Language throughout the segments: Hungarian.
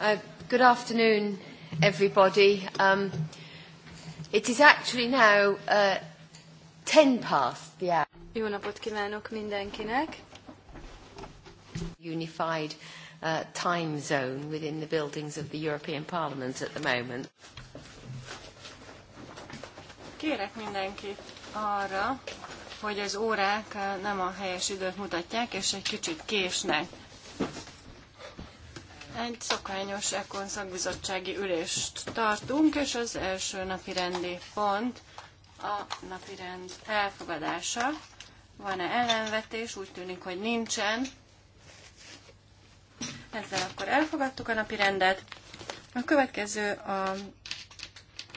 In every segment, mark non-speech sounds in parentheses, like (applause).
Uh, good afternoon, everybody. Um, it is actually now uh, ten past the hour. Jó napot kívánok mindenkinek. Unified uh, time zone within the buildings of the European Parliament at the moment. Kérek mindenkit arra, hogy az órák uh, nem a helyes időt mutatják, és egy kicsit késnek. Egy szokványos Ekon szakbizottsági ülést tartunk, és az első napi rendi pont a napi rend elfogadása. Van-e ellenvetés? Úgy tűnik, hogy nincsen. Ezzel akkor elfogadtuk a napi rendet. A következő a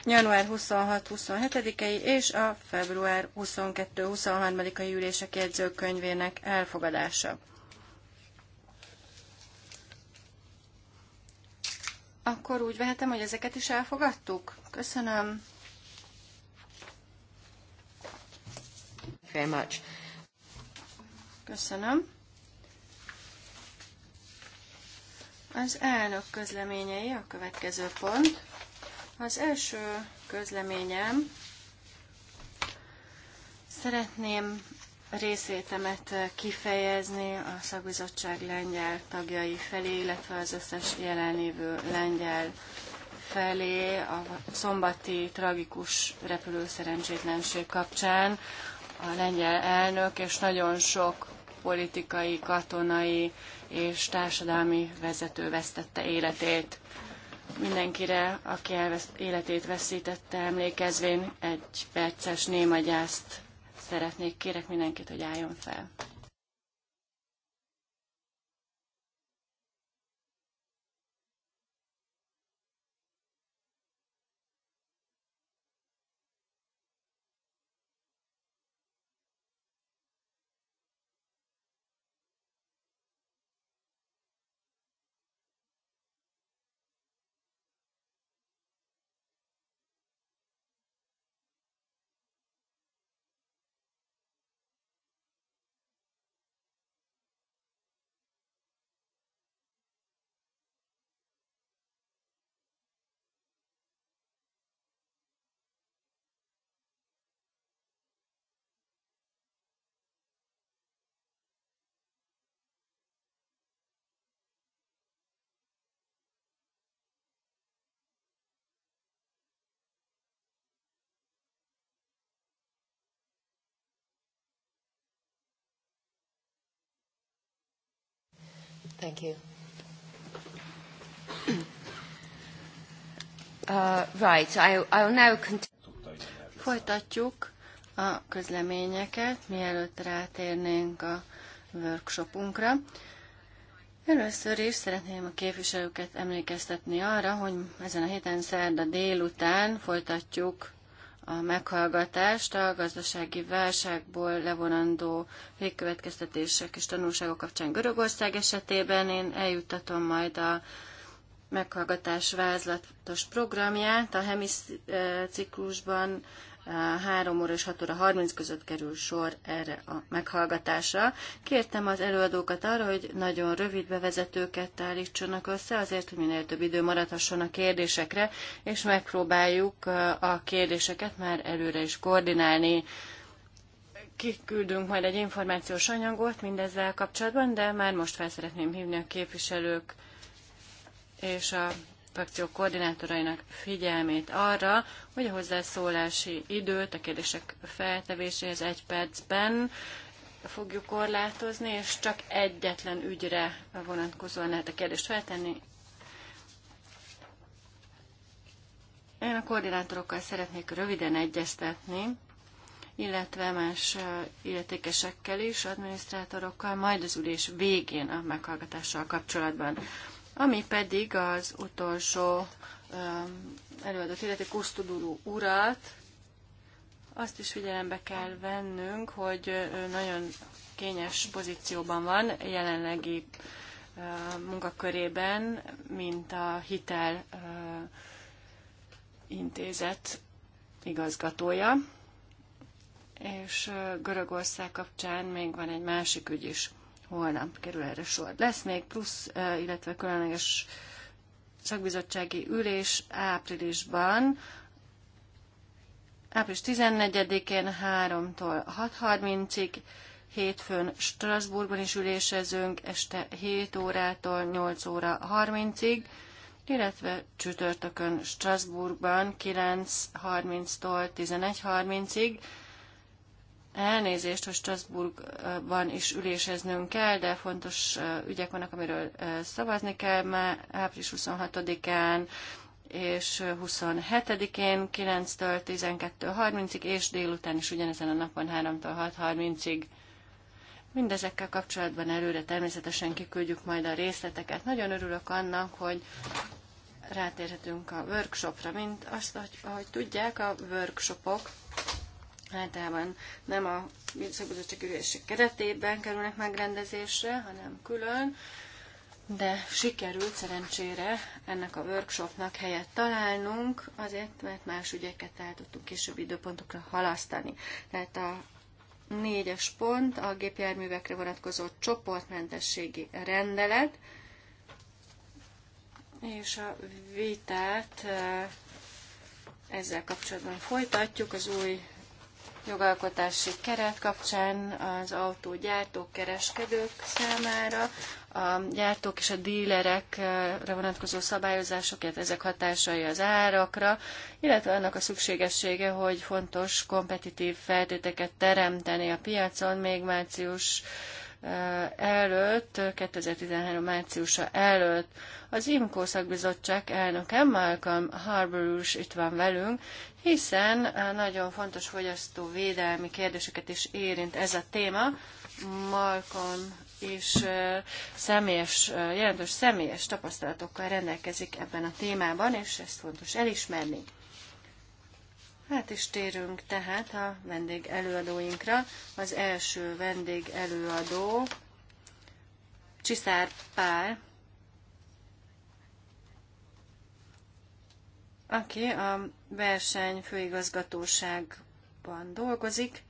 január 26-27-ei és a február 22-23-ai ülések jegyzőkönyvének elfogadása. akkor úgy vehetem, hogy ezeket is elfogadtuk. Köszönöm. Very much. Köszönöm. Az elnök közleményei a következő pont. Az első közleményem szeretném részétemet eh, kifejezni a szakbizottság lengyel tagjai felé, illetve az összes jelenlévő lengyel felé a szombati tragikus repülőszerencsétlenség kapcsán a lengyel elnök és nagyon sok politikai, katonai és társadalmi vezető vesztette életét. Mindenkire, aki életét veszítette, emlékezvén egy perces némagyászt szeretnék, kérek mindenkit, hogy álljon fel. Thank you. Uh, right, I, I'll now Folytatjuk a közleményeket, mielőtt rátérnénk a workshopunkra. Először is szeretném a képviselőket emlékeztetni arra, hogy ezen a héten szerda délután folytatjuk a meghallgatást a gazdasági válságból levonandó végkövetkeztetések és tanulságok kapcsán Görögország esetében. Én eljuttatom majd a meghallgatás vázlatos programját a hemisziklusban eh, 3 óra és 6 óra 30 között kerül sor erre a meghallgatásra. Kértem az előadókat arra, hogy nagyon rövid bevezetőket állítsanak össze, azért, hogy minél több idő maradhasson a kérdésekre, és megpróbáljuk a kérdéseket már előre is koordinálni. Kiküldünk majd egy információs anyagot mindezzel kapcsolatban, de már most fel szeretném hívni a képviselők és a frakció koordinátorainak figyelmét arra, hogy a hozzászólási időt a kérdések feltevéséhez egy percben fogjuk korlátozni, és csak egyetlen ügyre vonatkozóan lehet a kérdést feltenni. Én a koordinátorokkal szeretnék röviden egyeztetni, illetve más illetékesekkel is, adminisztrátorokkal, majd az ülés végén a meghallgatással kapcsolatban. Ami pedig az utolsó előadott életi kusztuduló urat, azt is figyelembe kell vennünk, hogy ő nagyon kényes pozícióban van jelenlegi munkakörében, mint a hitel intézet igazgatója, és Görögország kapcsán még van egy másik ügy is holnap kerül erre sor. Lesz még plusz, illetve különleges szakbizottsági ülés áprilisban, április 14-én 3-tól 6.30-ig, hétfőn Strasbourgban is ülésezünk, este 7 órától 8 óra 30-ig, illetve csütörtökön Strasbourgban 9.30-tól 11.30-ig, Elnézést, hogy Strasbourgban is üléseznünk kell, de fontos ügyek vannak, amiről szavazni kell már április 26-án és 27-én 9-től 12.30-ig, és délután is ugyanezen a napon 3-től 6.30-ig. Mindezekkel kapcsolatban előre természetesen kiküldjük majd a részleteket. Nagyon örülök annak, hogy rátérhetünk a workshopra, mint azt, hogy, ahogy tudják, a workshopok általában nem a szakbizottság ülések keretében kerülnek megrendezésre, hanem külön, de sikerült szerencsére ennek a workshopnak helyet találnunk, azért, mert más ügyeket el tudtunk későbbi időpontokra halasztani. Tehát a négyes pont a gépjárművekre vonatkozó csoportmentességi rendelet, és a vitát eh, ezzel kapcsolatban folytatjuk az új jogalkotási keret kapcsán az autógyártók, kereskedők számára, a gyártók és a dílerekre vonatkozó illetve ezek hatásai az árakra, illetve annak a szükségessége, hogy fontos kompetitív feltéteket teremteni a piacon még március előtt, 2013 márciusa előtt. Az IMCO szakbizottság elnöke Malcolm Harbour is itt van velünk, hiszen eh, nagyon fontos védelmi kérdéseket is érint ez a téma. Malcolm és eh, személyes, eh, jelentős személyes tapasztalatokkal rendelkezik ebben a témában, és ezt fontos elismerni. Hát is térünk tehát a vendég előadóinkra. Az első vendég előadó Csiszár Pál, aki a verseny főigazgatóságban dolgozik,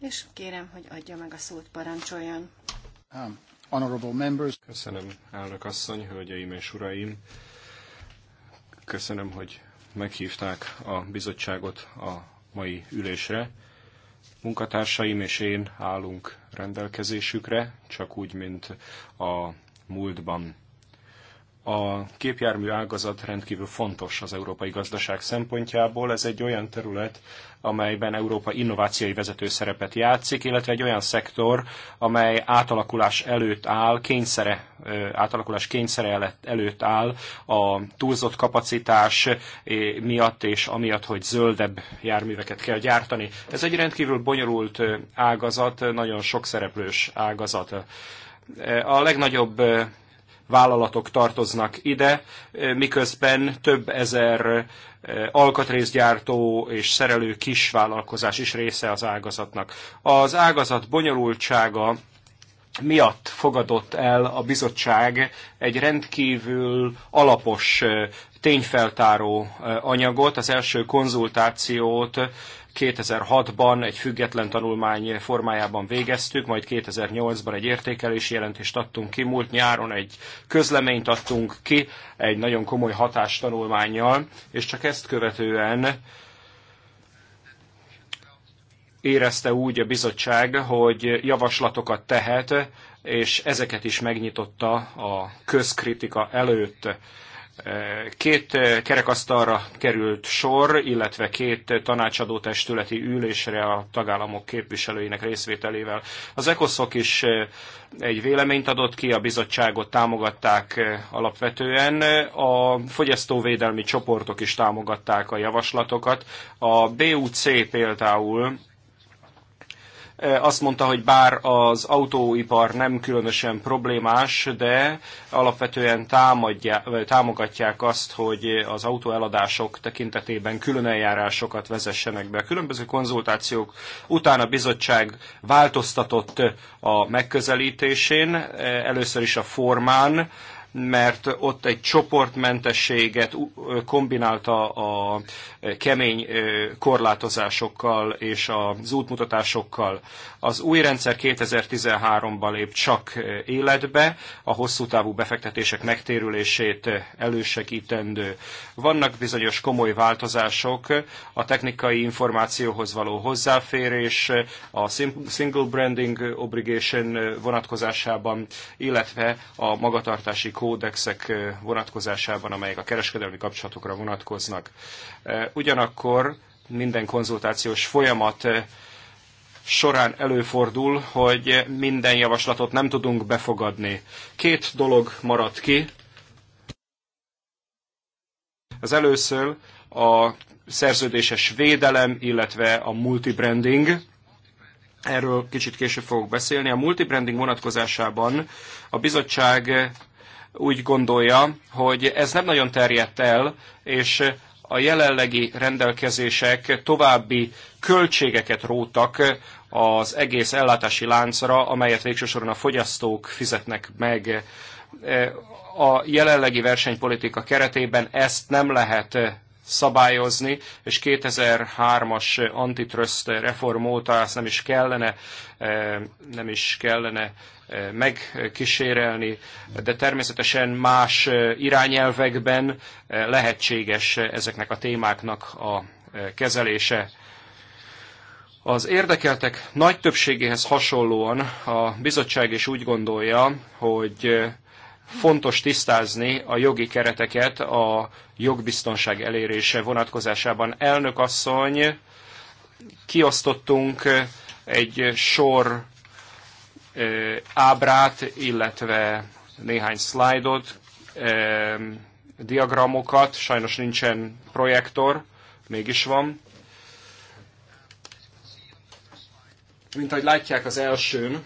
és kérem, hogy adja meg a szót, parancsoljon. Um, honorable members. Köszönöm, elnök asszony, hölgyeim és uraim. Köszönöm, hogy meghívták a bizottságot a mai ülésre. Munkatársaim és én állunk rendelkezésükre, csak úgy, mint a múltban a képjármű ágazat rendkívül fontos az európai gazdaság szempontjából. Ez egy olyan terület, amelyben Európa innovációi vezető szerepet játszik, illetve egy olyan szektor, amely átalakulás előtt áll, kényszere, átalakulás kényszere előtt áll a túlzott kapacitás miatt és amiatt, hogy zöldebb járműveket kell gyártani. Ez egy rendkívül bonyolult ágazat, nagyon sok szereplős ágazat. A legnagyobb vállalatok tartoznak ide, miközben több ezer alkatrészgyártó és szerelő kisvállalkozás is része az ágazatnak. Az ágazat bonyolultsága miatt fogadott el a bizottság egy rendkívül alapos tényfeltáró anyagot, az első konzultációt 2006-ban egy független tanulmány formájában végeztük, majd 2008-ban egy értékelési jelentést adtunk ki, múlt nyáron egy közleményt adtunk ki egy nagyon komoly hatástanulmányjal, és csak ezt követően érezte úgy a bizottság, hogy javaslatokat tehet, és ezeket is megnyitotta a közkritika előtt. Két eh, kerekasztalra került sor, illetve két tanácsadó testületi ülésre a tagállamok képviselőinek részvételével. Az ECOSZOK is eh, egy véleményt adott ki, a bizottságot támogatták eh, alapvetően, a fogyasztóvédelmi csoportok is támogatták a javaslatokat. A BUC például Eh, azt mondta, hogy bár az autóipar nem különösen problémás, de alapvetően támadja, támogatják azt, hogy az autóeladások tekintetében külön eljárásokat vezessenek be. A különböző konzultációk után a bizottság változtatott a megközelítésén, eh, először is a formán, mert ott egy csoportmentességet kombinálta a kemény korlátozásokkal és az útmutatásokkal. Az új rendszer 2013-ban lép csak életbe, a hosszú távú befektetések megtérülését elősegítendő. Vannak bizonyos komoly változások, a technikai információhoz való hozzáférés, a single branding obligation vonatkozásában, illetve a magatartási kódexek vonatkozásában, amelyek a kereskedelmi kapcsolatokra vonatkoznak. Ugyanakkor minden konzultációs folyamat során előfordul, hogy minden javaslatot nem tudunk befogadni. Két dolog maradt ki. Az először a szerződéses védelem, illetve a multibranding. Erről kicsit később fogok beszélni. A multibranding vonatkozásában a bizottság úgy gondolja, hogy ez nem nagyon terjedt el, és a jelenlegi rendelkezések további költségeket rótak az egész ellátási láncra, amelyet végsősoron a fogyasztók fizetnek meg. A jelenlegi versenypolitika keretében ezt nem lehet szabályozni, és 2003-as antitrust reform óta ezt nem is kellene, eh, nem is kellene megkísérelni, de természetesen más irányelvekben lehetséges ezeknek a témáknak a kezelése. Az érdekeltek nagy többségéhez hasonlóan a bizottság is úgy gondolja, hogy fontos tisztázni a jogi kereteket a jogbiztonság elérése vonatkozásában. Elnök asszony, kiosztottunk egy sor ábrát, illetve néhány szlájdot, diagramokat, sajnos nincsen projektor, mégis van. Mint ahogy látják az elsőn,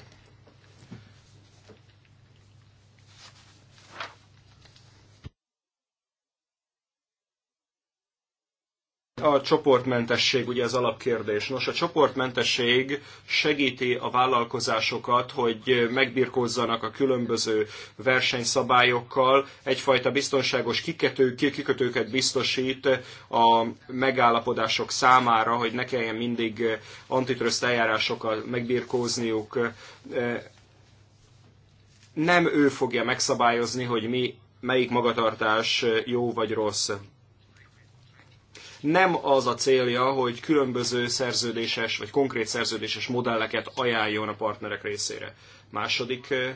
A csoportmentesség ugye az alapkérdés. Nos, a csoportmentesség segíti a vállalkozásokat, hogy megbirkózzanak a különböző versenyszabályokkal, egyfajta biztonságos kikető, kikötőket biztosít a megállapodások számára, hogy ne kelljen mindig antitrust eljárásokkal megbirkózniuk. Nem ő fogja megszabályozni, hogy mi, melyik magatartás jó vagy rossz nem az a célja, hogy különböző szerződéses vagy konkrét szerződéses modelleket ajánljon a partnerek részére. Második eh,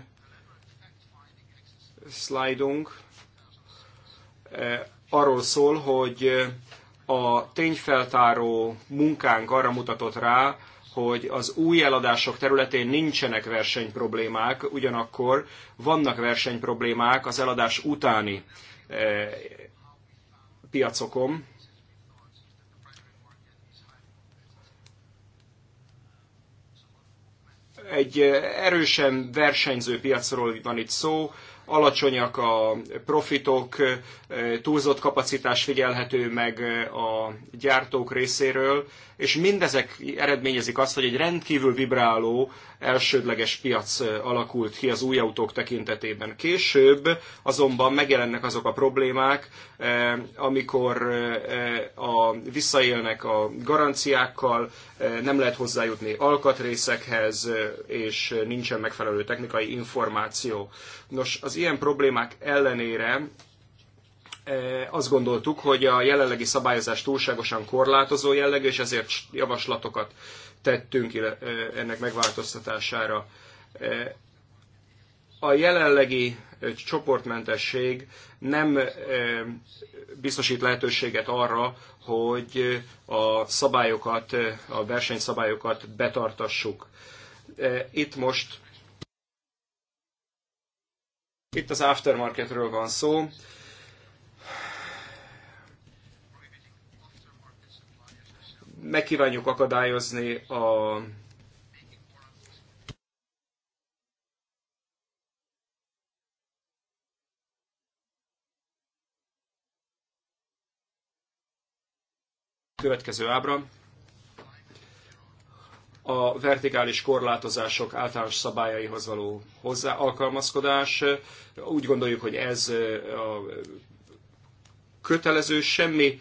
szlájdunk eh, arról szól, hogy eh, a tényfeltáró munkánk arra mutatott rá, hogy az új eladások területén nincsenek versenyproblémák, ugyanakkor vannak versenyproblémák az eladás utáni piacokon, Egy erősen versenyző piacról van itt szó, alacsonyak a profitok, túlzott kapacitás figyelhető meg a gyártók részéről, és mindezek eredményezik azt, hogy egy rendkívül vibráló elsődleges piac alakult ki az új autók tekintetében. Később azonban megjelennek azok a problémák, amikor a, visszaélnek a garanciákkal, nem lehet hozzájutni alkatrészekhez, és nincsen megfelelő technikai információ. Nos, az ilyen problémák ellenére e, azt gondoltuk, hogy a jelenlegi szabályozás túlságosan korlátozó jellegű, és ezért javaslatokat tettünk e, ennek megváltoztatására. E, a jelenlegi csoportmentesség nem biztosít lehetőséget arra, hogy a szabályokat, a versenyszabályokat betartassuk. Itt most itt az aftermarketről van szó. Megkívánjuk akadályozni a következő ábra a vertikális korlátozások általános szabályaihoz való hozzá alkalmazkodás. Úgy gondoljuk, hogy ez a kötelező, semmi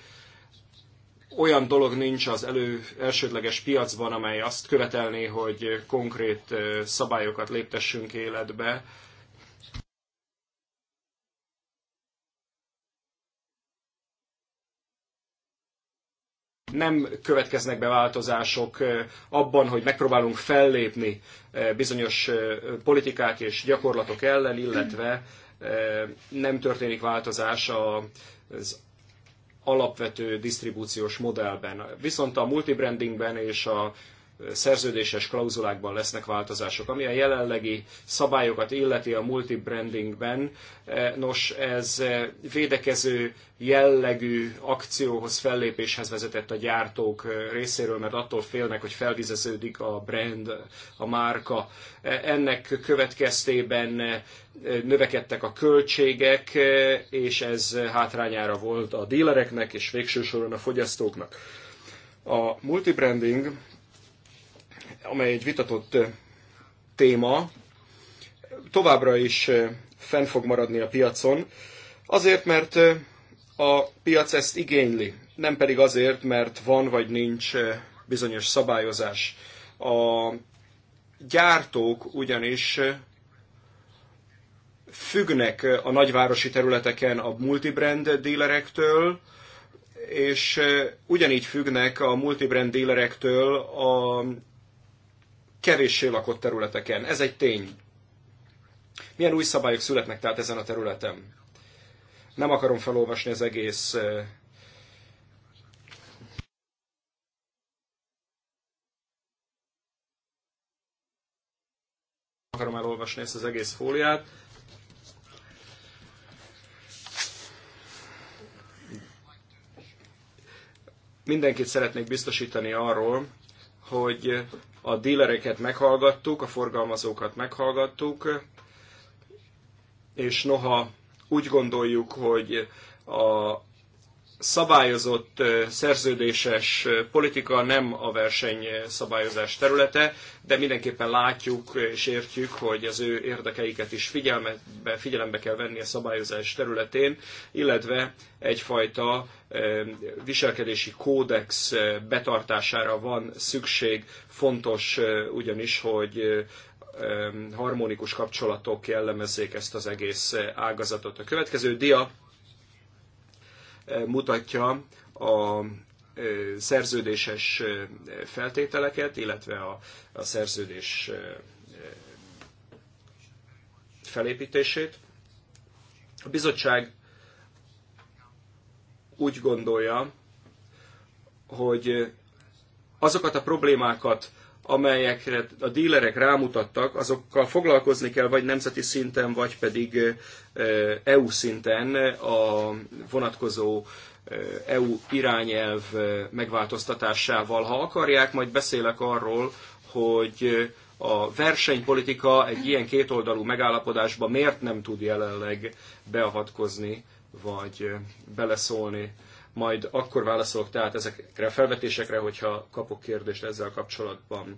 olyan dolog nincs az elő, elsődleges piacban, amely azt követelné, hogy konkrét szabályokat léptessünk életbe nem következnek be változások abban, hogy megpróbálunk fellépni bizonyos politikák és gyakorlatok ellen, illetve nem történik változás az alapvető disztribúciós modellben. Viszont a multibrandingben és a szerződéses klauzulákban lesznek változások. Ami a jelenlegi szabályokat illeti a multibrandingben, eh, nos, ez eh, védekező jellegű akcióhoz, fellépéshez vezetett a gyártók eh, részéről, mert attól félnek, hogy felvizeződik a brand, a márka. Ennek következtében növekedtek a költségek, és ez hátrányára volt a dílereknek, és végső soron a fogyasztóknak. A multibranding amely egy vitatott téma, továbbra is fenn fog maradni a piacon, azért, mert a piac ezt igényli, nem pedig azért, mert van vagy nincs bizonyos szabályozás. A gyártók ugyanis függnek a nagyvárosi területeken a multibrand dílerektől, és ugyanígy függnek a multibrand dílerektől a kevéssé lakott területeken. Ez egy tény. Milyen új szabályok születnek tehát ezen a területen? Nem akarom felolvasni az egész akarom elolvasni ezt az egész fóliát. Mindenkit szeretnék biztosítani arról, hogy a dílereket meghallgattuk, a forgalmazókat meghallgattuk, és noha úgy gondoljuk, hogy a szabályozott szerződéses politika nem a versenyszabályozás területe, de mindenképpen látjuk és értjük, hogy az ő érdekeiket is figyelmebe, figyelembe kell venni a szabályozás területén, illetve egyfajta viselkedési kódex betartására van szükség, fontos ugyanis, hogy harmonikus kapcsolatok jellemezzék ezt az egész ágazatot. A következő dia mutatja a szerződéses feltételeket, illetve a, a szerződés felépítését. A bizottság úgy gondolja, hogy azokat a problémákat, amelyekre a dílerek rámutattak, azokkal foglalkozni kell vagy nemzeti szinten, vagy pedig EU szinten a vonatkozó EU irányelv megváltoztatásával. Ha akarják, majd beszélek arról, hogy a versenypolitika egy ilyen kétoldalú megállapodásba miért nem tud jelenleg beavatkozni, vagy beleszólni majd akkor válaszolok tehát ezekre a felvetésekre, hogyha kapok kérdést ezzel kapcsolatban.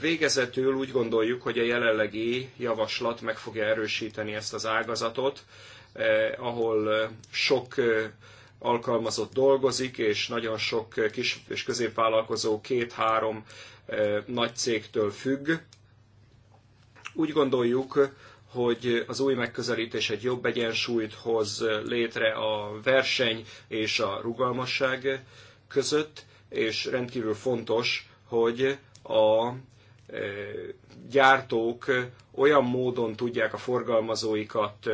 Végezetül úgy gondoljuk, hogy a jelenlegi javaslat meg fogja erősíteni ezt az ágazatot, eh, ahol sok eh, alkalmazott dolgozik, és nagyon sok eh, kis és középvállalkozó két-három eh, nagy cégtől függ. Úgy gondoljuk, hogy az új megközelítés egy jobb egyensúlyt hoz létre a verseny és a rugalmasság között, és rendkívül fontos, hogy a gyártók olyan módon tudják a forgalmazóikat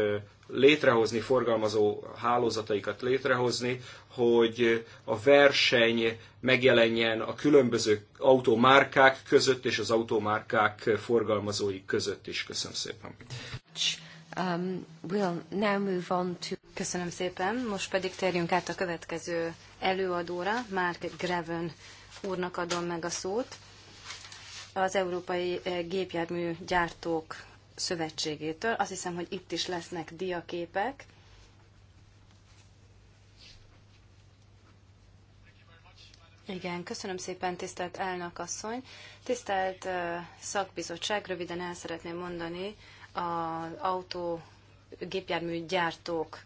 létrehozni, forgalmazó hálózataikat létrehozni, hogy a verseny megjelenjen a különböző automárkák között és az automárkák forgalmazói között is. Köszönöm szépen. Um, we'll now move on to... Köszönöm szépen. Most pedig térjünk át a következő előadóra, Mark Greven úrnak adom meg a szót az Európai eh, Gépjármű Gyártók Szövetségétől. Azt hiszem, hogy itt is lesznek diaképek. Igen, köszönöm szépen, tisztelt elnök asszony. Tisztelt eh, szakbizottság, röviden el szeretném mondani az autó gépjármű gyártók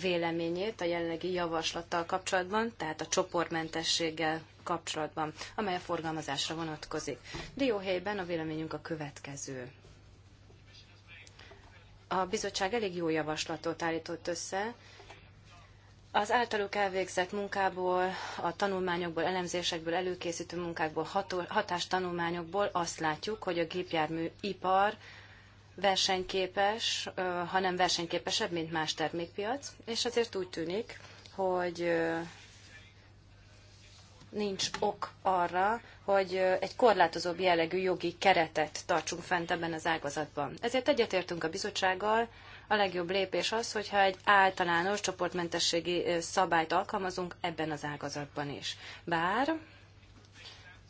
véleményét a jelenlegi javaslattal kapcsolatban, tehát a csoportmentességgel kapcsolatban, amely a forgalmazásra vonatkozik. Dióhelyben a véleményünk a következő. A bizottság elég jó javaslatot állított össze, az általuk elvégzett munkából, a tanulmányokból, elemzésekből, előkészítő munkákból, hatástanulmányokból azt látjuk, hogy a ipar versenyképes, hanem versenyképesebb, mint más termékpiac, és azért úgy tűnik, hogy nincs ok arra, hogy egy korlátozóbb jellegű jogi keretet tartsunk fent ebben az ágazatban. Ezért egyetértünk a bizottsággal, a legjobb lépés az, hogyha egy általános csoportmentességi szabályt alkalmazunk ebben az ágazatban is. Bár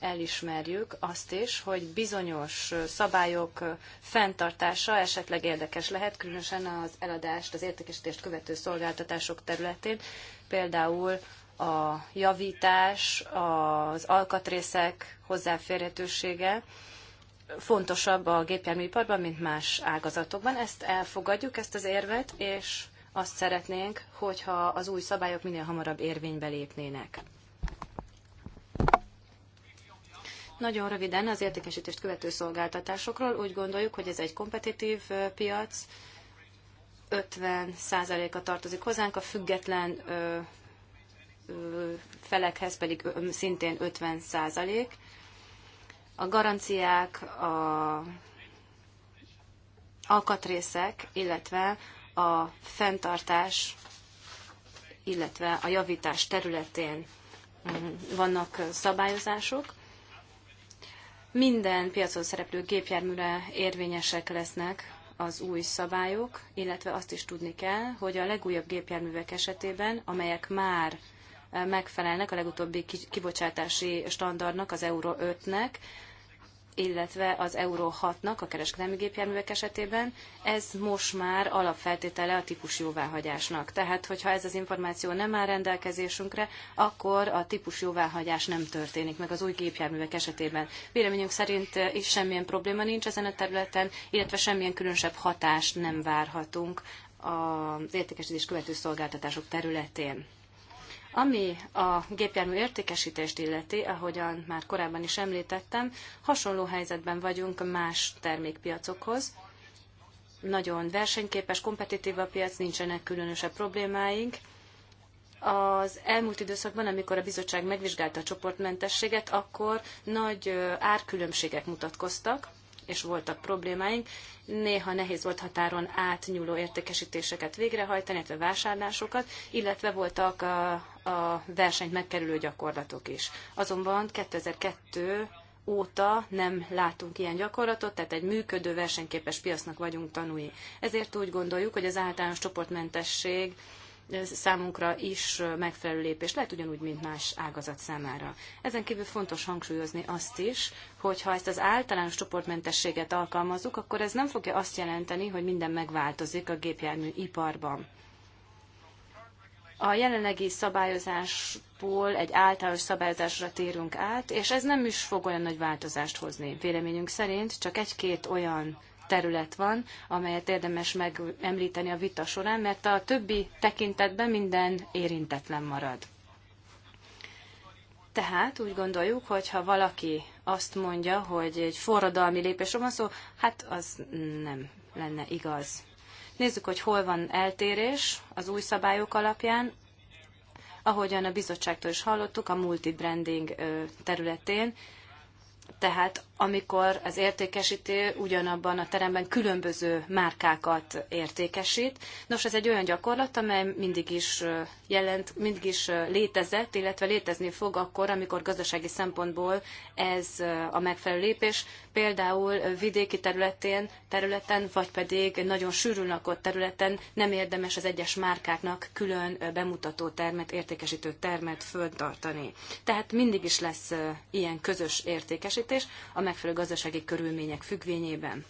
elismerjük azt is, hogy bizonyos szabályok fenntartása esetleg érdekes lehet, különösen az eladást, az értékesítést követő szolgáltatások területén, például a javítás, az alkatrészek hozzáférhetősége fontosabb a gépjárműiparban, mint más ágazatokban. Ezt elfogadjuk, ezt az érvet, és azt szeretnénk, hogyha az új szabályok minél hamarabb érvénybe lépnének. Nagyon röviden az értékesítést követő szolgáltatásokról úgy gondoljuk, hogy ez egy kompetitív piac, 50%-a tartozik hozzánk, a független felekhez pedig szintén 50 százalék. A garanciák, a alkatrészek, illetve a fenntartás, illetve a javítás területén mm, vannak szabályozások. Minden piacon szereplő gépjárműre érvényesek lesznek az új szabályok, illetve azt is tudni kell, hogy a legújabb gépjárművek esetében, amelyek már megfelelnek a legutóbbi kibocsátási standardnak, az Euro 5-nek, illetve az Euro 6-nak a kereskedelmi gépjárművek esetében, ez most már alapfeltétele a típus jóváhagyásnak. Tehát, hogyha ez az információ nem áll rendelkezésünkre, akkor a típus jóváhagyás nem történik meg az új gépjárművek esetében. Véleményünk szerint eh, is semmilyen probléma nincs ezen a területen, illetve semmilyen különösebb hatást nem várhatunk az értékesítés követő szolgáltatások területén. Ami a gépjármű értékesítést illeti, ahogyan már korábban is említettem, hasonló helyzetben vagyunk más termékpiacokhoz. Nagyon versenyképes, kompetitív a piac, nincsenek különösebb problémáink. Az elmúlt időszakban, amikor a bizottság megvizsgálta a csoportmentességet, akkor nagy árkülönbségek mutatkoztak és voltak problémáink. Néha nehéz volt határon átnyúló értékesítéseket végrehajtani, illetve vásárlásokat, illetve voltak a, a versenyt megkerülő gyakorlatok is. Azonban 2002 óta nem látunk ilyen gyakorlatot, tehát egy működő versenyképes piacnak vagyunk tanúi. Ezért úgy gondoljuk, hogy az általános csoportmentesség ez számunkra is megfelelő lépés lehet ugyanúgy, mint más ágazat számára. Ezen kívül fontos hangsúlyozni azt is, hogy ha ezt az általános csoportmentességet alkalmazzuk, akkor ez nem fogja azt jelenteni, hogy minden megváltozik a gépjármű iparban. A jelenlegi szabályozásból egy általános szabályozásra térünk át, és ez nem is fog olyan nagy változást hozni. Véleményünk szerint csak egy-két olyan terület van, amelyet érdemes megemlíteni a vita során, mert a többi tekintetben minden érintetlen marad. Tehát úgy gondoljuk, hogy ha valaki azt mondja, hogy egy forradalmi lépésről van szó, hát az nem lenne igaz. Nézzük, hogy hol van eltérés az új szabályok alapján. Ahogyan a bizottságtól is hallottuk, a multibranding területén, tehát amikor az értékesítő ugyanabban a teremben különböző márkákat értékesít. Nos, ez egy olyan gyakorlat, amely mindig is jelent, mindig is létezett, illetve létezni fog akkor, amikor gazdasági szempontból ez a megfelelő lépés, például vidéki területén, területen, vagy pedig nagyon sűrűn lakott területen nem érdemes az egyes márkáknak külön bemutató termet, értékesítő termet föntartani. Tehát mindig is lesz ilyen közös értékesítés. A megfelelő gazdasági körülmények függvényében.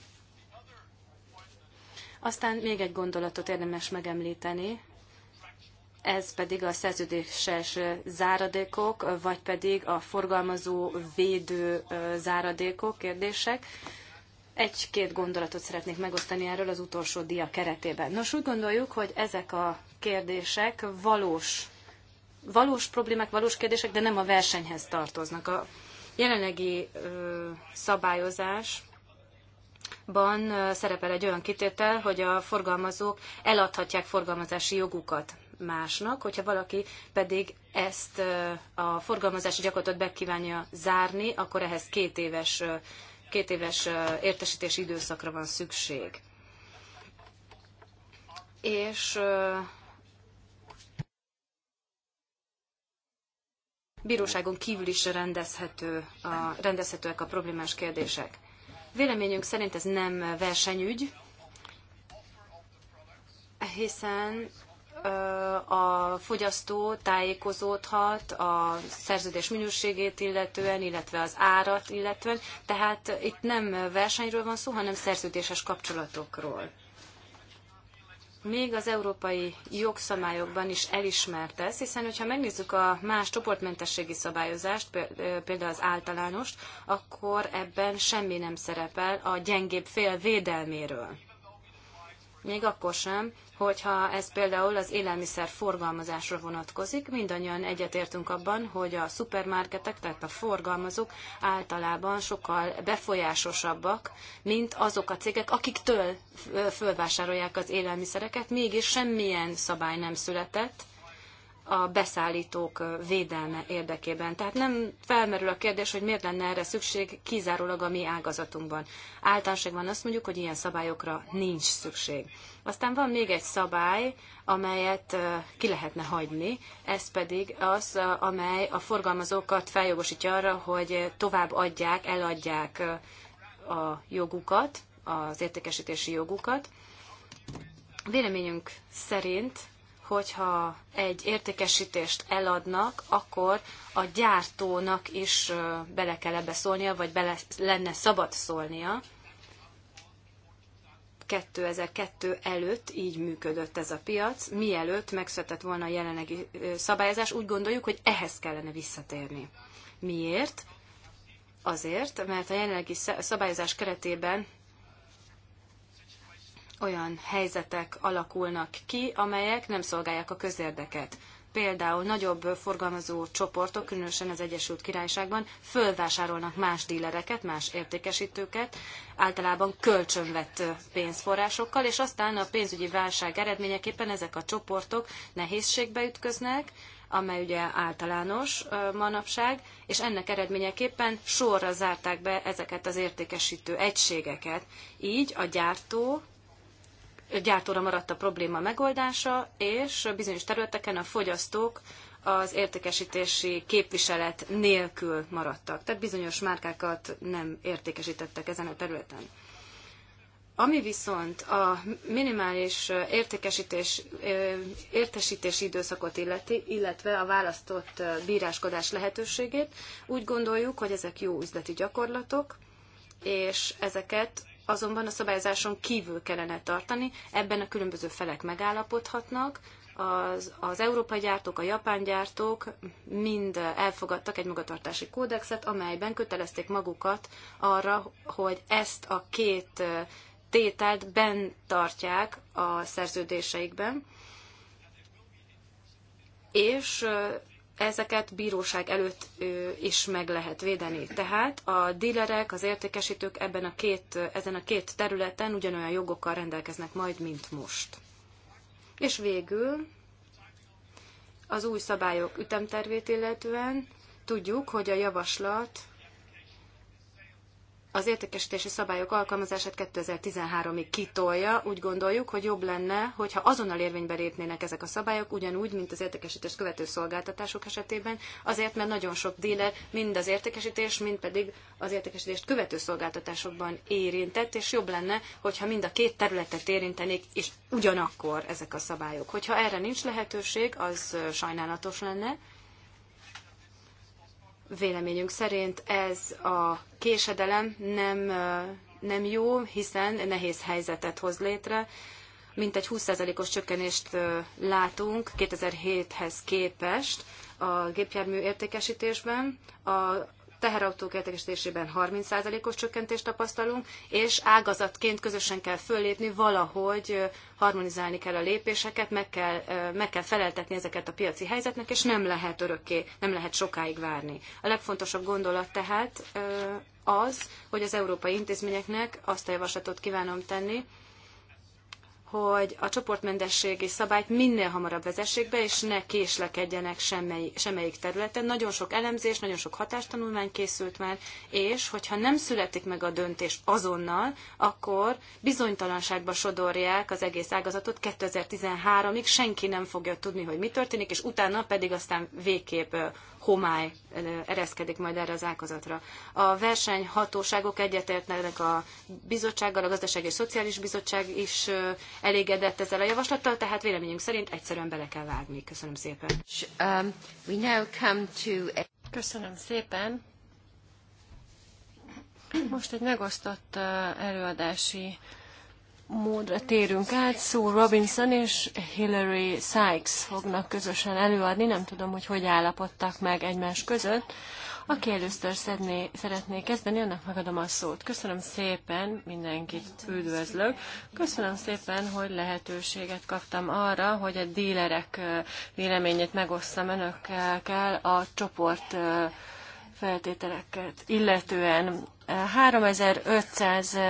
Aztán még egy gondolatot érdemes megemlíteni, ez pedig a szerződéses záradékok, vagy pedig a forgalmazó védő záradékok, kérdések. Egy-két gondolatot szeretnék megosztani erről az utolsó dia keretében. Nos, úgy gondoljuk, hogy ezek a kérdések valós valós problémák, valós kérdések, de nem a versenyhez tartoznak. A Jelenlegi ö, szerepel egy olyan kitétel, hogy a forgalmazók eladhatják forgalmazási jogukat másnak, hogyha valaki pedig ezt a forgalmazási gyakorlatot be zárni, akkor ehhez két éves, két éves értesítési időszakra van szükség. És bíróságon kívül is rendezhető a, rendezhetőek a problémás kérdések. Véleményünk szerint ez nem versenyügy, hiszen a fogyasztó tájékozódhat a szerződés minőségét illetően, illetve az árat illetően. Tehát itt nem versenyről van szó, hanem szerződéses kapcsolatokról még az európai jogszabályokban is elismert ez, hiszen hogyha megnézzük a más csoportmentességi szabályozást, például az általánost, akkor ebben semmi nem szerepel a gyengébb fél védelméről még akkor sem, hogyha ez például az élelmiszer forgalmazásra vonatkozik. Mindannyian egyetértünk abban, hogy a szupermarketek, tehát a forgalmazók általában sokkal befolyásosabbak, mint azok a cégek, akiktől fölvásárolják az élelmiszereket, mégis semmilyen szabály nem született a beszállítók védelme érdekében. Tehát nem felmerül a kérdés, hogy miért lenne erre szükség kizárólag a mi ágazatunkban. Általánosságban azt mondjuk, hogy ilyen szabályokra nincs szükség. Aztán van még egy szabály, amelyet ki lehetne hagyni, ez pedig az, amely a forgalmazókat feljogosítja arra, hogy tovább adják, eladják a jogukat, az értékesítési jogukat. Véleményünk szerint hogyha egy értékesítést eladnak, akkor a gyártónak is bele kell ebbe szólnia, vagy bele lenne szabad szólnia. 2002 előtt így működött ez a piac, mielőtt megszületett volna a jelenlegi szabályozás, úgy gondoljuk, hogy ehhez kellene visszatérni. Miért? Azért, mert a jelenlegi szabályozás keretében olyan helyzetek alakulnak ki, amelyek nem szolgálják a közérdeket. Például nagyobb forgalmazó csoportok, különösen az Egyesült Királyságban, fölvásárolnak más dílereket, más értékesítőket, általában kölcsönvett pénzforrásokkal, és aztán a pénzügyi válság eredményeképpen ezek a csoportok nehézségbe ütköznek, amely ugye általános manapság, és ennek eredményeképpen sorra zárták be ezeket az értékesítő egységeket. Így a gyártó gyártóra maradt a probléma megoldása, és bizonyos területeken a fogyasztók az értékesítési képviselet nélkül maradtak. Tehát bizonyos márkákat nem értékesítettek ezen a területen. Ami viszont a minimális értékesítés, értesítési időszakot illeti, illetve a választott bíráskodás lehetőségét, úgy gondoljuk, hogy ezek jó üzleti gyakorlatok, és ezeket azonban a szabályozáson kívül kellene tartani, ebben a különböző felek megállapodhatnak, az, az európai gyártók, a japán gyártók mind elfogadtak egy magatartási kódexet, amelyben kötelezték magukat arra, hogy ezt a két tételt bent tartják a szerződéseikben, és ezeket bíróság előtt is meg lehet védeni. Tehát a dílerek, az értékesítők ebben a két, ezen a két területen ugyanolyan jogokkal rendelkeznek majd, mint most. És végül az új szabályok ütemtervét illetően tudjuk, hogy a javaslat az értékesítési szabályok alkalmazását 2013-ig kitolja. Úgy gondoljuk, hogy jobb lenne, hogyha azonnal érvénybe lépnének ezek a szabályok, ugyanúgy, mint az értékesítés követő szolgáltatások esetében, azért, mert nagyon sok díler mind az értékesítés, mind pedig az értékesítést követő szolgáltatásokban érintett, és jobb lenne, hogyha mind a két területet érintenék, és ugyanakkor ezek a szabályok. Hogyha erre nincs lehetőség, az sajnálatos lenne, Véleményünk szerint ez a késedelem nem, nem jó, hiszen nehéz helyzetet hoz létre. Mintegy 20%-os csökkenést látunk 2007-hez képest a gépjármű értékesítésben. A teherautók értékesítésében 30%-os csökkentést tapasztalunk, és ágazatként közösen kell föllépni, valahogy harmonizálni kell a lépéseket, meg kell, meg kell feleltetni ezeket a piaci helyzetnek, és nem lehet örökké, nem lehet sokáig várni. A legfontosabb gondolat tehát az, hogy az európai intézményeknek azt a javaslatot kívánom tenni, hogy a csoportmentességi szabályt minél hamarabb vezessék be, és ne késlekedjenek semmelyik, semmelyik területen. Nagyon sok elemzés, nagyon sok hatástanulmány készült már, és hogyha nem születik meg a döntés azonnal, akkor bizonytalanságba sodorják az egész ágazatot 2013-ig, senki nem fogja tudni, hogy mi történik, és utána pedig aztán végképp homály ereszkedik majd erre az ágazatra. A versenyhatóságok egyetértnek a bizottsággal, a Gazdasági és Szociális Bizottság is elégedett ezzel a javaslattal, tehát véleményünk szerint egyszerűen bele kell vágni. Köszönöm szépen. Um, Köszönöm szépen. Most egy megosztott előadási módra térünk át. Sue Robinson és Hillary Sykes fognak közösen előadni. Nem tudom, hogy hogy állapodtak meg egymás között. Aki először szedné, szeretné kezdeni, annak megadom a szót. Köszönöm szépen, mindenkit üdvözlök. Köszönöm szépen, hogy lehetőséget kaptam arra, hogy a dílerek véleményét megosztam önökkel a csoport feltételeket illetően 3500 eh,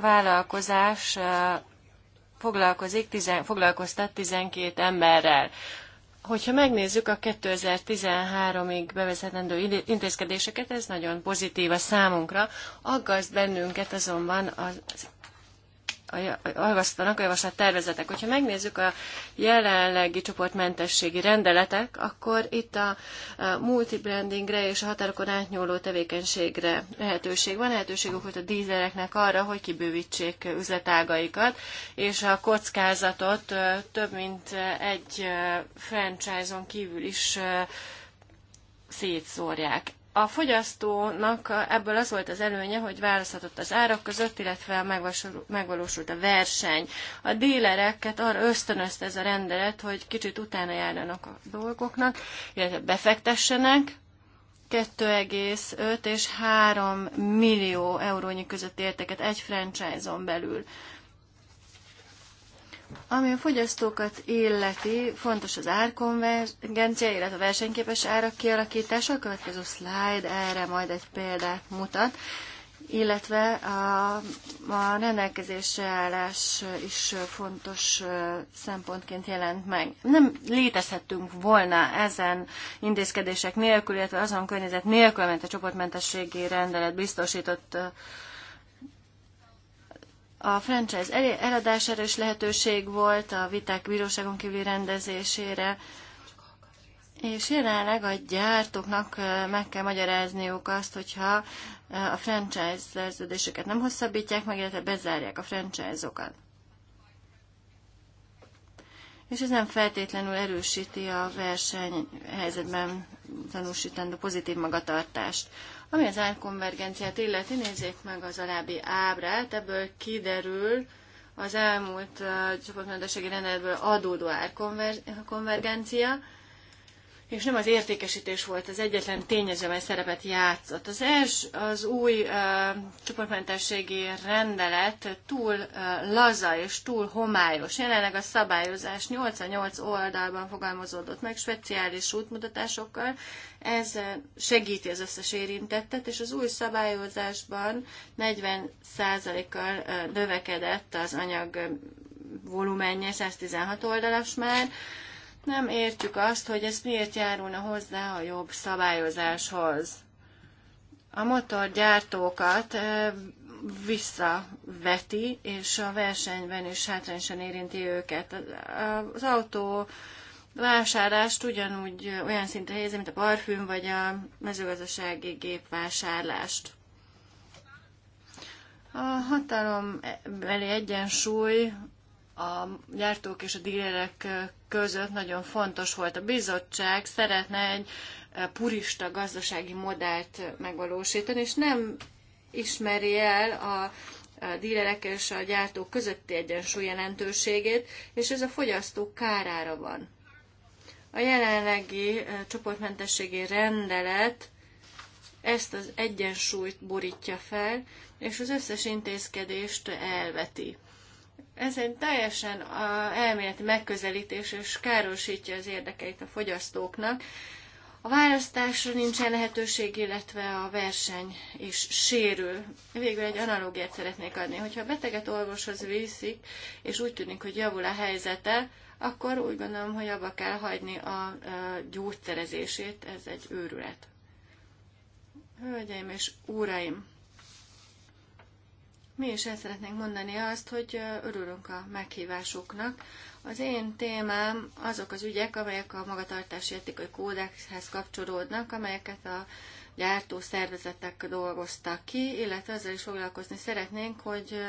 vállalkozás eh, foglalkozik, tizen, foglalkoztat 12 emberrel. Hogyha megnézzük a 2013-ig bevezetendő intézkedéseket, ez nagyon pozitív a számunkra. Aggaszt bennünket azonban az agasztanak a javaslat tervezetek. Hogyha megnézzük a jelenlegi csoportmentességi rendeletek, akkor itt a multibrandingre és a határokon átnyúló tevékenységre lehetőség van. Lehetőségük volt a dízereknek arra, hogy kibővítsék üzletágaikat, és a kockázatot több mint egy franchise-on kívül is szétszórják. A fogyasztónak ebből az volt az előnye, hogy választhatott az árak között, illetve megvalósult a verseny. A dílereket arra ösztönözte ez a rendelet, hogy kicsit utána járjanak a dolgoknak, illetve befektessenek. 2,5 és 3 millió eurónyi között érteket egy franchise-on belül. Ami a fogyasztókat illeti, fontos az árkonvergencia, illetve a versenyképes árak kialakítása. A következő slide erre majd egy példát mutat, illetve a, a rendelkezésre állás is fontos szempontként jelent meg. Nem létezhettünk volna ezen intézkedések nélkül, illetve azon környezet nélkül, amit a csoportmentességi rendelet biztosított a franchise eladására is lehetőség volt, a viták bíróságon kívüli rendezésére, és jelenleg a gyártóknak meg kell magyarázniuk azt, hogyha a franchise szerződéseket nem hosszabbítják meg, illetve bezárják a franchise-okat. És ez nem feltétlenül erősíti a versenyhelyzetben tanúsítandó pozitív magatartást. Ami az árkonvergenciát illeti, nézzék meg az alábbi ábrát, ebből kiderül az elmúlt uh, csoportmentességi rendeletből adódó árkonvergencia, és nem az értékesítés volt az egyetlen tényező, amely szerepet játszott. Az els, az új uh, csoportmentességi rendelet túl uh, laza és túl homályos. Jelenleg a szabályozás 88 oldalban fogalmazódott meg speciális útmutatásokkal. Ez segíti az összes érintettet, és az új szabályozásban 40%-kal uh, növekedett az anyag volumenje, 116 oldalas már. Uh, nem értjük azt, hogy ez miért járulna hozzá a jobb szabályozáshoz. A motorgyártókat visszaveti, és a versenyben is hátrányosan érinti őket. Az autó vásárlást ugyanúgy olyan szinte helyezi, mint a parfüm vagy a mezőgazdasági gépvásárlást. A hatalom beli egyensúly a gyártók és a dílerek között nagyon fontos volt. A bizottság szeretne egy e, purista gazdasági modellt megvalósítani, és nem ismeri el a dílerek és a gyártók közötti egyensúly jelentőségét, és ez a fogyasztók kárára van. A jelenlegi e, csoportmentességi rendelet ezt az egyensúlyt borítja fel, és az összes intézkedést elveti. Ez egy teljesen elméleti megközelítés, és károsítja az érdekeit a fogyasztóknak. A választásra nincsen lehetőség, illetve a verseny is sérül. Végül egy analógiát szeretnék adni, hogyha a beteget orvoshoz viszik, és úgy tűnik, hogy javul a helyzete, akkor úgy gondolom, hogy abba kell hagyni a gyógyszerezését, ez egy őrület. Hölgyeim és úraim! Mi is el szeretnénk mondani azt, hogy örülünk a meghívásuknak. Az én témám azok az ügyek, amelyek a magatartási etikai kódexhez kapcsolódnak, amelyeket a gyártó szervezetek dolgoztak ki, illetve azzal is foglalkozni szeretnénk, hogy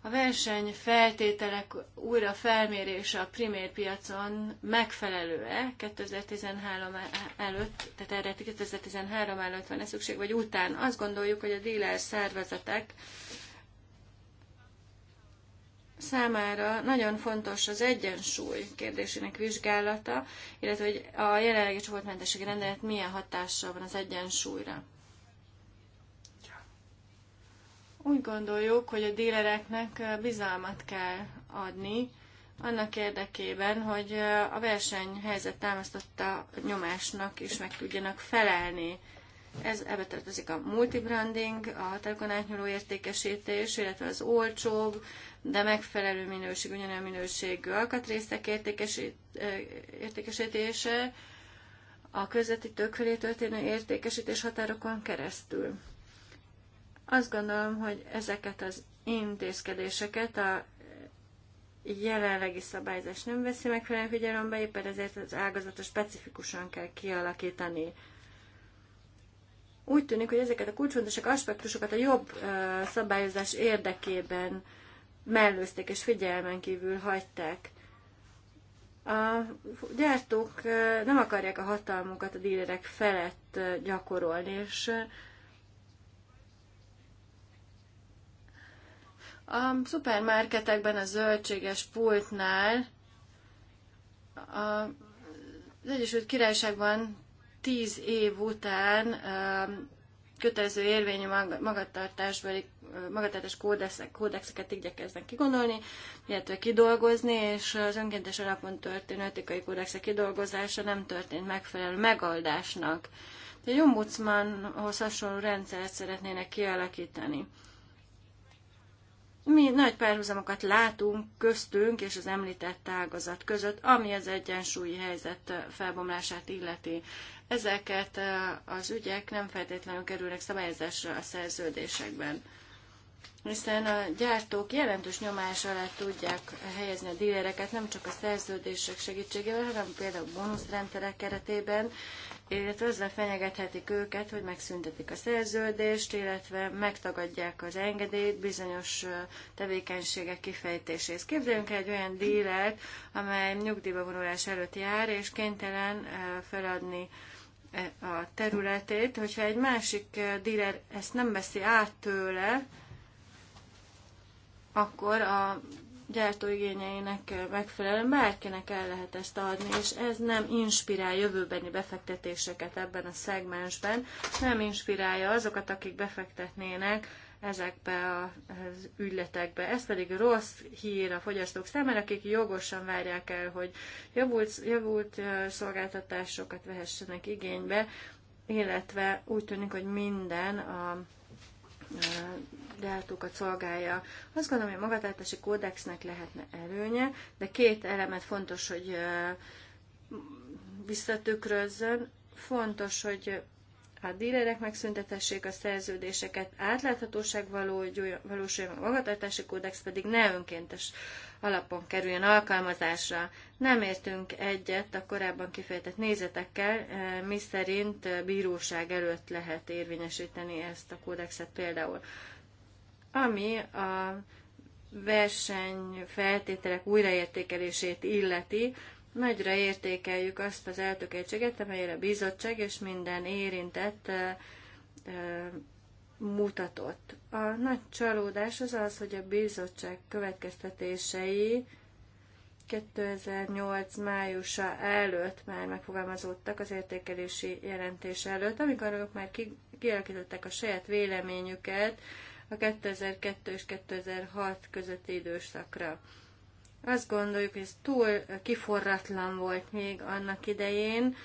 a verseny feltételek újra felmérése a primér piacon megfelelő-e 2013 előtt, tehát erre 2013 előtt van-e szükség, vagy után. Azt gondoljuk, hogy a díler szervezetek számára nagyon fontos az egyensúly kérdésének vizsgálata, illetve hogy a jelenlegi csoportmentességi rendelet milyen hatással van az egyensúlyra. Úgy gondoljuk, hogy a dílereknek bizalmat kell adni annak érdekében, hogy a versenyhelyzet támasztotta nyomásnak is meg tudjanak felelni ez ebbe tartozik a multibranding, a határokon átnyúló értékesítés, illetve az olcsóbb, de megfelelő minőség, ugyanolyan minőségű alkatrészek értékesítése, a közvetítők felé történő értékesítés határokon keresztül. Azt gondolom, hogy ezeket az intézkedéseket a jelenlegi szabályzás nem veszi megfelelő figyelembe, éppen ezért az ágazatot specifikusan kell kialakítani. Úgy tűnik, hogy ezeket a kulcsfontosak aspektusokat a jobb szabályozás érdekében mellőzték és figyelmen kívül hagyták. A gyártók nem akarják a hatalmukat a dílerek felett gyakorolni, és a szupermarketekben, a zöldséges pultnál a, az Egyesült Királyságban tíz év után um, kötelező érvényű magatartásbeli, uh, magatartás kódexek, kódexeket igyekeznek kigondolni, illetve kidolgozni, és az önkéntes alapon történő etikai kódexek kidolgozása nem történt megfelelő megoldásnak. Egy ombudsmanhoz hasonló rendszert szeretnének kialakítani. Mi nagy párhuzamokat látunk köztünk és az említett ágazat között, ami az egyensúlyi helyzet felbomlását illeti ezeket eh, az ügyek nem feltétlenül kerülnek szabályozásra a szerződésekben hiszen a gyártók jelentős nyomás alá tudják helyezni a dílereket, nem csak a szerződések segítségével, hanem például bónuszrendszerek keretében, illetve ezzel fenyegethetik őket, hogy megszüntetik a szerződést, illetve megtagadják az engedélyt bizonyos eh, tevékenységek kifejtéséhez. Képzeljünk egy olyan dílet, amely nyugdíjba vonulás előtt jár, és kénytelen eh, feladni a területét, hogyha egy másik dealer ezt nem veszi át tőle, akkor a gyártó igényeinek megfelelően bárkinek el lehet ezt adni, és ez nem inspirál jövőbeni befektetéseket ebben a szegmensben, nem inspirálja azokat, akik befektetnének ezekbe az ügyletekbe. Ez pedig rossz hír a fogyasztók számára, akik jogosan várják el, hogy javult, javult szolgáltatásokat vehessenek igénybe, illetve úgy tűnik, hogy minden a gyártókat szolgálja. Azt gondolom, hogy a magatartási kódexnek lehetne előnye, de két elemet fontos, hogy visszatükrözzön. Fontos, hogy a dílerek megszüntetessék a szerződéseket, átláthatóság való, valósuljon a magatartási kódex pedig ne önkéntes alapon kerüljön alkalmazásra. Nem értünk egyet a korábban kifejtett nézetekkel, eh, mi szerint eh, bíróság előtt lehet érvényesíteni ezt a kódexet például. Ami a verseny feltételek újraértékelését illeti, nagyra értékeljük azt az eltökéltséget, amelyre a bizottság és minden érintett mutatott. A nagy csalódás az az, hogy a bizottság következtetései 2008 májusa előtt már megfogalmazódtak az értékelési jelentés előtt, amikor ők már kialakították a saját véleményüket a 2002 és 2006 közötti időszakra. Azt gondoljuk, hogy ez túl kiforratlan volt még annak idején,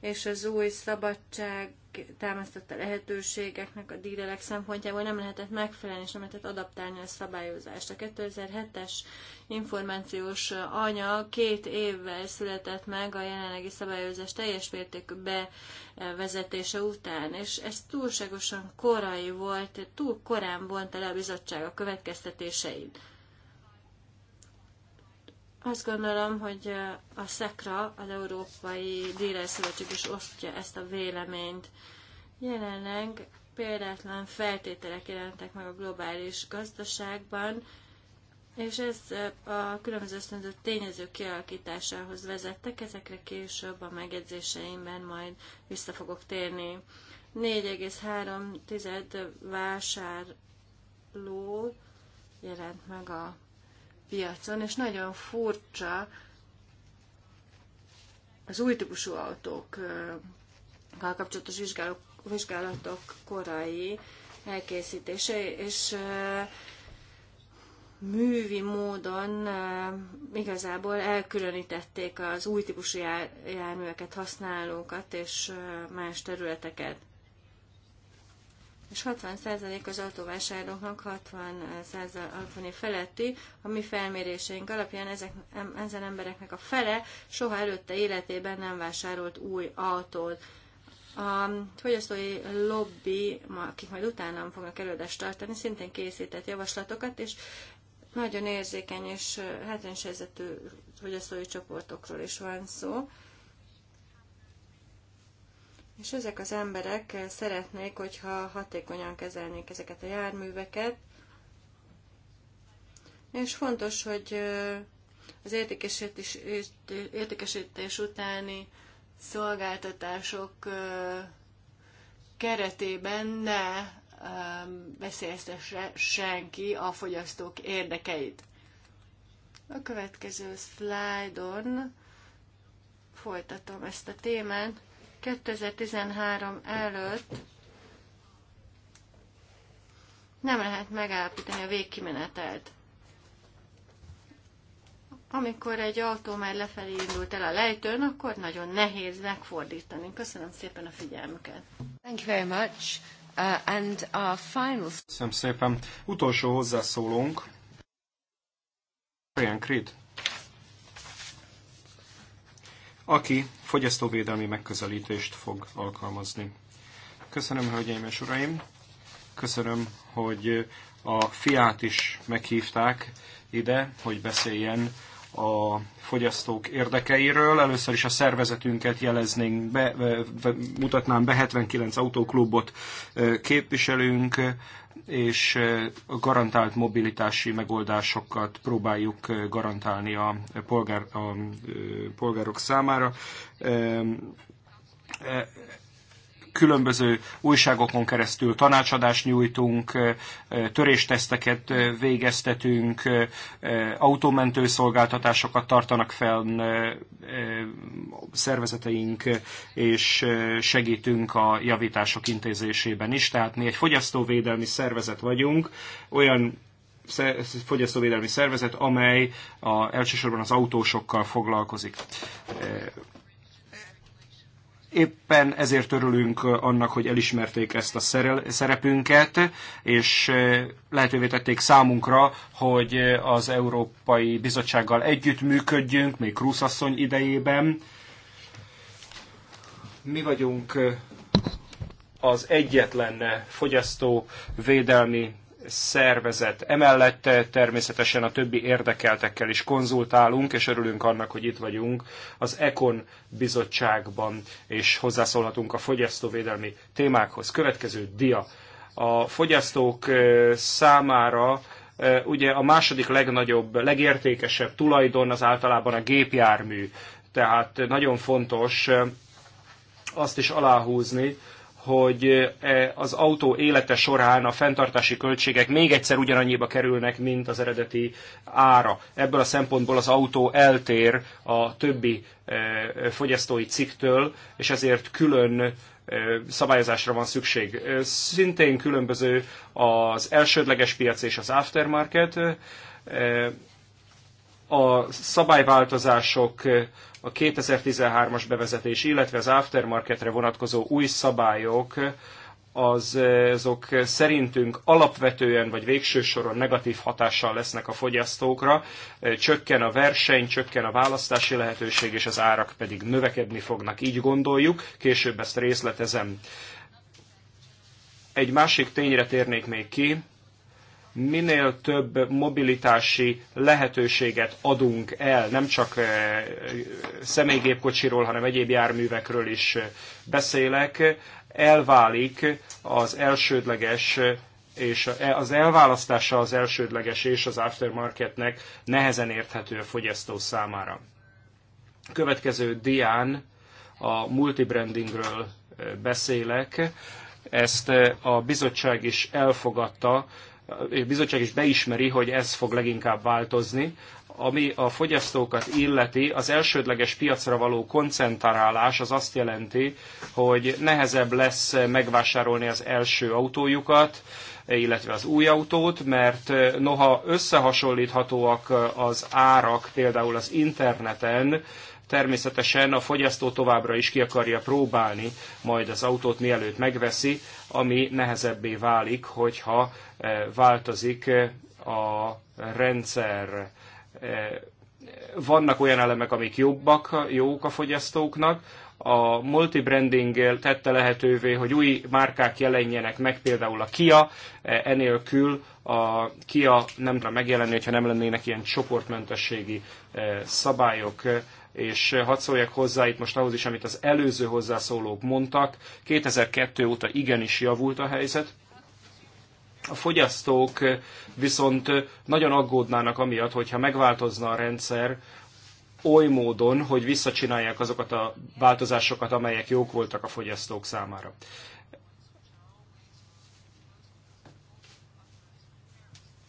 és az új szabadság támasztotta lehetőségeknek a dílelek szempontjából nem lehetett megfelelni, és nem lehetett adaptálni a szabályozást. A 2007-es információs anya két évvel született meg a jelenlegi szabályozás teljes mértékű bevezetése után, és ez túlságosan korai volt, túl korán vonta le a bizottság a következtetéseit. Azt gondolom, hogy a SZEKRA, az Európai Szövetség is osztja ezt a véleményt. Jelenleg példátlan feltételek jelentek meg a globális gazdaságban, és ez a különböző ösztönző tényezők kialakításához vezettek, ezekre később a megjegyzéseimben majd vissza fogok térni. 4,3 vásárló jelent meg a piacon, és nagyon furcsa az új típusú autókkal kapcsolatos vizsgálók, vizsgálatok korai elkészítése, és művi módon igazából elkülönítették az új típusú jár, járműveket, használókat és más területeket és 60% az autóvásárlóknak 60, 60 év feletti, a mi felméréseink alapján ezek, ezen embereknek a fele soha előtte életében nem vásárolt új autót. A fogyasztói lobby, akik majd utána fognak előadást tartani, szintén készített javaslatokat, és nagyon érzékeny és hátrányos helyzetű fogyasztói csoportokról is van szó. És ezek az emberek eh, szeretnék, hogyha hatékonyan kezelnék ezeket a járműveket, és fontos, hogy eh, az értékesítés, értékesítés utáni szolgáltatások eh, keretében ne veszélyeztesse senki a fogyasztók érdekeit. A következő szlájdon folytatom ezt a témát. 2013 előtt nem lehet megállapítani a végkimenetelt. Amikor egy autó már lefelé indult el a lejtőn, akkor nagyon nehéz megfordítani. Köszönöm szépen a figyelmüket. Thank you very much. Uh, and our final... Köszönöm szépen. Utolsó hozzászólónk. Brian Creed aki fogyasztóvédelmi megközelítést fog alkalmazni. Köszönöm, hölgyeim és uraim! Köszönöm, hogy a fiát is meghívták ide, hogy beszéljen a fogyasztók érdekeiről. Először is a szervezetünket jeleznénk, be, mutatnám be, 79 autóklubot képviselünk, és garantált mobilitási megoldásokat próbáljuk garantálni a, polgár, a polgárok számára különböző újságokon keresztül tanácsadást nyújtunk, törésteszteket végeztetünk, autómentő szolgáltatásokat tartanak fenn szervezeteink, és segítünk a javítások intézésében is. Tehát mi egy fogyasztóvédelmi szervezet vagyunk, olyan fogyasztóvédelmi szervezet, amely a, elsősorban az autósokkal foglalkozik. Éppen ezért örülünk annak, hogy elismerték ezt a szerepünket, és eh, lehetővé tették számunkra, hogy eh, az Európai Bizottsággal együttműködjünk, még Krusz asszony idejében. Mi vagyunk eh, az egyetlen fogyasztóvédelmi szervezet. Emellett eh, természetesen a többi érdekeltekkel is konzultálunk, és örülünk annak, hogy itt vagyunk az Econ bizottságban, és hozzászólhatunk a fogyasztóvédelmi témákhoz. Következő dia. A fogyasztók eh, számára eh, ugye a második legnagyobb, legértékesebb tulajdon az általában a gépjármű. Tehát nagyon fontos azt is aláhúzni, hogy eh, az autó élete során a fenntartási költségek még egyszer ugyanannyiba kerülnek, mint az eredeti ára. Ebből a szempontból az autó eltér a többi eh, fogyasztói cikktől, és ezért külön eh, szabályozásra van szükség. Szintén különböző az elsődleges piac és az aftermarket a szabályváltozások, a 2013-as bevezetés, illetve az aftermarketre vonatkozó új szabályok, az, azok szerintünk alapvetően vagy végső soron negatív hatással lesznek a fogyasztókra, csökken a verseny, csökken a választási lehetőség, és az árak pedig növekedni fognak, így gondoljuk, később ezt részletezem. Egy másik tényre térnék még ki, minél több mobilitási lehetőséget adunk el, nem csak eh, személygépkocsiról, hanem egyéb járművekről is eh, beszélek, elválik az elsődleges eh, és az elválasztása az elsődleges és az aftermarketnek nehezen érthető a fogyasztó számára. Következő dián a multibrandingről beszélek. Ezt a bizottság is elfogadta a bizottság is beismeri, hogy ez fog leginkább változni. Ami a fogyasztókat illeti, az elsődleges piacra való koncentrálás az azt jelenti, hogy nehezebb lesz megvásárolni az első autójukat, illetve az új autót, mert eh, noha összehasonlíthatóak az árak például az interneten, Természetesen a fogyasztó továbbra is ki akarja próbálni majd az autót, mielőtt megveszi, ami nehezebbé válik, hogyha eh, változik eh, a rendszer. Eh, vannak olyan elemek, amik jobbak, jók a fogyasztóknak, a multibranding tette lehetővé, hogy új márkák jelenjenek meg, például a Kia, enélkül a Kia nem tudna megjelenni, ha nem lennének ilyen csoportmentességi szabályok és eh, hadd szóljak hozzá itt most ahhoz is, amit az előző hozzászólók mondtak, 2002 óta igenis javult a helyzet, a fogyasztók eh, viszont eh, nagyon aggódnának amiatt, hogyha megváltozna a rendszer oly módon, hogy visszacsinálják azokat a változásokat, amelyek jók voltak a fogyasztók számára.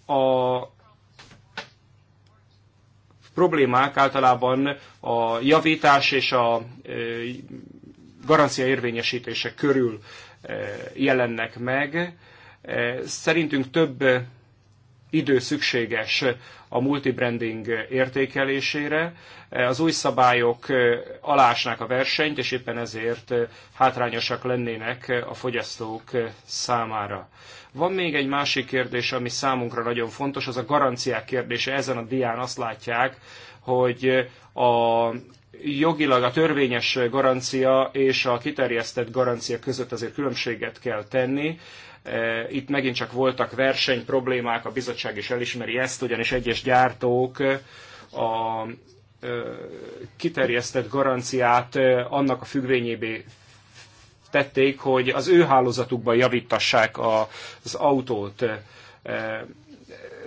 A problémák általában a javítás és a garancia érvényesítése körül jelennek meg. Szerintünk több idő szükséges a multibranding értékelésére. Az új szabályok alásnák a versenyt, és éppen ezért hátrányosak lennének a fogyasztók számára. Van még egy másik kérdés, ami számunkra nagyon fontos, az a garanciák kérdése. Ezen a dián azt látják, hogy a jogilag a törvényes garancia és a kiterjesztett garancia között azért különbséget kell tenni Eh, itt megint csak voltak verseny problémák, a bizottság is elismeri ezt, ugyanis egyes gyártók eh, a eh, kiterjesztett garanciát annak a függvényébe tették, hogy az ő hálózatukban javítassák az autót.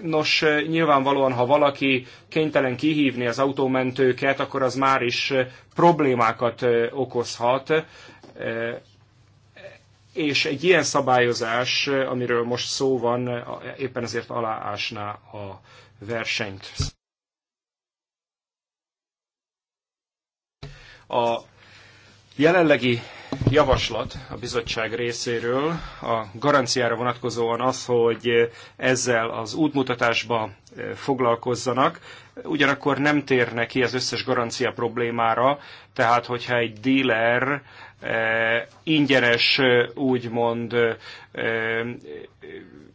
Nos, nyilvánvalóan, ha valaki kénytelen kihívni az autómentőket, akkor az már is problémákat okozhat és egy ilyen szabályozás, amiről most szó van, éppen ezért aláásná a versenyt. A jelenlegi javaslat a bizottság részéről a garanciára vonatkozóan az, hogy ezzel az útmutatásba eh, foglalkozzanak, ugyanakkor nem térnek ki az összes garancia problémára, tehát hogyha egy dealer Eh, ingyenes, eh, úgymond eh,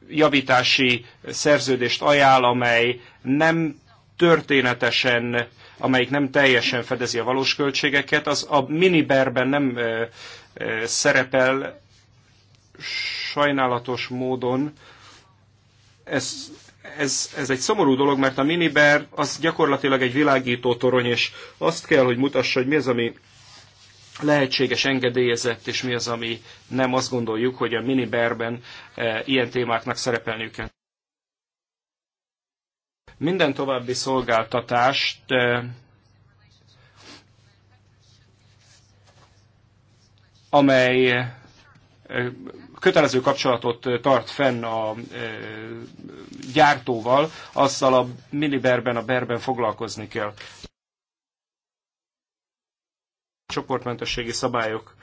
javítási szerződést ajánl, amely nem történetesen, amelyik nem teljesen fedezi a valós költségeket, az a miniberben nem szerepel sajnálatos módon. Ez, ez, ez egy szomorú dolog, mert a miniber az gyakorlatilag egy világító torony, és azt kell, hogy mutassa, hogy mi az, ami lehetséges engedélyezett, és mi az, ami nem azt gondoljuk, hogy a miniberben eh, ilyen témáknak szerepelniük kell. Minden további szolgáltatást eh, amely eh, kötelező kapcsolatot tart fenn a gyártóval, azzal a miniberben, a berben foglalkozni kell csoportmentességi szabályok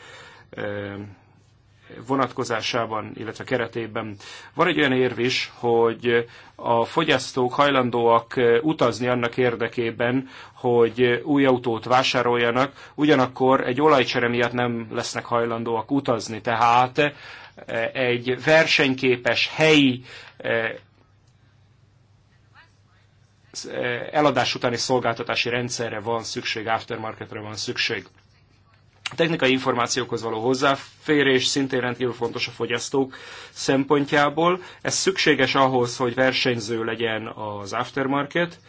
vonatkozásában, illetve keretében. Van egy olyan érv is, hogy a fogyasztók hajlandóak utazni annak érdekében, hogy új autót vásároljanak, ugyanakkor egy olajcsere miatt nem lesznek hajlandóak utazni. Tehát egy versenyképes helyi eladás utáni szolgáltatási rendszerre van szükség, aftermarketre van szükség. A technikai információkhoz való hozzáférés szintén rendkívül fontos a fogyasztók szempontjából. Ez szükséges ahhoz, hogy versenyző legyen az aftermarket,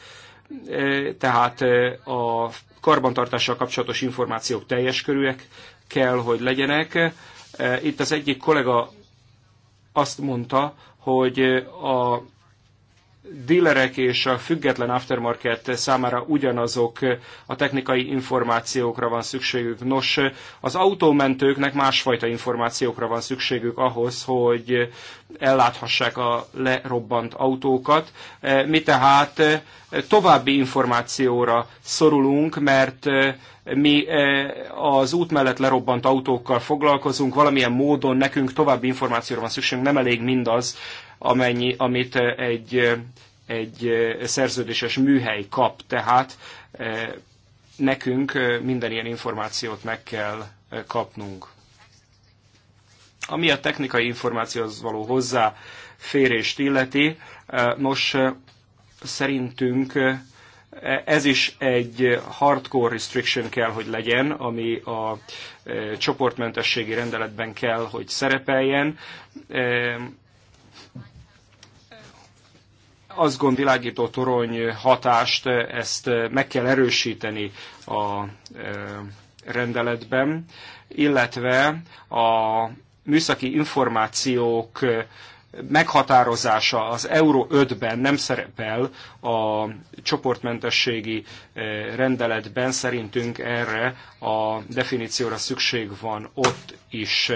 e, tehát e, a karbantartással kapcsolatos információk teljes körűek kell, hogy legyenek. E, itt az egyik kollega azt mondta, hogy a dealerek és a független aftermarket számára ugyanazok a technikai információkra van szükségük. Nos, az autómentőknek másfajta információkra van szükségük ahhoz, hogy elláthassák a lerobbant autókat. Mi tehát további információra szorulunk, mert mi az út mellett lerobbant autókkal foglalkozunk, valamilyen módon nekünk további információra van szükségünk, nem elég mindaz, amennyi, amit eh, egy, eh, egy eh, szerződéses műhely kap. Tehát nekünk minden ilyen információt meg kell kapnunk. Ami a technikai információhoz való hozzáférést illeti, nos, szerintünk ez is egy hardcore restriction kell, hogy legyen, ami a csoportmentességi rendeletben kell, hogy szerepeljen azgon világító torony hatást, ezt eh, meg kell erősíteni a eh, rendeletben, illetve a műszaki információk eh, meghatározása az Euro 5-ben nem szerepel a csoportmentességi rendeletben, szerintünk erre a definícióra szükség van ott is.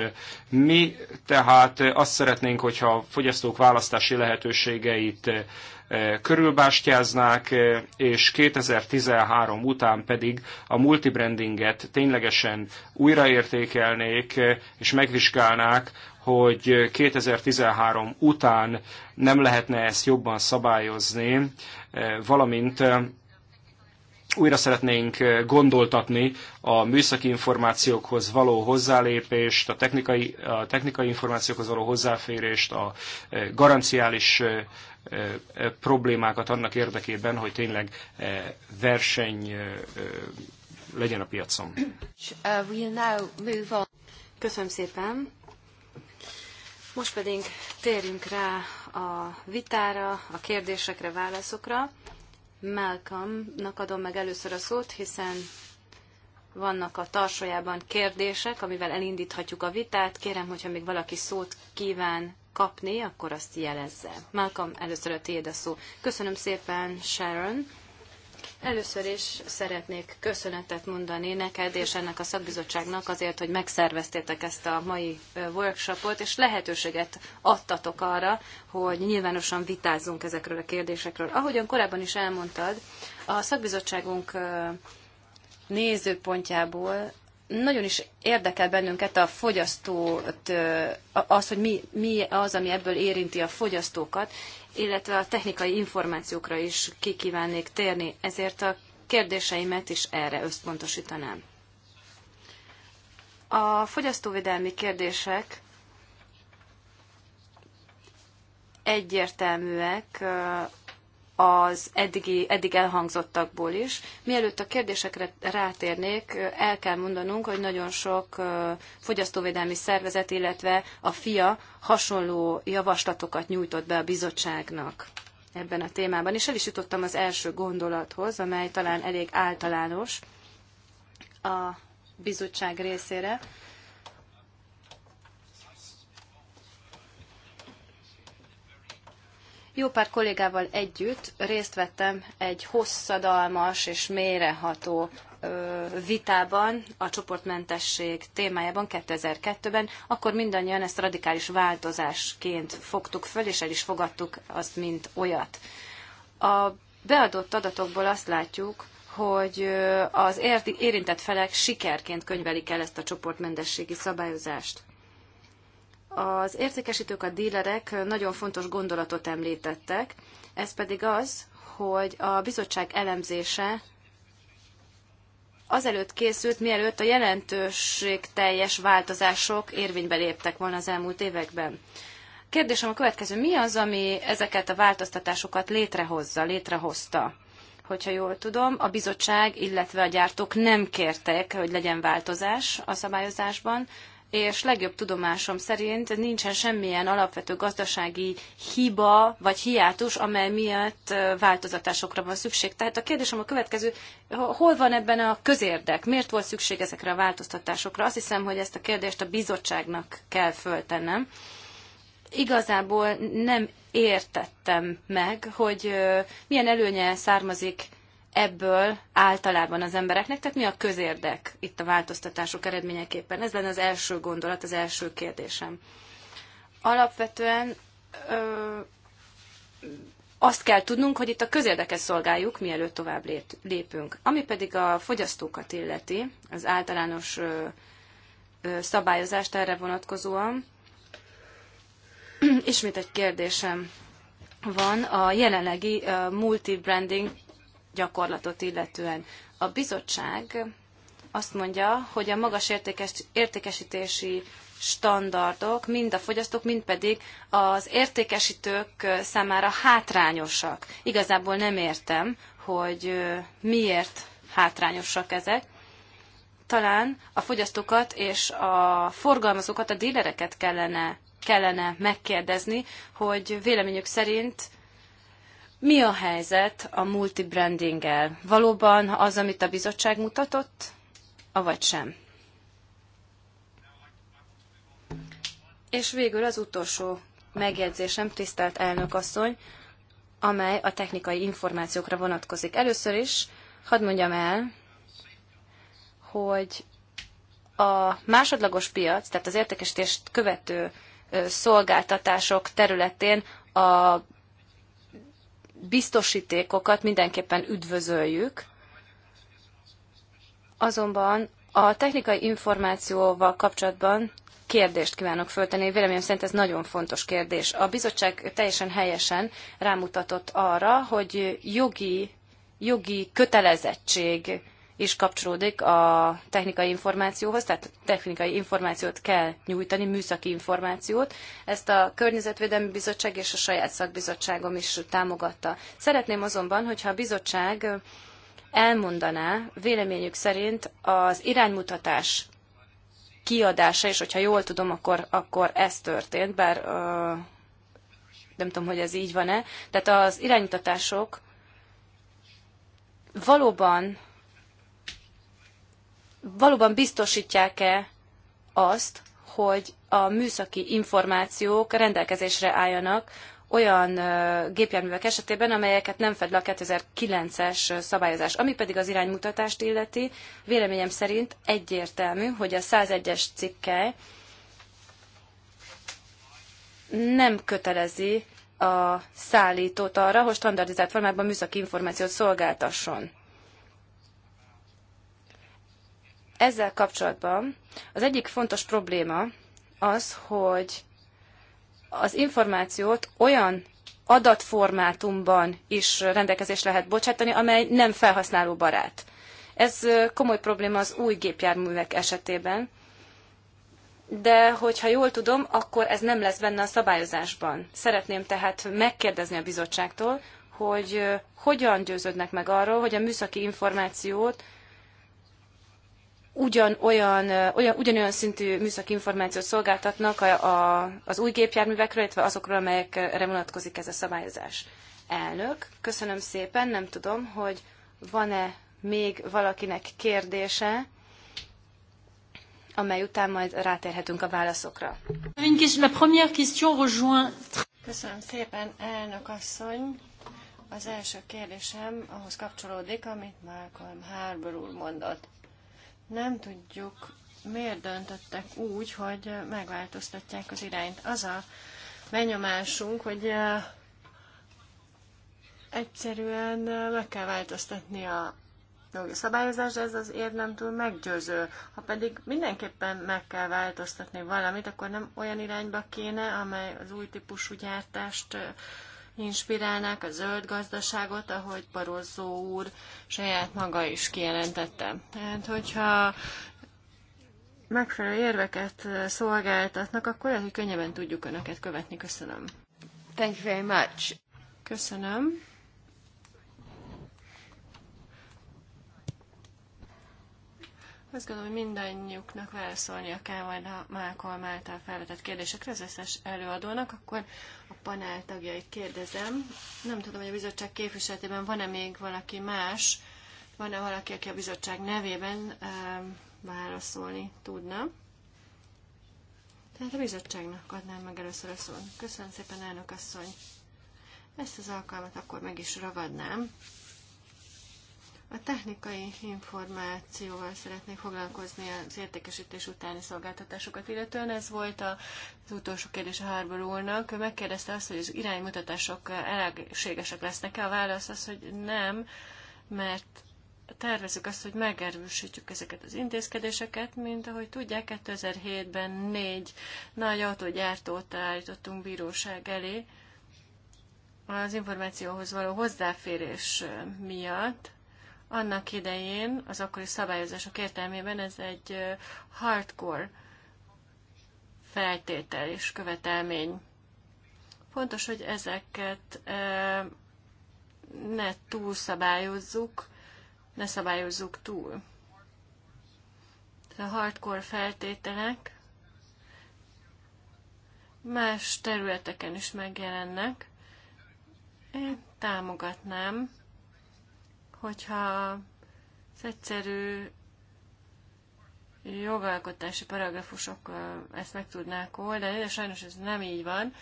Mi tehát azt szeretnénk, hogyha a fogyasztók választási lehetőségeit E, körülbástyáznák, e, és 2013 után pedig a multibrandinget ténylegesen újraértékelnék, e, és megvizsgálnák, hogy 2013 után nem lehetne ezt jobban szabályozni, valamint újra szeretnénk gondoltatni a műszaki információkhoz való hozzálépést, a technikai, a technikai információkhoz való hozzáférést, a garanciális problémákat annak érdekében, hogy tényleg verseny legyen a piacon. Uh, Köszönöm szépen. Most pedig térjünk rá a vitára, a kérdésekre, válaszokra. Malcolmnak adom meg először a szót, hiszen vannak a tarsolyában kérdések, amivel elindíthatjuk a vitát. Kérem, hogyha még valaki szót kíván kapni, akkor azt jelezze. Malcolm, először a tiéd a szó. Köszönöm szépen, Sharon. Először is szeretnék köszönetet mondani neked és ennek a szakbizottságnak azért, hogy megszerveztétek ezt a mai workshopot, és lehetőséget adtatok arra, hogy nyilvánosan vitázzunk ezekről a kérdésekről. Ahogyan korábban is elmondtad, a szakbizottságunk nézőpontjából nagyon is érdekel bennünket a fogyasztót, az, hogy mi, mi az, ami ebből érinti a fogyasztókat, illetve a technikai információkra is ki kívánnék térni, ezért a kérdéseimet is erre összpontosítanám. A fogyasztóvédelmi kérdések egyértelműek az eddigi, eddig elhangzottakból is. Mielőtt a kérdésekre rátérnék, el kell mondanunk, hogy nagyon sok fogyasztóvédelmi szervezet, illetve a FIA hasonló javaslatokat nyújtott be a bizottságnak ebben a témában, és el is jutottam az első gondolathoz, amely talán elég általános a bizottság részére. Jó pár kollégával együtt részt vettem egy hosszadalmas és méreható vitában a csoportmentesség témájában 2002-ben, akkor mindannyian ezt radikális változásként fogtuk föl, és el is fogadtuk azt, mint olyat. A beadott adatokból azt látjuk, hogy az érintett felek sikerként könyvelik el ezt a csoportmentességi szabályozást. Az értékesítők, a dílerek nagyon fontos gondolatot említettek, ez pedig az, hogy a bizottság elemzése azelőtt készült, mielőtt a teljes változások érvénybe léptek volna az elmúlt években. Kérdésem a következő, mi az, ami ezeket a változtatásokat létrehozza, létrehozta? Hogyha jól tudom, a bizottság, illetve a gyártók nem kértek, hogy legyen változás a szabályozásban, és legjobb tudomásom szerint nincsen semmilyen alapvető gazdasági hiba vagy hiátus, amely miatt változatásokra van szükség. Tehát a kérdésem a következő, hol van ebben a közérdek? Miért volt szükség ezekre a változtatásokra? Azt hiszem, hogy ezt a kérdést a bizottságnak kell föltennem. Igazából nem értettem meg, hogy milyen előnye származik ebből általában az embereknek, tehát mi a közérdek itt a változtatások eredményeképpen? Ez lenne az első gondolat, az első kérdésem. Alapvetően ö, azt kell tudnunk, hogy itt a közérdeket szolgáljuk, mielőtt tovább lépünk. Ami pedig a fogyasztókat illeti, az általános ö, ö, szabályozást erre vonatkozóan, (clears throat) ismét egy kérdésem van a jelenlegi multi-branding gyakorlatot illetően. A bizottság azt mondja, hogy a magas értékes, értékesítési standardok mind a fogyasztók, mind pedig az értékesítők számára hátrányosak. Igazából nem értem, hogy miért hátrányosak ezek. Talán a fogyasztókat és a forgalmazókat, a dílereket kellene, kellene megkérdezni, hogy véleményük szerint mi a helyzet a multibrandinggel? Valóban az, amit a bizottság mutatott, avagy sem? És végül az utolsó megjegyzésem, tisztelt elnök asszony, amely a technikai információkra vonatkozik. Először is hadd mondjam el, hogy a másodlagos piac, tehát az értékesítést követő szolgáltatások területén a biztosítékokat mindenképpen üdvözöljük, azonban a technikai információval kapcsolatban kérdést kívánok föltenni. Véleményem szerint ez nagyon fontos kérdés. A bizottság teljesen helyesen rámutatott arra, hogy jogi, jogi kötelezettség is kapcsolódik a technikai információhoz, tehát technikai információt kell nyújtani, műszaki információt. Ezt a Környezetvédelmi Bizottság és a saját szakbizottságom is támogatta. Szeretném azonban, hogyha a bizottság elmondaná véleményük szerint az iránymutatás kiadása, és hogyha jól tudom, akkor, akkor ez történt, bár ö, nem tudom, hogy ez így van-e. Tehát az iránymutatások valóban valóban biztosítják-e azt, hogy a műszaki információk rendelkezésre álljanak olyan gépjárművek esetében, amelyeket nem fed le a 2009-es szabályozás. Ami pedig az iránymutatást illeti, véleményem szerint egyértelmű, hogy a 101-es cikke nem kötelezi a szállítót arra, hogy standardizált formában műszaki információt szolgáltasson. Ezzel kapcsolatban az egyik fontos probléma az, hogy az információt olyan adatformátumban is rendelkezés lehet bocsátani, amely nem felhasználóbarát. Ez komoly probléma az új gépjárművek esetében, de hogyha jól tudom, akkor ez nem lesz benne a szabályozásban. Szeretném tehát megkérdezni a bizottságtól, hogy hogyan győződnek meg arról, hogy a műszaki információt ugyanolyan, olyan, ugyanolyan szintű műszaki információt szolgáltatnak a, a, az új gépjárművekről, illetve azokról, amelyekre vonatkozik ez a szabályozás. Elnök, köszönöm szépen, nem tudom, hogy van-e még valakinek kérdése, amely után majd rátérhetünk a válaszokra. Köszönöm szépen, elnök asszony. Az első kérdésem ahhoz kapcsolódik, amit Malcolm Harbour úr mondott nem tudjuk, miért döntöttek úgy, hogy megváltoztatják az irányt. Az a benyomásunk, hogy eh, egyszerűen eh, meg kell változtatni a jogi szabályozás, ez az ér nem túl meggyőző. Ha pedig mindenképpen meg kell változtatni valamit, akkor nem olyan irányba kéne, amely az új típusú gyártást eh, inspirálnák a zöld gazdaságot, ahogy Barozzó úr saját maga is kijelentette. Tehát, hogyha megfelelő érveket szolgáltatnak, akkor lehet, hogy könnyebben tudjuk Önöket követni. Köszönöm. Thank you very much. Köszönöm. Azt gondolom, hogy mindannyiuknak válaszolnia kell majd a Malcolm által felvetett kérdésekre, az összes előadónak, akkor a panel tagjait kérdezem. Nem tudom, hogy a bizottság képviseletében van-e még valaki más, van-e valaki, aki a bizottság nevében e, válaszolni tudna. Tehát a bizottságnak adnám meg először a szót. Köszönöm szépen, elnök asszony. Ezt az alkalmat akkor meg is ragadnám. A technikai információval szeretnék foglalkozni az értékesítés utáni szolgáltatásokat, illetően ez volt az utolsó kérdés a Harbor úrnak. Ő megkérdezte azt, hogy az iránymutatások elégségesek lesznek-e. A válasz az, hogy nem, mert tervezük azt, hogy megerősítjük ezeket az intézkedéseket, mint ahogy tudják, 2007-ben négy nagy autógyártót állítottunk bíróság elé az információhoz való hozzáférés miatt, annak idején az akkori szabályozások értelmében ez egy hardcore feltétel és követelmény. Fontos, hogy ezeket ne túlszabályozzuk, ne szabályozzuk túl. A hardcore feltételek más területeken is megjelennek. Én támogatnám hogyha az egyszerű jogalkotási paragrafusok ezt meg tudnák oldani, de sajnos ez nem így van,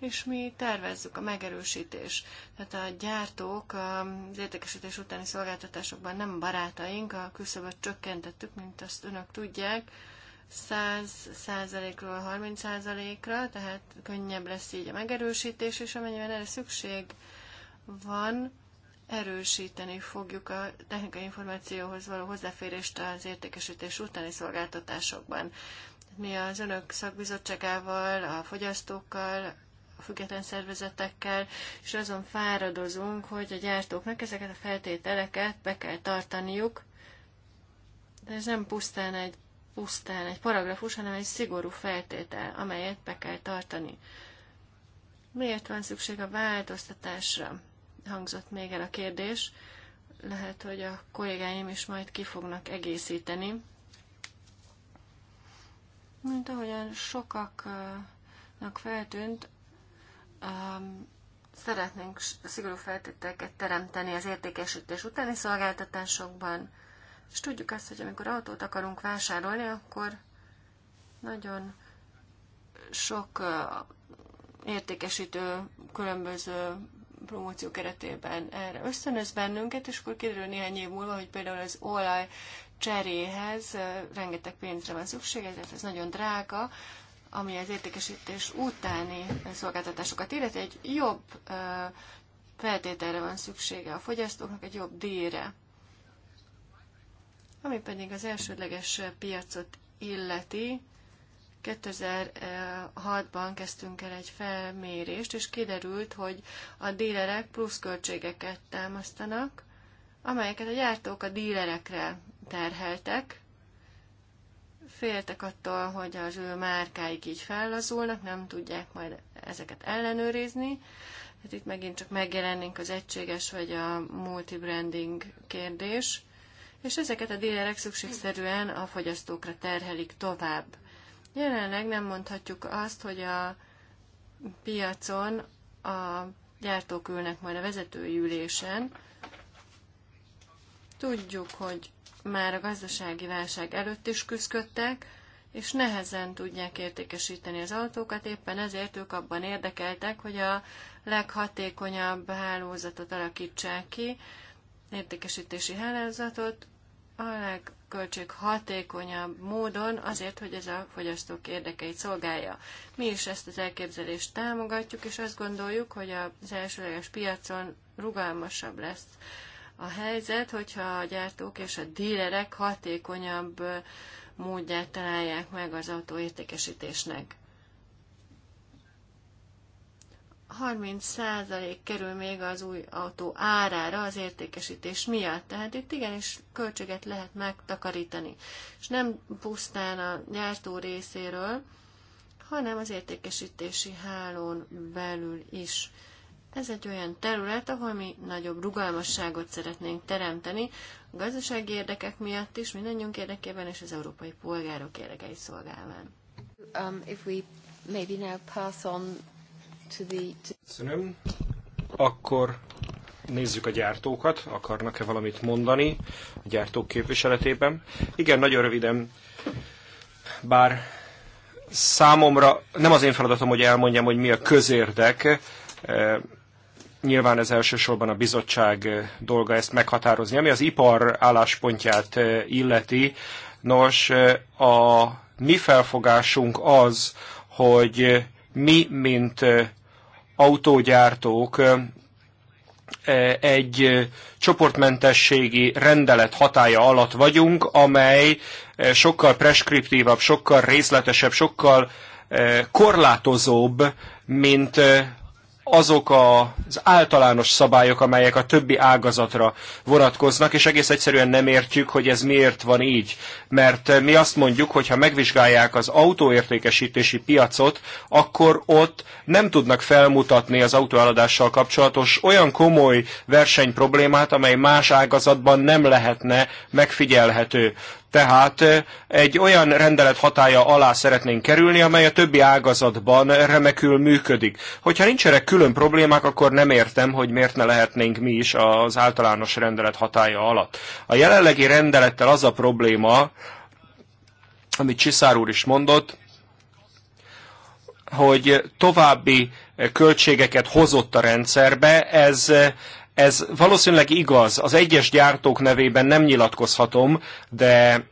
és mi tervezzük a megerősítés. Tehát a gyártók az értékesítés utáni szolgáltatásokban nem barátaink, a küszöböt csökkentettük, mint azt önök tudják, 100%-ról 30%-ra, tehát könnyebb lesz így a megerősítés, és amennyiben erre szükség van, erősíteni fogjuk a technikai információhoz való hozzáférést az értékesítés utáni szolgáltatásokban. Mi az önök szakbizottságával, a fogyasztókkal, a független szervezetekkel, és azon fáradozunk, hogy a gyártóknak ezeket a feltételeket be kell tartaniuk, de ez nem pusztán egy, pusztán egy paragrafus, hanem egy szigorú feltétel, amelyet be kell tartani. Miért van szükség a változtatásra? hangzott még el a kérdés. Lehet, hogy a kollégáim is majd ki fognak egészíteni. Mint ahogyan sokaknak feltűnt, um, szeretnénk szigorú feltételeket teremteni az értékesítés utáni szolgáltatásokban, és tudjuk azt, hogy amikor autót akarunk vásárolni, akkor nagyon sok uh, értékesítő különböző promóció keretében erre ösztönöz bennünket, és akkor kiderül néhány év múlva, hogy például az olaj cseréhez rengeteg pénzre van szüksége, ezért ez nagyon drága, ami az értékesítés utáni szolgáltatásokat illeti, egy jobb feltételre van szüksége a fogyasztóknak, egy jobb díjra. Ami pedig az elsődleges piacot illeti, 2006-ban kezdtünk el egy felmérést, és kiderült, hogy a dílerek költségeket támasztanak, amelyeket a gyártók a dílerekre terheltek, féltek attól, hogy az ő márkáik így fellazulnak, nem tudják majd ezeket ellenőrizni. Hát itt megint csak megjelennénk az egységes vagy a multibranding kérdés, és ezeket a dílerek szükségszerűen a fogyasztókra terhelik tovább. Jelenleg nem mondhatjuk azt, hogy a piacon a gyártók ülnek majd a vezetői ülésen. Tudjuk, hogy már a gazdasági válság előtt is küzdöttek, és nehezen tudják értékesíteni az autókat, éppen ezért ők abban érdekeltek, hogy a leghatékonyabb hálózatot alakítsák ki, értékesítési hálózatot, a legköltség hatékonyabb módon azért, hogy ez a fogyasztók érdekeit szolgálja. Mi is ezt az elképzelést támogatjuk, és azt gondoljuk, hogy az elsőleges piacon rugalmasabb lesz a helyzet, hogyha a gyártók és a dílerek hatékonyabb módját találják meg az autó értékesítésnek. 30% kerül még az új autó árára az értékesítés miatt. Tehát itt igenis költséget lehet megtakarítani. És nem pusztán a gyártó részéről, hanem az értékesítési hálón belül is. Ez egy olyan terület, ahol mi nagyobb rugalmasságot szeretnénk teremteni, a gazdasági érdekek miatt is, mindannyiunk érdekében és az európai polgárok érdekei szolgálván. Um, if we maybe now pass on to the... Köszönöm. Akkor nézzük a gyártókat, akarnak-e valamit mondani a gyártók képviseletében. Igen, nagyon röviden, bár számomra nem az én feladatom, hogy elmondjam, hogy mi a közérdek, e, nyilván ez elsősorban a bizottság dolga ezt meghatározni. Ami az ipar álláspontját e, illeti, nos, e, a mi felfogásunk az, hogy mi, mint autógyártók egy csoportmentességi rendelet hatája alatt vagyunk, amely sokkal preskriptívabb, sokkal részletesebb, sokkal korlátozóbb, mint azok az általános szabályok, amelyek a többi ágazatra vonatkoznak, és egész egyszerűen nem értjük, hogy ez miért van így. Mert eh, mi azt mondjuk, hogy ha megvizsgálják az autóértékesítési piacot, akkor ott nem tudnak felmutatni az autóeladással kapcsolatos olyan komoly versenyproblémát, amely más ágazatban nem lehetne megfigyelhető. Tehát egy olyan rendelet hatája alá szeretnénk kerülni, amely a többi ágazatban remekül működik. Hogyha nincsenek külön problémák, akkor nem értem, hogy miért ne lehetnénk mi is az általános rendelet hatája alatt. A jelenlegi rendelettel az a probléma, amit Csiszár úr is mondott, hogy további költségeket hozott a rendszerbe, ez ez valószínűleg igaz, az egyes gyártók nevében nem nyilatkozhatom, de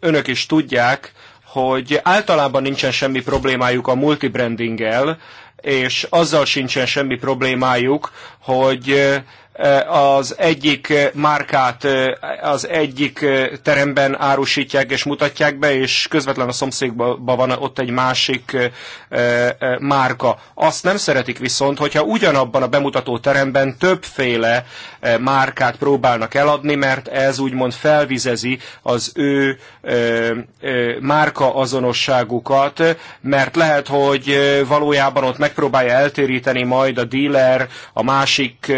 önök is tudják, hogy általában nincsen semmi problémájuk a multibrandinggel, és azzal sincsen semmi problémájuk, hogy Eh, az egyik eh, márkát eh, az egyik teremben árusítják és mutatják be, és közvetlen a szomszédban van ott egy másik márka. Azt nem szeretik viszont, hogyha ugyanabban a bemutató teremben többféle márkát próbálnak eladni, mert ez úgymond felvizezi az ő márka azonosságukat, mert lehet, hogy valójában ott megpróbálja eltéríteni majd a dealer a másik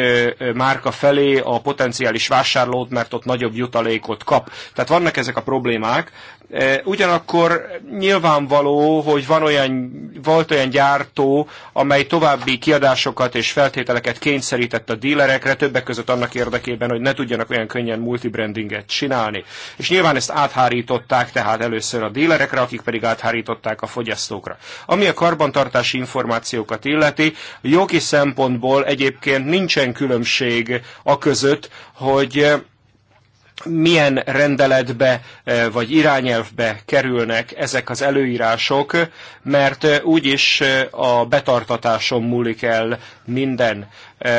márka felé a potenciális vásárlót, mert ott nagyobb jutalékot kap. Tehát vannak ezek a problémák, Eh, ugyanakkor nyilvánvaló, hogy van olyan, volt olyan gyártó, amely további kiadásokat és feltételeket kényszerített a dílerekre, többek között annak érdekében, hogy ne tudjanak olyan könnyen multibrandinget csinálni. És nyilván ezt áthárították tehát először a dílerekre, akik pedig áthárították a fogyasztókra. Ami a karbantartási információkat illeti, jogi szempontból egyébként nincsen különbség a között, hogy eh, milyen rendeletbe eh, vagy irányelvbe kerülnek ezek az előírások, mert eh, úgyis eh, a betartatáson múlik el minden.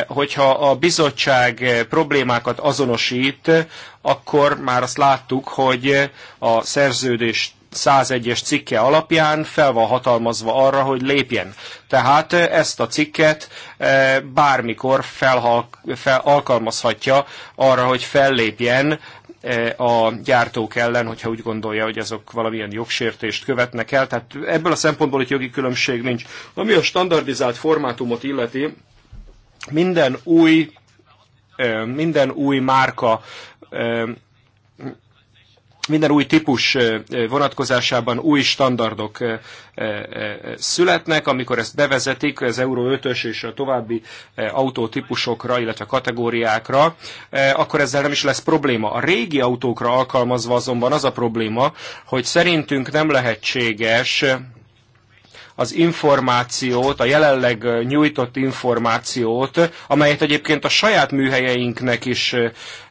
Hogyha a bizottság problémákat azonosít, akkor már azt láttuk, hogy a szerződés 101-es cikke alapján fel van hatalmazva arra, hogy lépjen. Tehát ezt a cikket bármikor felhal, fel, alkalmazhatja arra, hogy fellépjen a gyártók ellen, hogyha úgy gondolja, hogy azok valamilyen jogsértést követnek el. Tehát ebből a szempontból itt jogi különbség nincs. Ami a standardizált formátumot illeti, minden új, minden új márka minden új típus vonatkozásában új standardok születnek, amikor ezt bevezetik az Euro 5-ös és a további autótípusokra, illetve kategóriákra, akkor ezzel nem is lesz probléma. A régi autókra alkalmazva azonban az a probléma, hogy szerintünk nem lehetséges az információt, a jelenleg nyújtott információt, amelyet egyébként a saját műhelyeinknek is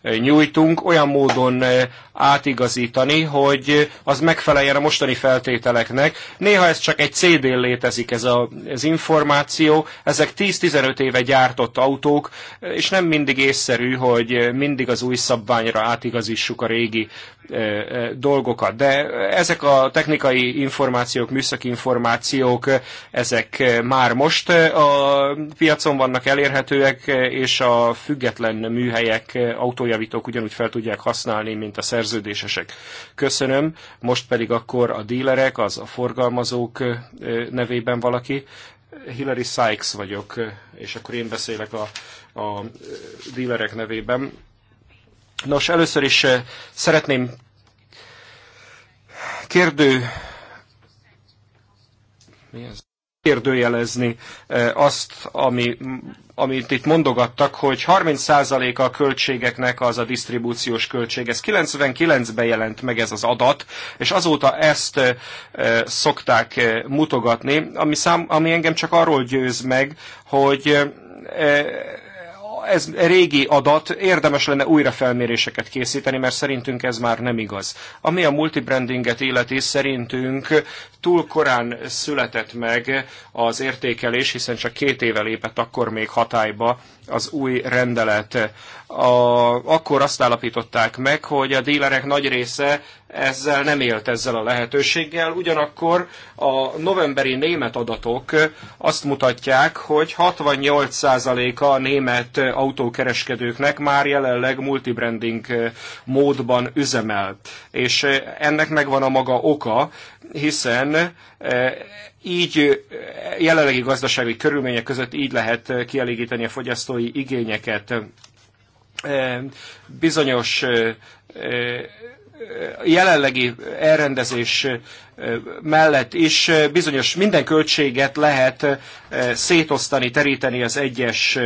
nyújtunk, olyan módon átigazítani, hogy az megfeleljen a mostani feltételeknek. Néha ez csak egy CD-n létezik ez a, az információ, ezek 10-15 éve gyártott autók, és nem mindig észszerű, hogy mindig az új szabványra átigazítsuk a régi dolgokat. De ezek a technikai információk, műszaki információ autók, ezek már most eh, a piacon vannak elérhetőek, eh, és a független műhelyek, eh, autójavítók ugyanúgy fel tudják használni, mint a szerződésesek. Köszönöm, most pedig akkor a dílerek, az a forgalmazók nevében valaki. Hillary Sykes vagyok, és akkor én beszélek a, a dílerek nevében. Nos, először is szeretném kérdő mi ez? kérdőjelezni e, azt, ami, amit itt mondogattak, hogy 30%-a a költségeknek az a disztribúciós költség. Ez 99-ben jelent meg ez az adat, és azóta ezt e, e, szokták mutogatni, ami, szám, ami engem csak arról győz meg, hogy ez régi adat, érdemes lenne újra felméréseket készíteni, mert szerintünk ez már nem igaz. Ami a multibrandinget illeti, szerintünk túl korán született meg az értékelés, hiszen csak két éve lépett akkor még hatályba az új rendelet. A, akkor azt állapították meg, hogy a dílerek nagy része ezzel nem élt ezzel a lehetőséggel, ugyanakkor a novemberi német adatok azt mutatják, hogy 68%-a a német autókereskedőknek már jelenleg multibranding módban üzemel. És ennek megvan a maga oka, hiszen eh, így eh, jelenlegi gazdasági körülmények között így lehet eh, kielégíteni a fogyasztói igényeket. Bizonyos jelenlegi elrendezés mellett is bizonyos minden költséget lehet szétosztani, teríteni az egyes,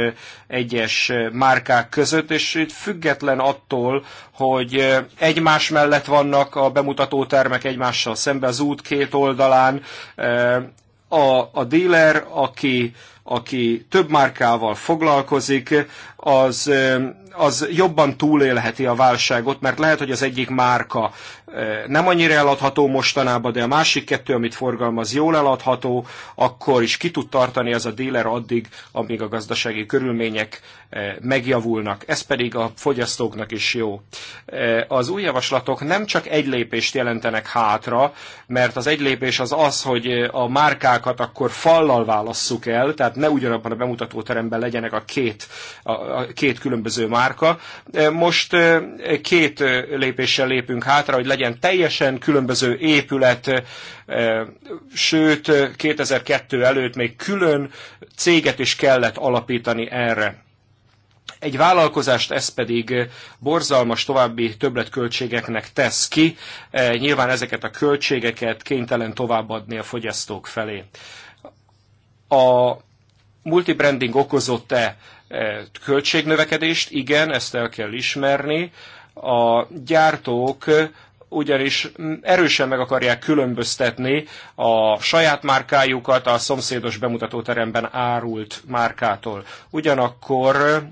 egyes márkák között, és itt független attól, hogy egymás mellett vannak a bemutató termek egymással szembe az út két oldalán, a, a dealer, aki, aki több márkával foglalkozik, az, az jobban túlélheti a válságot, mert lehet, hogy az egyik márka nem annyira eladható mostanában, de a másik kettő, amit forgalmaz, jól eladható, akkor is ki tud tartani az a díler addig, amíg a gazdasági körülmények megjavulnak. Ez pedig a fogyasztóknak is jó. Az új javaslatok nem csak egy lépést jelentenek hátra, mert az egy lépés az az, hogy a márkákat akkor fallal válasszuk el, tehát ne ugyanabban a bemutatóteremben legyenek a két, a két különböző márka. E, most e, két e, lépéssel lépünk hátra, hogy legyen teljesen különböző épület, sőt 2002 előtt még külön céget is kellett alapítani erre. Egy vállalkozást ez pedig borzalmas további többletköltségeknek tesz ki. Nyilván ezeket a költségeket kénytelen továbbadni a fogyasztók felé. A multibranding okozott-e E, költségnövekedést, igen, ezt el kell ismerni. A gyártók ugyanis erősen meg akarják különböztetni a saját márkájukat a szomszédos bemutatóteremben árult márkától. Ugyanakkor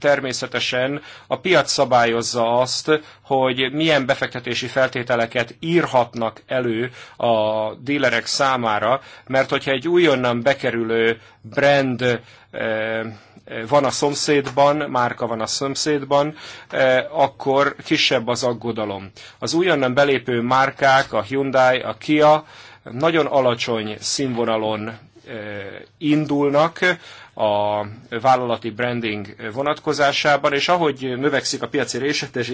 természetesen a piac szabályozza azt, hogy milyen befektetési feltételeket írhatnak elő a dílerek számára, mert hogyha egy újonnan bekerülő brand e, van a szomszédban, márka van a szomszédban, e, akkor kisebb az aggodalom. Az újonnan belépő márkák, a Hyundai, a Kia nagyon alacsony színvonalon e, indulnak a vállalati branding vonatkozásában, és ahogy növekszik a piaci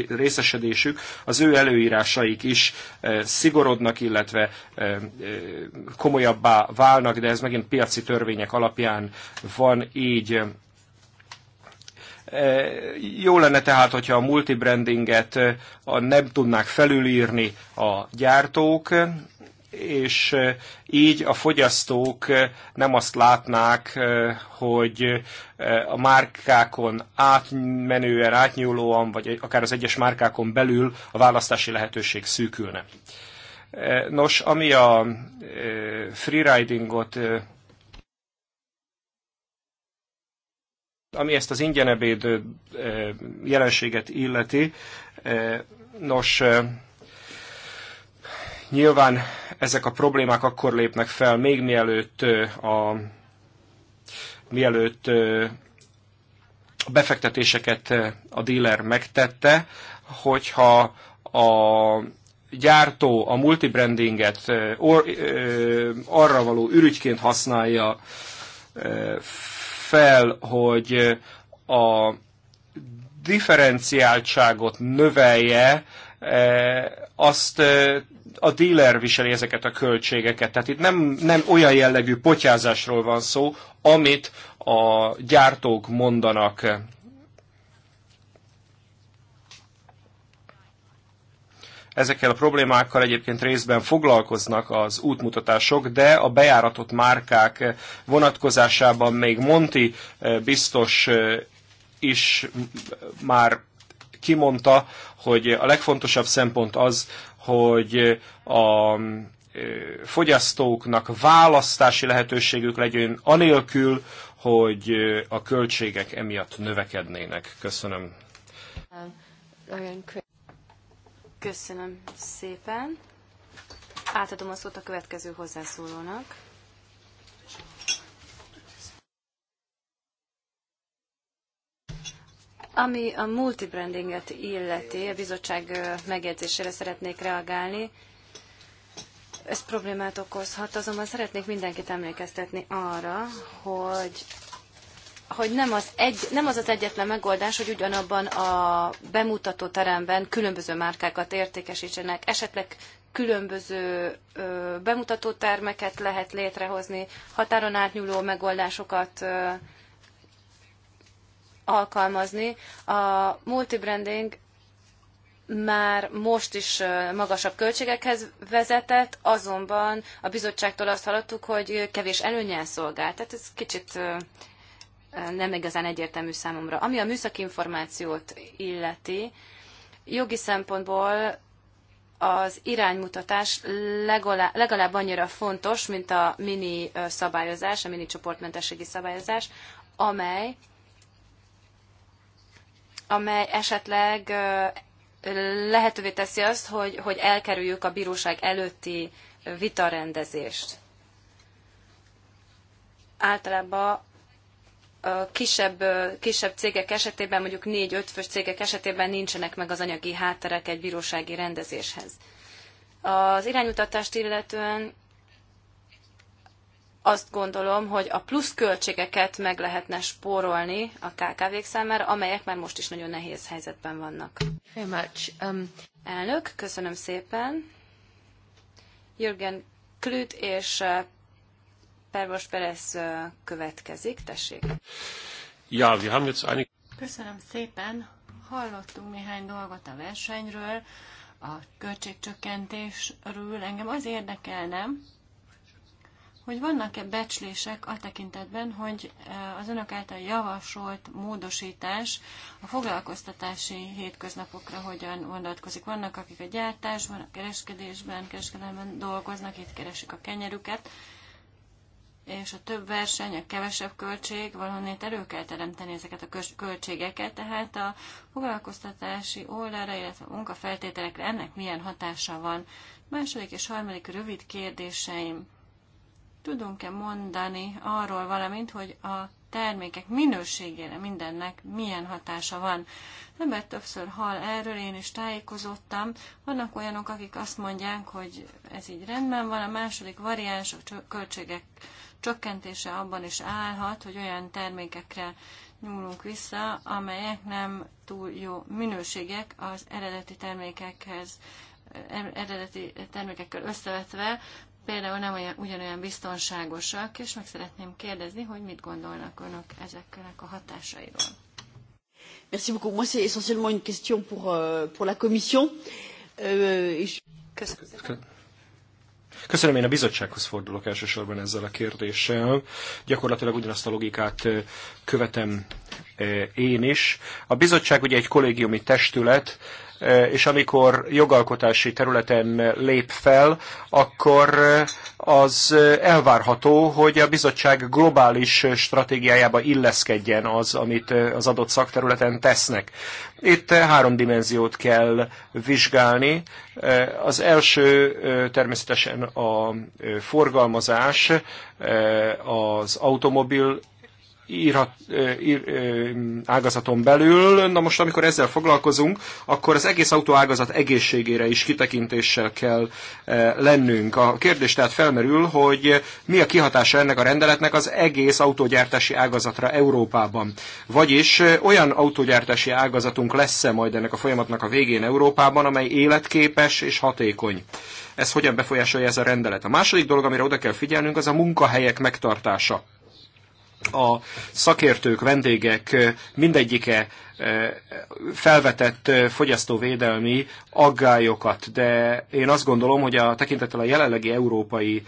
részesedésük, az ő előírásaik is e, szigorodnak, illetve komolyabbá válnak, de ez megint piaci törvények alapján van így. E, jó lenne tehát, hogyha a multibrandinget e, nem tudnák felülírni a gyártók, és e, így a fogyasztók nem azt látnák, hogy a márkákon átmenően, átnyúlóan, vagy akár az egyes márkákon belül a választási lehetőség szűkülne. Nos, ami a freeridingot ami ezt az ingyenebéd eh, jelenséget illeti, eh, nos, eh, nyilván ezek a problémák akkor lépnek fel, még mielőtt a mielőtt a befektetéseket a dealer megtette, hogyha a gyártó a multibrandinget arra való ürügyként használja fel, hogy a differenciáltságot növelje, e, azt e, a dealer viseli ezeket a költségeket. Tehát itt nem, nem olyan jellegű potyázásról van szó, amit a gyártók mondanak. Ezekkel a problémákkal egyébként részben foglalkoznak az útmutatások, de a bejáratott márkák vonatkozásában még Monti eh, biztos eh, is már kimondta, hogy a legfontosabb szempont az, hogy a eh, fogyasztóknak választási lehetőségük legyen, anélkül, hogy a költségek emiatt növekednének. Köszönöm. Uh, Köszönöm szépen. Átadom a szót a következő hozzászólónak. Ami a multibrandinget illeti, a bizottság megjegyzésére szeretnék reagálni. Ez problémát okozhat, azonban szeretnék mindenkit emlékeztetni arra, hogy hogy nem az, egy, nem az az egyetlen megoldás, hogy ugyanabban a bemutató teremben különböző márkákat értékesítsenek, esetleg különböző ö, bemutató termeket lehet létrehozni, határon átnyúló megoldásokat ö, alkalmazni. A multibranding már most is magasabb költségekhez vezetett, azonban a bizottságtól azt hallottuk, hogy kevés előnyel szolgál. Tehát ez kicsit nem igazán egyértelmű számomra. Ami a műszaki információt illeti, jogi szempontból az iránymutatás legalább, legalább annyira fontos, mint a mini szabályozás, a mini csoportmentességi szabályozás, amely, amely esetleg lehetővé teszi azt, hogy, hogy elkerüljük a bíróság előtti vitarendezést. Általában a kisebb, kisebb cégek esetében, mondjuk négy fős cégek esetében nincsenek meg az anyagi hátterek egy bírósági rendezéshez. Az irányutatást illetően azt gondolom, hogy a plusz költségeket meg lehetne spórolni a KKV-k számára, amelyek már most is nagyon nehéz helyzetben vannak. Very much. Um... Elnök, köszönöm szépen. Jürgen Klüt és Pervos Perez következik, tessék. Ja, wir haben jetzt Köszönöm szépen. Hallottunk néhány dolgot a versenyről, a költségcsökkentésről. Engem az érdekelne, hogy vannak-e becslések a tekintetben, hogy az önök által javasolt módosítás a foglalkoztatási hétköznapokra hogyan vonatkozik. Vannak, akik a gyártásban, a kereskedésben, kereskedelemben dolgoznak, itt keresik a kenyerüket és a több verseny, a kevesebb költség, valahonnét elő kell teremteni ezeket a költségeket, tehát a foglalkoztatási oldalra, illetve a munkafeltételekre ennek milyen hatása van. Második és harmadik rövid kérdéseim. Tudunk-e mondani arról valamint, hogy a termékek minőségére mindennek milyen hatása van. Nem ember többször hall erről, én is tájékozottam. Vannak olyanok, akik azt mondják, hogy ez így rendben van, a második variáns a költségek csökkentése abban is állhat, hogy olyan termékekre nyúlunk vissza, amelyek nem túl jó minőségek az eredeti termékekhez, eredeti termékekkel összevetve, például nem olyan, ugyanolyan biztonságosak, és meg szeretném kérdezni, hogy mit gondolnak önök ezeknek a hatásairól. Merci beaucoup. Moi, c'est essentiellement une question pour, euh, pour la Commission. Euh, et je... Köszönöm. Köszönöm, én a bizottsághoz fordulok elsősorban ezzel a kérdéssel. Gyakorlatilag ugyanazt a logikát követem én is. A bizottság ugye egy kollégiumi testület, Eh, és amikor jogalkotási területen lép fel, akkor eh, az eh, elvárható, hogy a bizottság globális stratégiájába illeszkedjen az, amit az adott szakterületen tesznek. Itt három dimenziót kell vizsgálni. Az első természetesen a forgalmazás, az automobil írhat, ír, ágazaton belül. Na most, amikor ezzel foglalkozunk, akkor az egész autóágazat egészségére is kitekintéssel kell lennünk. A kérdés tehát felmerül, hogy mi a kihatása ennek a rendeletnek az egész autógyártási ágazatra Európában. Vagyis olyan autógyártási ágazatunk lesz-e majd ennek a folyamatnak a végén Európában, amely életképes és hatékony ez hogyan befolyásolja ez a rendelet. A második dolog, amire oda kell figyelnünk, az a munkahelyek megtartása a szakértők, vendégek mindegyike felvetett fogyasztóvédelmi aggályokat, de én azt gondolom, hogy a tekintettel a jelenlegi európai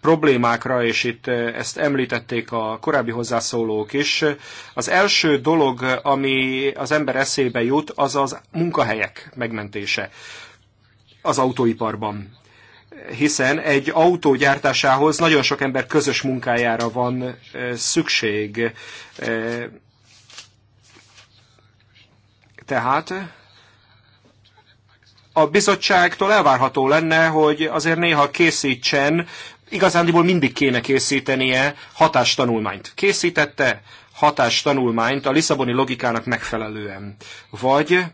problémákra, és itt ezt említették a korábbi hozzászólók is. Az első dolog, ami az ember eszébe jut, az az munkahelyek megmentése az autóiparban hiszen egy autó gyártásához nagyon sok ember közös munkájára van szükség. Tehát a bizottságtól elvárható lenne, hogy azért néha készítsen, igazándiból mindig kéne készítenie hatástanulmányt. Készítette hatástanulmányt a Lisszaboni logikának megfelelően. Vagy,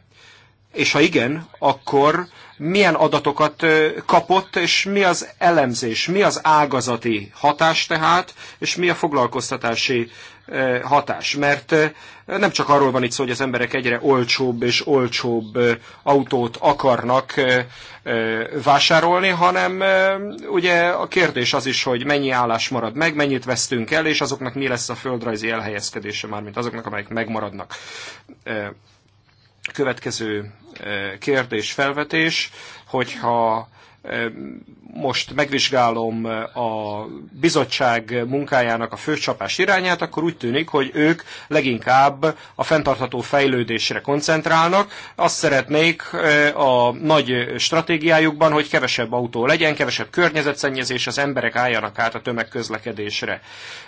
és ha igen, akkor milyen adatokat kapott, és mi az elemzés, mi az ágazati hatás tehát, és mi a foglalkoztatási hatás. Mert nem csak arról van itt szó, hogy az emberek egyre olcsóbb és olcsóbb autót akarnak vásárolni, hanem ugye a kérdés az is, hogy mennyi állás marad meg, mennyit vesztünk el, és azoknak mi lesz a földrajzi elhelyezkedése, mint azoknak, amelyek megmaradnak következő eh, kérdés, felvetés, hogyha most megvizsgálom a bizottság munkájának a főcsapás irányát, akkor úgy tűnik, hogy ők leginkább a fenntartható fejlődésre koncentrálnak. Azt szeretnék eh, a nagy stratégiájukban, hogy kevesebb autó legyen, kevesebb környezetszennyezés, az emberek álljanak át a tömegközlekedésre.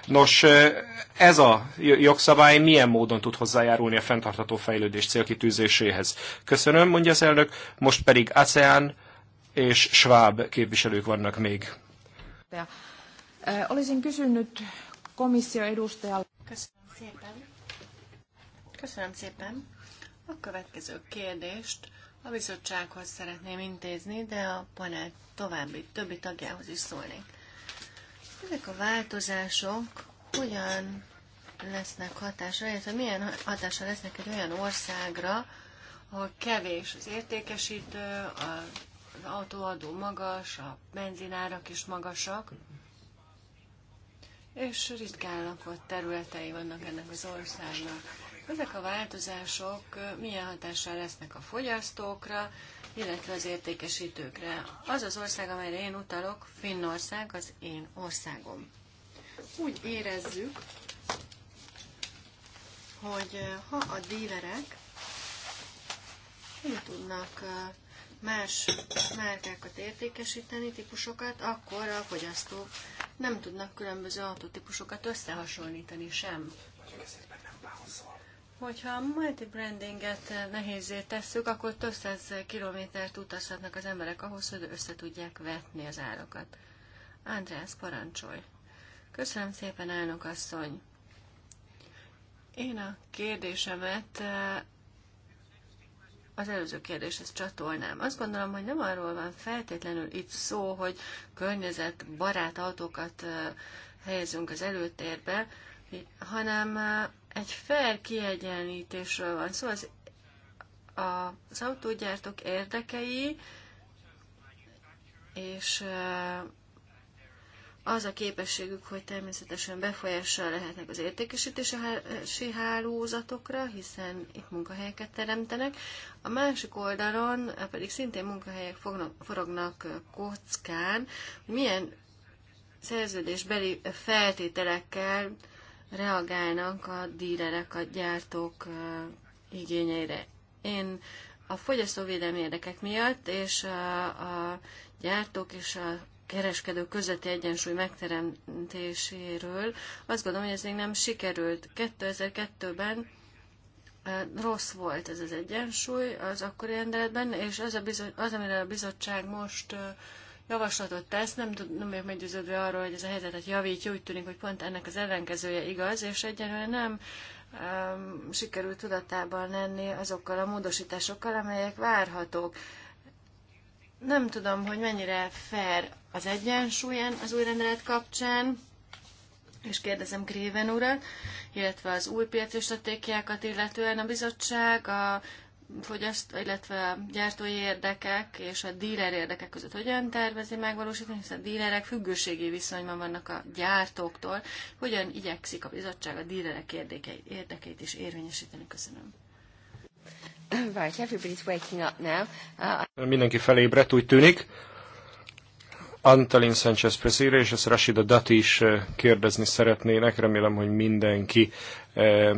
Nos, eh, ez a jogszabály milyen módon tud hozzájárulni a fenntartható fejlődés célkitűzéséhez? Köszönöm, mondja az elnök, most pedig ASEAN és Schwab képviselők vannak még. Eh, olisin kysynyt komissio Köszönöm szépen. Köszönöm szépen. A következő kérdést a bizottsághoz szeretném intézni, de a panel további többi tagjához is szólnék. Ezek a változások hogyan lesznek hatásra, illetve milyen hatásra lesznek egy olyan országra, ahol kevés az értékesítő, a az autóadó magas, a benzinárak is magasak, és ritkán lakott területei vannak ennek az országnak. Ezek a változások milyen hatással lesznek a fogyasztókra, illetve az értékesítőkre. Az az ország, amelyre én utalok, Finnország, az én országom. Úgy érezzük, hogy ha a dílerek nem tudnak más márkákat értékesíteni, típusokat, akkor a fogyasztók nem tudnak különböző autótípusokat összehasonlítani sem. Hogyha a multibrandinget nehézé tesszük, akkor több száz kilométert utazhatnak az emberek ahhoz, hogy össze tudják vetni az árakat. András, parancsolj! Köszönöm szépen, elnök asszony! Én a kérdésemet az előző kérdéshez csatolnám. Azt gondolom, hogy nem arról van feltétlenül itt szó, hogy környezetbarát autókat helyezünk az előtérbe, hanem egy fair kiegyenlítésről van szó. Szóval az, az autógyártók érdekei és az a képességük, hogy természetesen befolyással lehetnek az értékesítési hálózatokra, hiszen itt munkahelyeket teremtenek. A másik oldalon pedig szintén munkahelyek fognak, forognak kockán, hogy milyen szerződésbeli feltételekkel reagálnak a dílerek, a gyártók igényeire. Én a fogyasztóvédelmi érdekek miatt és a, a gyártók és a kereskedő közötti egyensúly megteremtéséről. Azt gondolom, hogy ez még nem sikerült. 2002-ben rossz volt ez az egyensúly az akkori rendeletben, és az, a bizot, az amire a bizottság most javaslatot tesz, nem, tud, nem meggyőződve arról, hogy ez a helyzetet javítja, úgy tűnik, hogy pont ennek az ellenkezője igaz, és egyenlően nem um, sikerült tudatában lenni azokkal a módosításokkal, amelyek várhatók. Nem tudom, hogy mennyire fair az egyensúlyen az új rendelet kapcsán, és kérdezem Gréven urat, illetve az új piaci stratégiákat, illetően a bizottság, a fogyaszt, illetve a gyártói érdekek és a díler érdekek között hogyan tervezi megvalósítani, hiszen a dílerek függőségi viszonyban vannak a gyártóktól, hogyan igyekszik a bizottság a dílerek érdekeit, érdekeit is érvényesíteni. Köszönöm. (coughs) Uh, mindenki felébredt, úgy tűnik. Antalin Sanchez Presire és ezt Rashida Dati is eh, kérdezni szeretnének. Remélem, hogy mindenki re eh,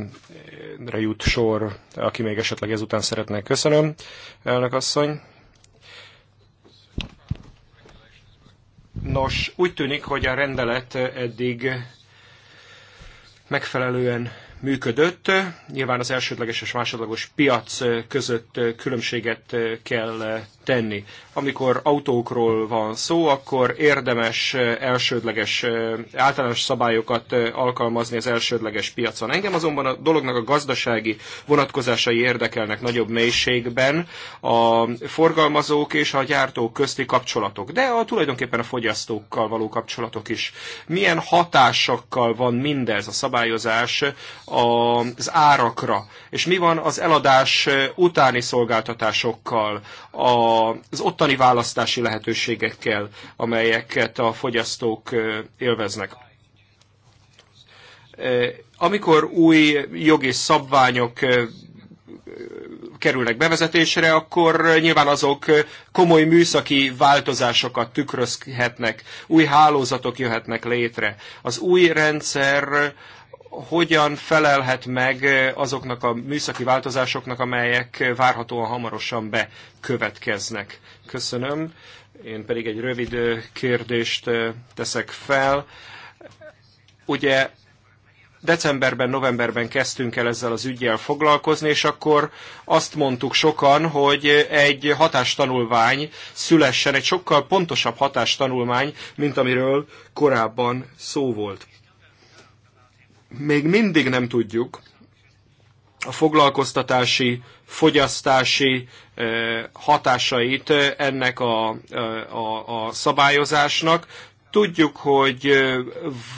eh, jut sor, aki még esetleg ezután szeretne. Köszönöm, elnök asszony. Nos, úgy tűnik, hogy a rendelet eddig megfelelően működött. Nyilván az elsődleges és másodlagos piac között különbséget kell tenni. Amikor autókról van szó, akkor érdemes eh, elsődleges eh, általános szabályokat eh, alkalmazni az elsődleges piacon. Engem azonban a dolognak a gazdasági vonatkozásai érdekelnek nagyobb mélységben a forgalmazók és a gyártók közti kapcsolatok, de a tulajdonképpen a fogyasztókkal való kapcsolatok is. Milyen hatásokkal van mindez a szabályozás az árakra, és mi van az eladás utáni szolgáltatásokkal, a az ottani választási lehetőségekkel, amelyeket a fogyasztók élveznek. Amikor új jogi szabványok kerülnek bevezetésre, akkor nyilván azok komoly műszaki változásokat tükrözhetnek, új hálózatok jöhetnek létre. Az új rendszer hogyan felelhet meg azoknak a műszaki változásoknak, amelyek várhatóan hamarosan bekövetkeznek. Köszönöm. Én pedig egy rövid kérdést teszek fel. Ugye decemberben, novemberben kezdtünk el ezzel az ügyjel foglalkozni, és akkor azt mondtuk sokan, hogy egy hatástanulmány szülessen, egy sokkal pontosabb hatástanulmány, mint amiről korábban szó volt még mindig nem tudjuk a foglalkoztatási, fogyasztási eh, hatásait eh, ennek a, eh, a, a szabályozásnak. Tudjuk, hogy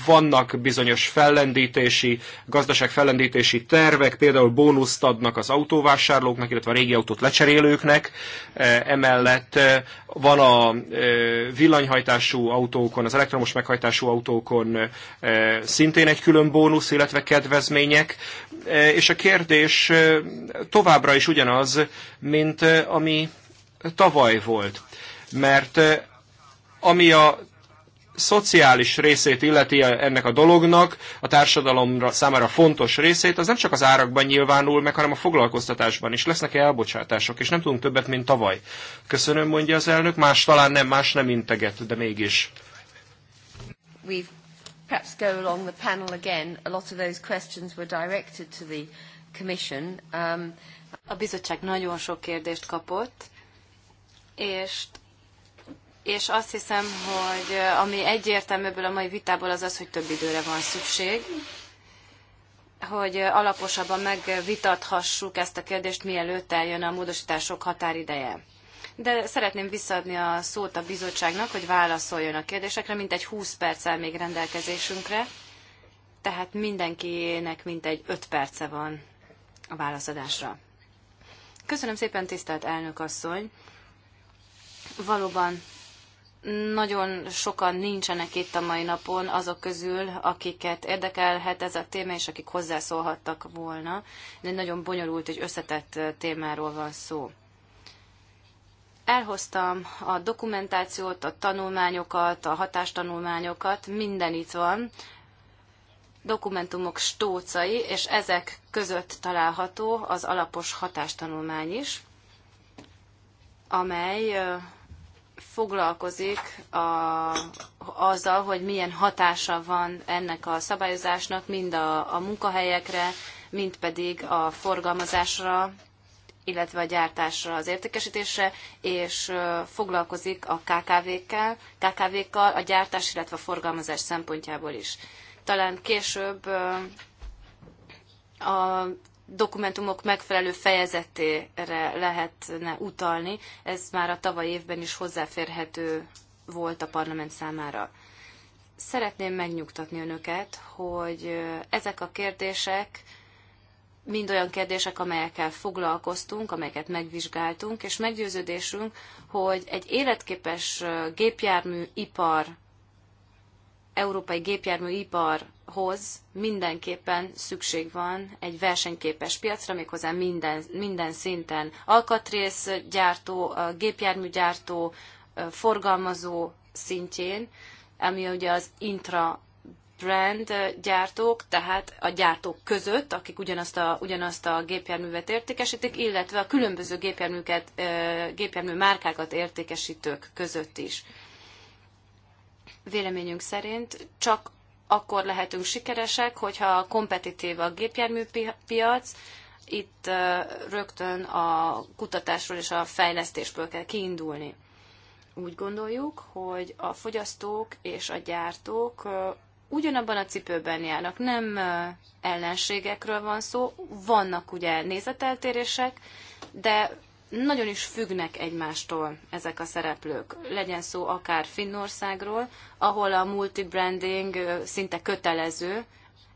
vannak bizonyos fellendítési, gazdaság fellendítési tervek, például bónuszt adnak az autóvásárlóknak, illetve a régi autót lecserélőknek. Emellett van a villanyhajtású autókon, az elektromos meghajtású autókon szintén egy külön bónusz, illetve kedvezmények. És a kérdés továbbra is ugyanaz, mint ami tavaly volt. Mert ami a szociális részét illeti ennek a dolognak, a társadalomra számára fontos részét, az nem csak az árakban nyilvánul meg, hanem a foglalkoztatásban is. Lesznek -e elbocsátások, és nem tudunk többet, mint tavaly. Köszönöm, mondja az elnök, más talán nem, más nem integet, de mégis. We've perhaps go along the panel again. A lot of those questions were directed to the Commission. Um, a bizottság nagyon sok kérdést kapott, és és azt hiszem, hogy ami egyértelműből a mai vitából az az, hogy több időre van szükség, hogy alaposabban megvitathassuk ezt a kérdést, mielőtt eljön a módosítások határideje. De szeretném visszaadni a szót a bizottságnak, hogy válaszoljon a kérdésekre, mintegy 20 perccel még rendelkezésünkre, tehát mindenkinek mintegy 5 perce van a válaszadásra. Köszönöm szépen, tisztelt elnök asszony! Valóban nagyon sokan nincsenek itt a mai napon azok közül, akiket érdekelhet ez a téma, és akik hozzászólhattak volna. De egy nagyon bonyolult és összetett témáról van szó. Elhoztam a dokumentációt, a tanulmányokat, a hatástanulmányokat, minden itt van, dokumentumok stócai, és ezek között található az alapos hatástanulmány is, amely foglalkozik a, azzal, hogy milyen hatása van ennek a szabályozásnak mind a, a munkahelyekre, mind pedig a forgalmazásra, illetve a gyártásra, az értékesítésre, és foglalkozik a KKV-kkel, KKV-kkal a gyártás, illetve a forgalmazás szempontjából is. Talán később a dokumentumok megfelelő fejezetére lehetne utalni. Ez már a tavaly évben is hozzáférhető volt a parlament számára. Szeretném megnyugtatni önöket, hogy ezek a kérdések mind olyan kérdések, amelyekkel foglalkoztunk, amelyeket megvizsgáltunk, és meggyőződésünk, hogy egy életképes gépjármű ipar európai gépjárműiparhoz mindenképpen szükség van egy versenyképes piacra, méghozzá minden, minden szinten. Alkatrészgyártó, gépjárműgyártó, forgalmazó szintjén, ami ugye az intra brand gyártók, tehát a gyártók között, akik ugyanazt a, ugyanazt a gépjárművet értékesítik, illetve a különböző gépjárműket, gépjármű márkákat értékesítők között is. Véleményünk szerint csak akkor lehetünk sikeresek, hogyha kompetitív a gépjárműpiac, itt rögtön a kutatásról és a fejlesztésből kell kiindulni. Úgy gondoljuk, hogy a fogyasztók és a gyártók ugyanabban a cipőben járnak, nem ellenségekről van szó, vannak ugye nézeteltérések, de nagyon is függnek egymástól ezek a szereplők. Legyen szó akár Finnországról, ahol a multibranding szinte kötelező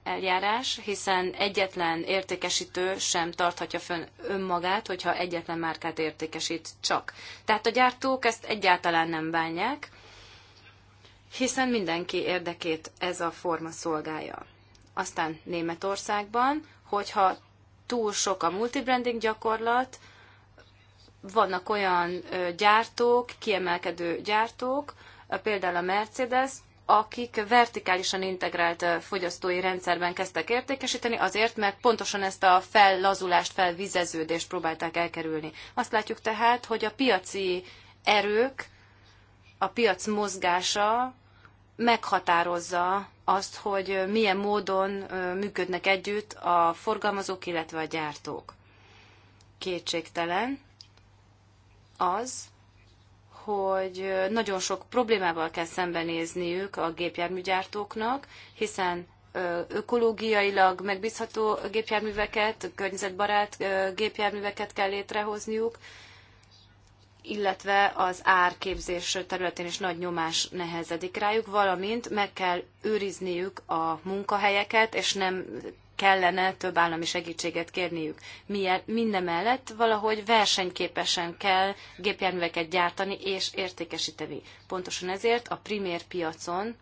eljárás, hiszen egyetlen értékesítő sem tarthatja fönn önmagát, hogyha egyetlen márkát értékesít csak. Tehát a gyártók ezt egyáltalán nem bánják, hiszen mindenki érdekét ez a forma szolgálja. Aztán Németországban, hogyha túl sok a multibranding gyakorlat, vannak olyan gyártók, kiemelkedő gyártók, például a Mercedes, akik vertikálisan integrált fogyasztói rendszerben kezdtek értékesíteni, azért, mert pontosan ezt a fellazulást, felvizeződést próbálták elkerülni. Azt látjuk tehát, hogy a piaci erők, a piac mozgása meghatározza azt, hogy milyen módon működnek együtt a forgalmazók, illetve a gyártók. Kétségtelen, az, hogy nagyon sok problémával kell szembenézniük a gépjárműgyártóknak, hiszen ökológiailag megbízható gépjárműveket, környezetbarát gépjárműveket kell létrehozniuk, illetve az árképzés területén is nagy nyomás nehezedik rájuk, valamint meg kell őrizniük a munkahelyeket, és nem kellene több állami segítséget kérniük. Mindemellett valahogy versenyképesen kell gépjárműveket gyártani és értékesíteni. Pontosan ezért a primér piacon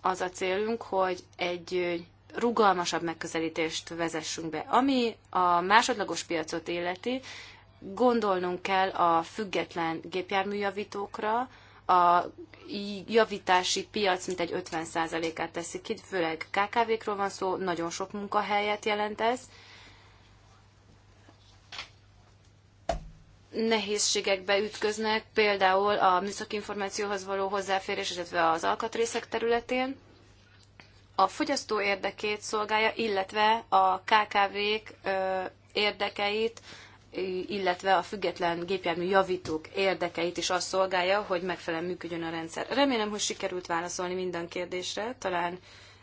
az a célunk, hogy egy rugalmasabb megközelítést vezessünk be. Ami a másodlagos piacot életi, gondolnunk kell a független gépjárműjavítókra, a javítási piac mintegy 50%-át teszik ki, főleg KKV-król van szó, nagyon sok munkahelyet jelent ez. Nehézségekbe ütköznek például a műszaki információhoz való hozzáférés, illetve az alkatrészek területén. A fogyasztó érdekét szolgálja, illetve a KKV-k érdekeit illetve a független gépjármű javítók érdekeit is azt szolgálja, hogy megfelelően működjön a rendszer. Remélem, hogy sikerült válaszolni minden kérdésre, talán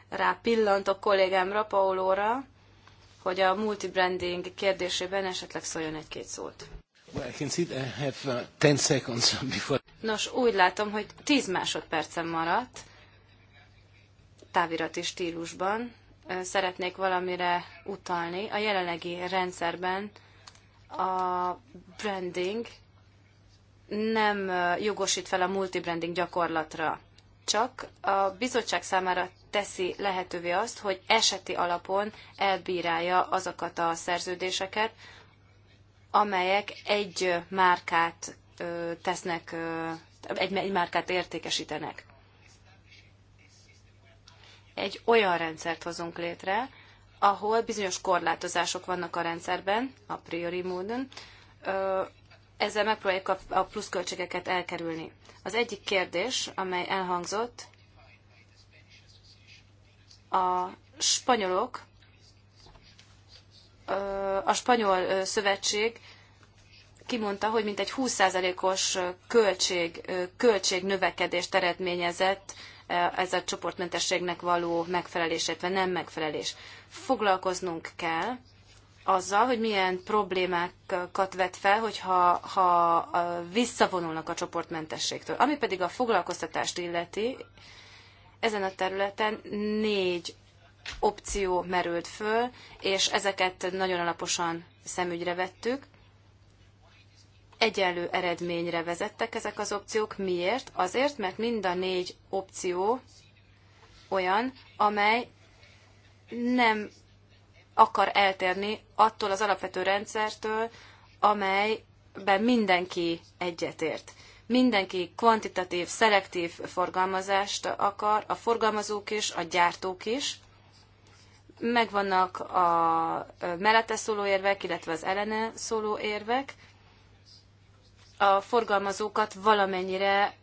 rá a kollégámra, Paolóra, hogy a multibranding kérdésében esetleg szóljon egy-két szót. Nos, úgy látom, hogy 10 másodpercem maradt távirati stílusban. Szeretnék valamire utalni. A jelenlegi rendszerben a branding nem jogosít fel a multibranding gyakorlatra, csak a bizottság számára teszi lehetővé azt, hogy eseti alapon elbírálja azokat a szerződéseket, amelyek egy márkát tesznek, egy márkát értékesítenek. Egy olyan rendszert hozunk létre, ahol bizonyos korlátozások vannak a rendszerben, a priori módon, ezzel megpróbáljuk a pluszköltségeket elkerülni. Az egyik kérdés, amely elhangzott, a spanyolok, a spanyol szövetség kimondta, hogy mintegy 20%-os költség, költség növekedést eredményezett Eh, ez a csoportmentességnek való megfelelés, illetve nem megfelelés. Foglalkoznunk kell azzal, hogy milyen problémákat vet fel, hogyha ha eh, visszavonulnak a csoportmentességtől. Ami pedig a foglalkoztatást illeti, ezen a területen négy opció merült föl, és ezeket nagyon alaposan szemügyre vettük egyenlő eredményre vezettek ezek az opciók. Miért? Azért, mert mind a négy opció olyan, amely nem akar eltérni attól az alapvető rendszertől, amelyben mindenki egyetért. Mindenki kvantitatív, szelektív forgalmazást akar, a forgalmazók is, a gyártók is. Megvannak a mellette szóló érvek, illetve az ellene szóló érvek, a forgalmazókat valamennyire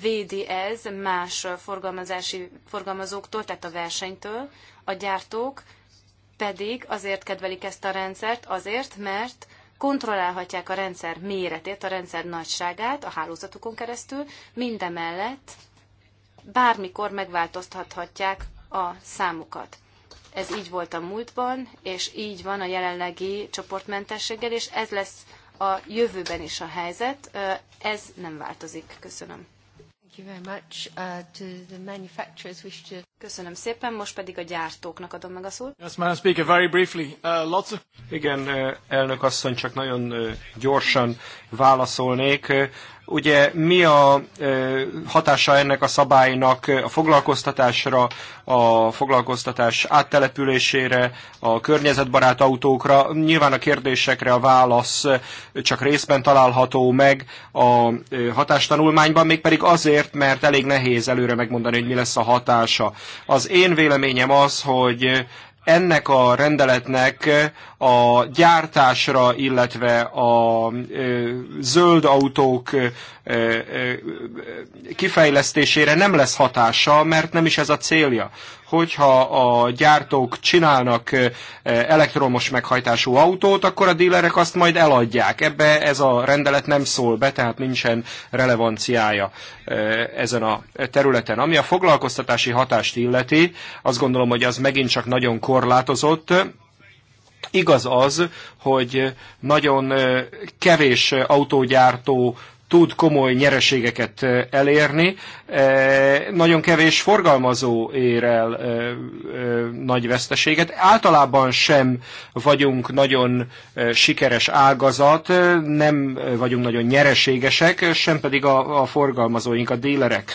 védi ez más forgalmazási, forgalmazóktól, tehát a versenytől, a gyártók pedig azért kedvelik ezt a rendszert, azért, mert kontrollálhatják a rendszer méretét, a rendszer nagyságát a hálózatukon keresztül, mindemellett bármikor megváltoztathatják a számukat. Ez így volt a múltban, és így van a jelenlegi csoportmentességgel, és ez lesz a jövőben is a helyzet. Ez nem változik. Köszönöm. Thank you very much. Uh, do the manufacturers wish to... Köszönöm szépen, most pedig a gyártóknak adom meg a szót. Yes, Madam Speaker, very briefly. Uh, lots of... Igen, uh, elnök asszony, csak nagyon uh, gyorsan válaszolnék. Uh, ugye mi a hatása ennek a szabálynak a foglalkoztatásra, a foglalkoztatás áttelepülésére, a környezetbarát autókra? Nyilván a kérdésekre a válasz csak részben található meg a hatástanulmányban, mégpedig azért, mert elég nehéz előre megmondani, hogy mi lesz a hatása. Az én véleményem az, hogy ennek a rendeletnek a gyártásra, illetve a zöld autók kifejlesztésére nem lesz hatása, mert nem is ez a célja hogyha a gyártók csinálnak elektromos meghajtású autót, akkor a dílerek azt majd eladják. Ebbe ez a rendelet nem szól be, tehát nincsen relevanciája ezen a területen. Ami a foglalkoztatási hatást illeti, azt gondolom, hogy az megint csak nagyon korlátozott, Igaz az, hogy nagyon kevés autógyártó tud komoly nyereségeket elérni. Nagyon kevés forgalmazó ér el nagy veszteséget. Általában sem vagyunk nagyon sikeres ágazat, nem vagyunk nagyon nyereségesek, sem pedig a, forgalmazóink, a dílerek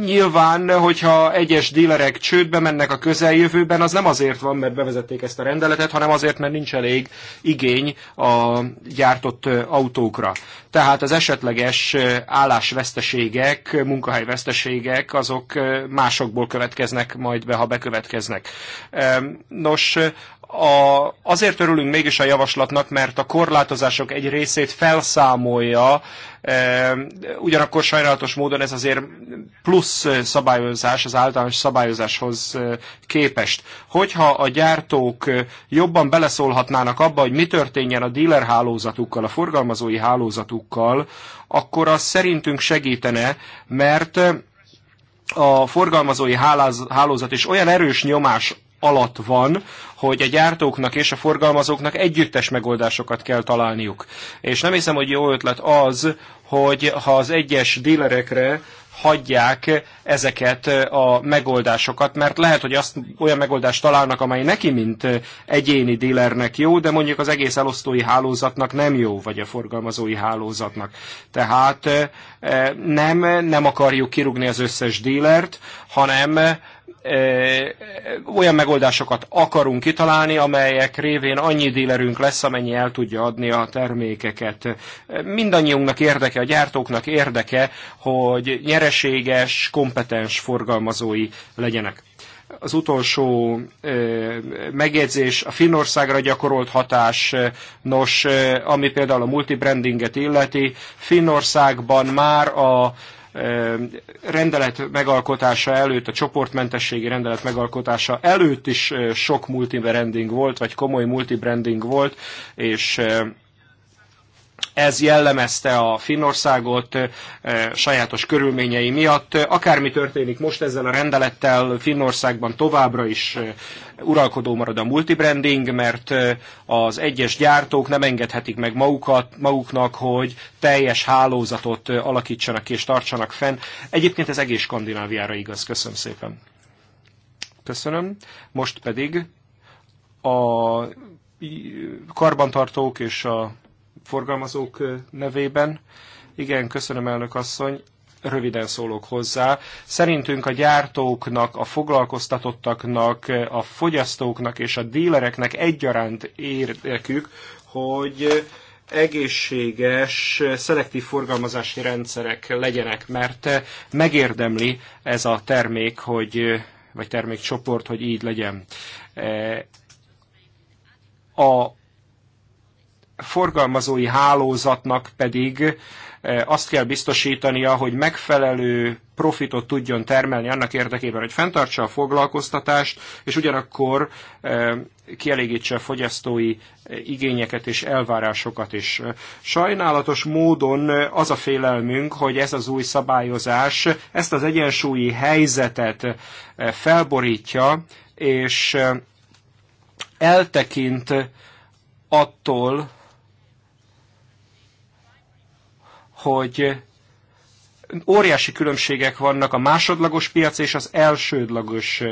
Nyilván, hogyha egyes dílerek csődbe mennek a közeljövőben, az nem azért van, mert bevezették ezt a rendeletet, hanem azért, mert nincs elég igény a gyártott autókra. Tehát az esetleges állásveszteségek, munkahelyveszteségek, azok másokból következnek majd be, ha bekövetkeznek. Nos, a, azért örülünk mégis a javaslatnak, mert a korlátozások egy részét felszámolja, e, ugyanakkor sajnálatos módon ez azért plusz szabályozás az általános szabályozáshoz e, képest. Hogyha a gyártók jobban beleszólhatnának abba, hogy mi történjen a dealer hálózatukkal, a forgalmazói hálózatukkal, akkor az szerintünk segítene, mert a forgalmazói hálózat is olyan erős nyomás alatt van, hogy a gyártóknak és a forgalmazóknak együttes megoldásokat kell találniuk. És nem hiszem, hogy jó ötlet az, hogy ha az egyes dílerekre hagyják ezeket a megoldásokat, mert lehet, hogy azt olyan megoldást találnak, amely neki, mint egyéni dílernek jó, de mondjuk az egész elosztói hálózatnak nem jó, vagy a forgalmazói hálózatnak. Tehát nem, nem akarjuk kirúgni az összes dílert, hanem olyan megoldásokat akarunk kitalálni, amelyek révén annyi dílerünk lesz, amennyi el tudja adni a termékeket. Mindannyiunknak érdeke, a gyártóknak érdeke, hogy nyereséges, kompetens forgalmazói legyenek az utolsó megjegyzés, a Finnországra gyakorolt hatás, nos, ami például a multibrandinget illeti, Finnországban már a rendelet megalkotása előtt, a csoportmentességi rendelet megalkotása előtt is eh, sok multibranding volt, vagy komoly multibranding volt, és eh, ez jellemezte a Finnországot sajátos körülményei miatt. Akármi történik most ezzel a rendelettel, Finnországban továbbra is uralkodó marad a multibranding, mert az egyes gyártók nem engedhetik meg magukat, maguknak, hogy teljes hálózatot alakítsanak és tartsanak fenn. Egyébként ez egész Skandináviára igaz. Köszönöm szépen. Köszönöm. Most pedig a karbantartók és a forgalmazók nevében. Igen, köszönöm elnök asszony röviden szólok hozzá. Szerintünk a gyártóknak, a foglalkoztatottaknak, a fogyasztóknak és a dílereknek egyaránt érdekük, hogy egészséges, szelektív forgalmazási rendszerek legyenek, mert megérdemli ez a termék, hogy, vagy termékcsoport, hogy így legyen. A forgalmazói hálózatnak pedig eh, azt kell biztosítania, hogy megfelelő profitot tudjon termelni annak érdekében, hogy fenntartsa a foglalkoztatást, és ugyanakkor eh, kielégítse a fogyasztói eh, igényeket és elvárásokat is. Sajnálatos módon az a félelmünk, hogy ez az új szabályozás ezt az egyensúlyi helyzetet felborítja, és eltekint attól, hogy óriási különbségek vannak a másodlagos piac és az elsődlagos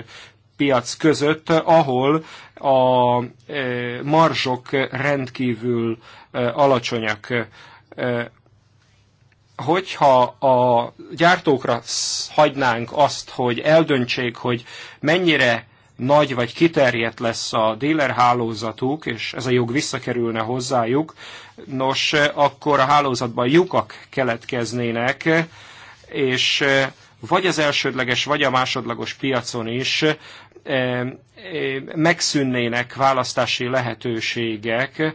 piac között, ahol a e, marzsok rendkívül e, alacsonyak. E, hogyha a gyártókra hagynánk azt, hogy eldöntsék, hogy mennyire nagy vagy kiterjedt lesz a dealer hálózatuk, és ez a jog visszakerülne hozzájuk, nos, akkor a hálózatban lyukak keletkeznének, és eh, vagy az elsődleges, vagy a másodlagos piacon is eh, eh, megszűnnének választási lehetőségek,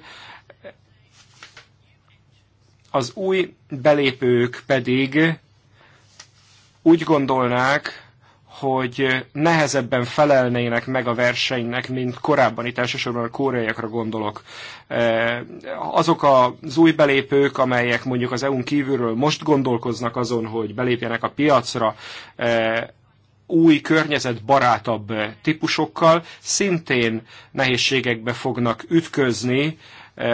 az új belépők pedig úgy gondolnák, hogy nehezebben felelnének meg a versenynek, mint korábban, itt elsősorban a koreaiakra gondolok. Azok az új belépők, amelyek mondjuk az EU-n kívülről most gondolkoznak azon, hogy belépjenek a piacra, új környezetbarátabb típusokkal szintén nehézségekbe fognak ütközni,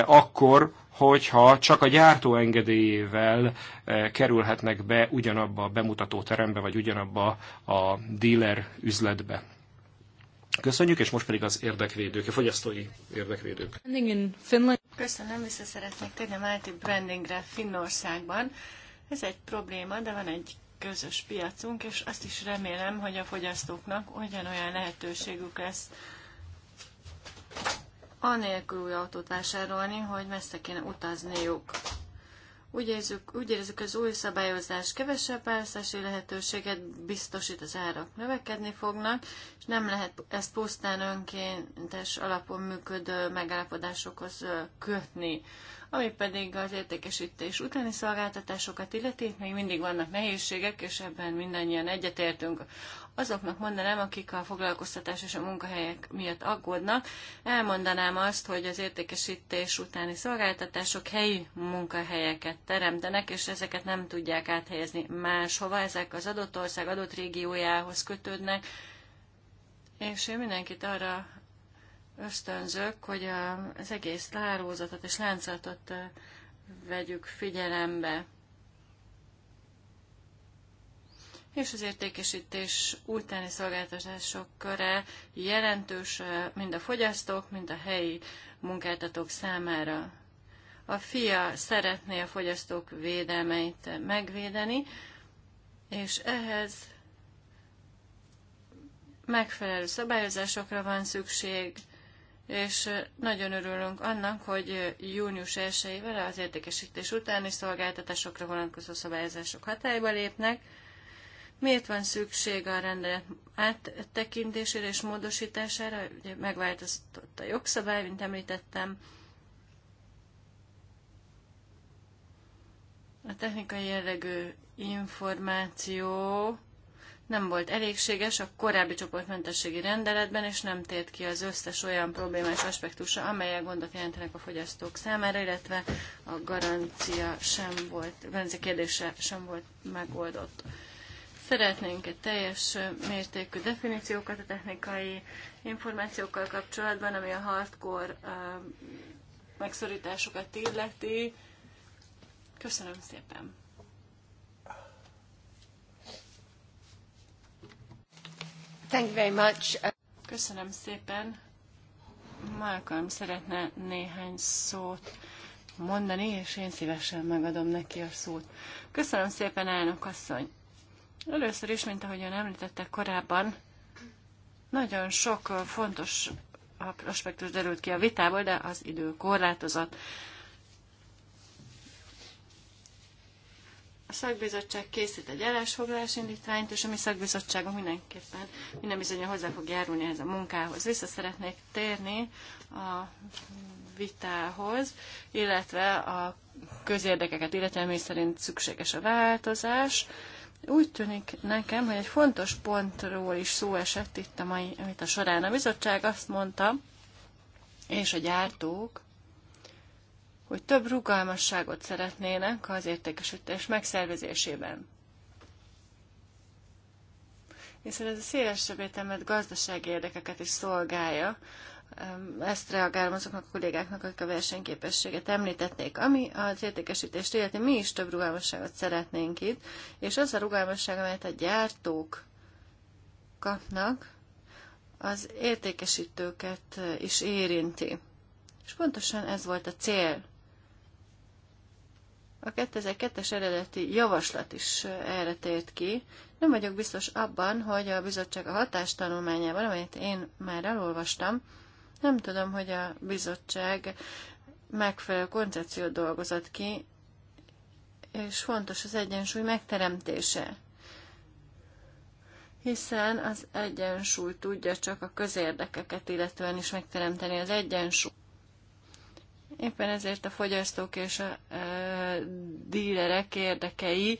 akkor, hogyha csak a gyártó engedélyével eh, kerülhetnek be ugyanabba a bemutató terembe, vagy ugyanabba a dealer üzletbe. Köszönjük, és most pedig az érdekvédők, a fogyasztói érdekvédők. Köszönöm, vissza szeretnék tenni a Multi Brandingre Finnországban. Ez egy probléma, de van egy közös piacunk, és azt is remélem, hogy a fogyasztóknak ugyanolyan lehetőségük lesz anélkül új autót vásárolni, hogy messze kéne utazniuk. Úgy, érzük, úgy hogy az új szabályozás kevesebb választási lehetőséget biztosít, az árak növekedni fognak, és nem lehet ezt pusztán önkéntes alapon működő megállapodásokhoz kötni. Ami pedig az értékesítés utáni szolgáltatásokat illeti, még mindig vannak nehézségek, és ebben mindannyian egyetértünk azoknak mondanám, akik a foglalkoztatás és a munkahelyek miatt aggódnak, elmondanám azt, hogy az értékesítés utáni szolgáltatások helyi munkahelyeket teremtenek, és ezeket nem tudják áthelyezni máshova, ezek az adott ország adott régiójához kötődnek, és én mindenkit arra ösztönzök, hogy az egész lárózatot és láncatot vegyük figyelembe. és az értékesítés utáni szolgáltatások köre jelentős mind a fogyasztók, mind a helyi munkáltatók számára. A FIA szeretné a fogyasztók védelmeit megvédeni, és ehhez megfelelő szabályozásokra van szükség, és nagyon örülünk annak, hogy június 1 az értékesítés utáni szolgáltatásokra vonatkozó szabályozások hatályba lépnek, Miért van szükség a rendelet áttekintésére és módosítására? Ugye megváltozott a jogszabály, mint említettem. A technikai jellegű információ nem volt elégséges a korábbi csoportmentességi rendeletben, és nem tért ki az összes olyan problémás aspektusa, amelyek gondot jelentenek a fogyasztók számára, illetve a garancia sem volt, garancia kérdése sem volt megoldott. Szeretnénk egy teljes mértékű definíciókat a technikai információkkal kapcsolatban, ami a hardcore megszorításokat illeti. Köszönöm szépen! Thank you very much. Köszönöm szépen. Malcolm szeretne néhány szót mondani, és én szívesen megadom neki a szót. Köszönöm szépen, elnök asszony. Először is, mint ahogy ön említette korábban, nagyon sok fontos aspektus derült ki a vitából, de az idő korlátozott. A szakbizottság készít egy állásfoglalás indítványt, és a mi szakbizottságunk mindenképpen minden bizonyan hozzá fog járulni ez a munkához. Vissza szeretnék térni a vitához, illetve a közérdekeket, illetve mi szerint szükséges a változás. Úgy tűnik nekem, hogy egy fontos pontról is szó esett itt a mai a során. A bizottság azt mondta, és a gyártók, hogy több rugalmasságot szeretnének az értékesítés megszervezésében. Hiszen ez a szélesebb értelmet gazdasági érdekeket is szolgálja, ezt reagálom azoknak a kollégáknak, akik a versenyképességet említették. Ami az értékesítést illeti, mi is több rugalmasságot szeretnénk itt, és az a rugalmasság, amelyet a gyártók kapnak, az értékesítőket is érinti. És pontosan ez volt a cél. A 2002-es eredeti javaslat is erre tért ki. Nem vagyok biztos abban, hogy a bizottság a hatástanulmányában, amelyet én már elolvastam, nem tudom, hogy a bizottság megfelelő koncepciót dolgozott ki, és fontos az egyensúly megteremtése. Hiszen az egyensúly tudja csak a közérdekeket illetően is megteremteni az egyensúly. Éppen ezért a fogyasztók és a e, dílerek érdekei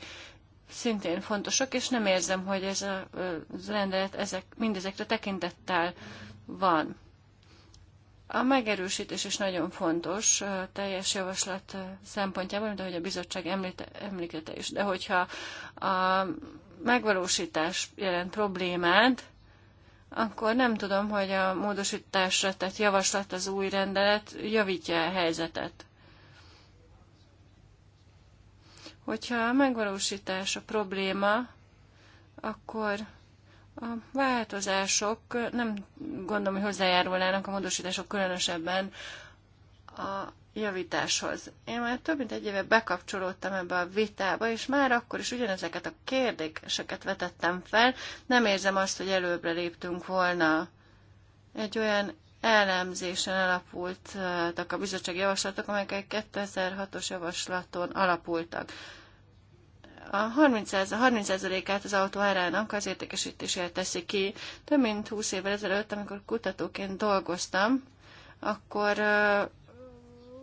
szintén fontosak, és nem érzem, hogy ez a, az rendelet ezek, mindezekre tekintettel van. A megerősítés is nagyon fontos teljes javaslat szempontjából, mint ahogy a bizottság említette is. De hogyha a megvalósítás jelent problémát, akkor nem tudom, hogy a módosításra tett javaslat az új rendelet javítja a helyzetet. Hogyha a megvalósítás a probléma, akkor a változások nem gondolom, hogy hozzájárulnának a módosítások különösebben a javításhoz. Én már több mint egy éve bekapcsolódtam ebbe a vitába, és már akkor is ugyanezeket a kérdéseket vetettem fel. Nem érzem azt, hogy előbbre léptünk volna. Egy olyan elemzésen alapultak a bizottság javaslatok, amelyek 2006-os javaslaton alapultak a 30%-át az autó árának az értékesítésére teszi ki. Több mint 20 évvel ezelőtt, amikor kutatóként dolgoztam, akkor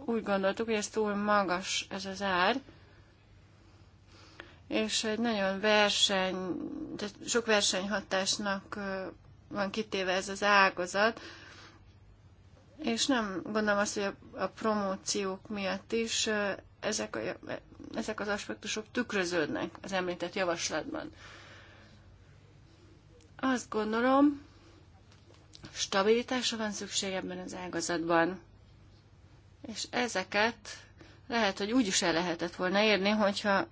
úgy gondoltuk, hogy ez túl magas ez az ár, és egy nagyon verseny, de sok versenyhatásnak van kitéve ez az ágazat, és nem gondolom azt, hogy a promóciók miatt is ezek, a, ezek az aspektusok tükröződnek az említett javaslatban. Azt gondolom, stabilitásra van szükség ebben az ágazatban, és ezeket lehet, hogy úgy is el lehetett volna érni, hogyha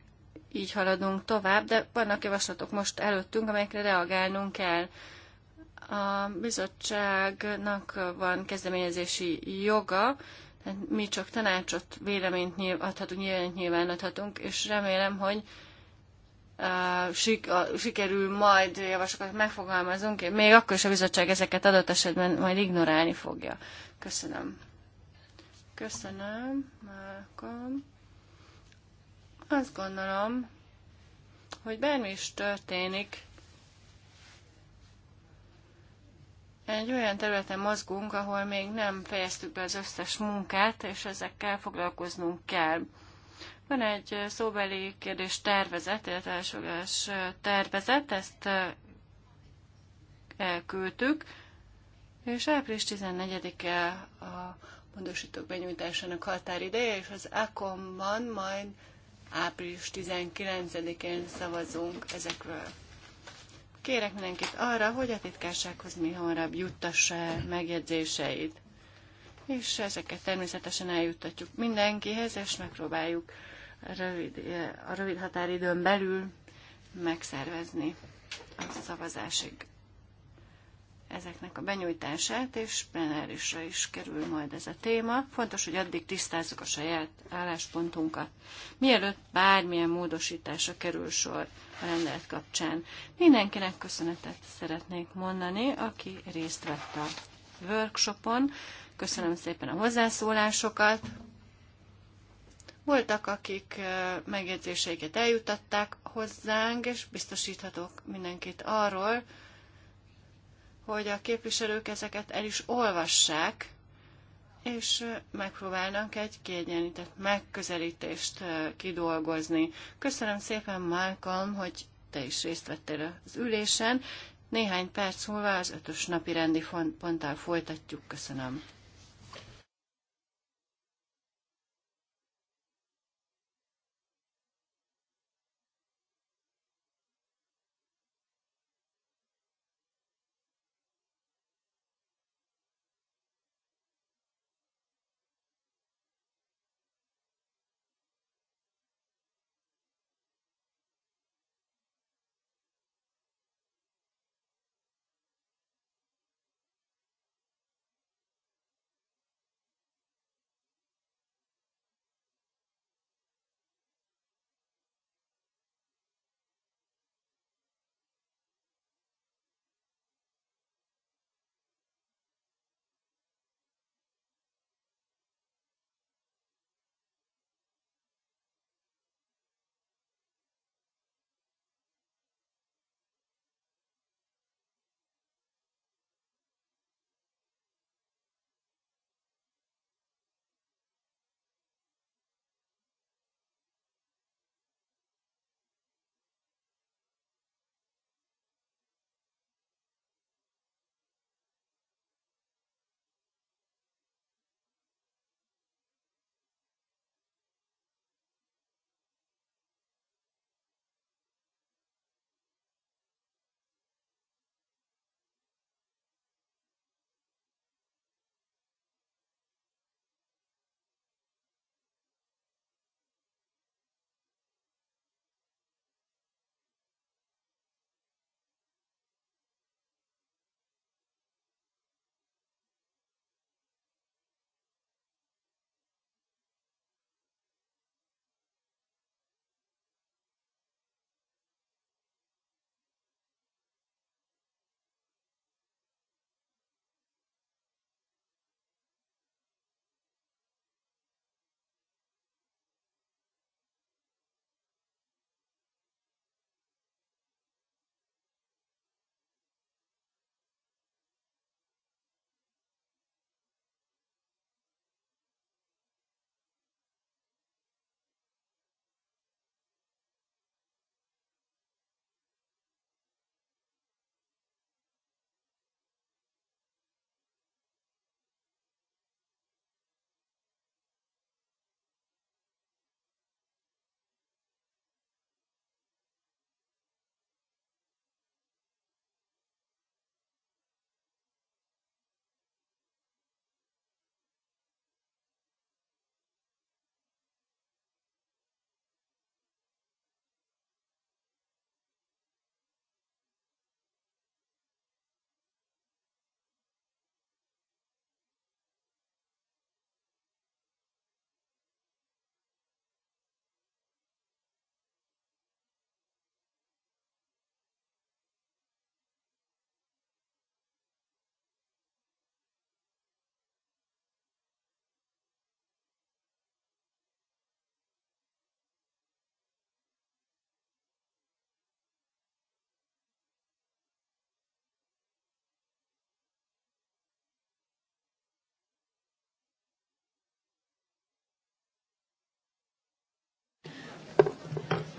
így haladunk tovább, de vannak javaslatok most előttünk, amelyekre reagálnunk kell. A bizottságnak van kezdeményezési joga, tehát mi csak tanácsot, véleményt nyilv, adhatunk, nyilván adhatunk, és remélem, hogy uh, sik, uh, sikerül majd javaslatokat megfogalmazunk, még akkor is a bizottság ezeket adott esetben majd ignorálni fogja. Köszönöm. Köszönöm, Malcolm. Azt gondolom, hogy bármi is történik, Egy olyan területen mozgunk, ahol még nem fejeztük be az összes munkát, és ezekkel foglalkoznunk kell. Van egy szóbeli kérdés tervezet, illetve elsőgás tervezet, ezt eh, elküldtük, és április 14-e a módosítók benyújtásának határideje, és az ACOM-ban majd április 19-én szavazunk ezekről. Kérek mindenkit arra, hogy a titkársághoz mi hamarabb juttassa el megjegyzéseit. És ezeket természetesen eljuttatjuk mindenkihez, és megpróbáljuk a rövid, a rövid határidőn belül megszervezni a szavazásig ezeknek a benyújtását, és plenárisra is kerül majd ez a téma. Fontos, hogy addig tisztázzuk a saját álláspontunkat. Mielőtt bármilyen módosításra kerül sor a rendelet kapcsán. Mindenkinek köszönetet szeretnék mondani, aki részt vett a workshopon. Köszönöm szépen a hozzászólásokat. Voltak, akik megjegyzéseiket eljutatták hozzánk, és biztosíthatok mindenkit arról, hogy a képviselők ezeket el is olvassák, és megpróbálnak egy kiegyenlített megközelítést kidolgozni. Köszönöm szépen, Malcolm, hogy te is részt vettél az ülésen. Néhány perc múlva az ötös napi rendi ponttal folytatjuk. Köszönöm.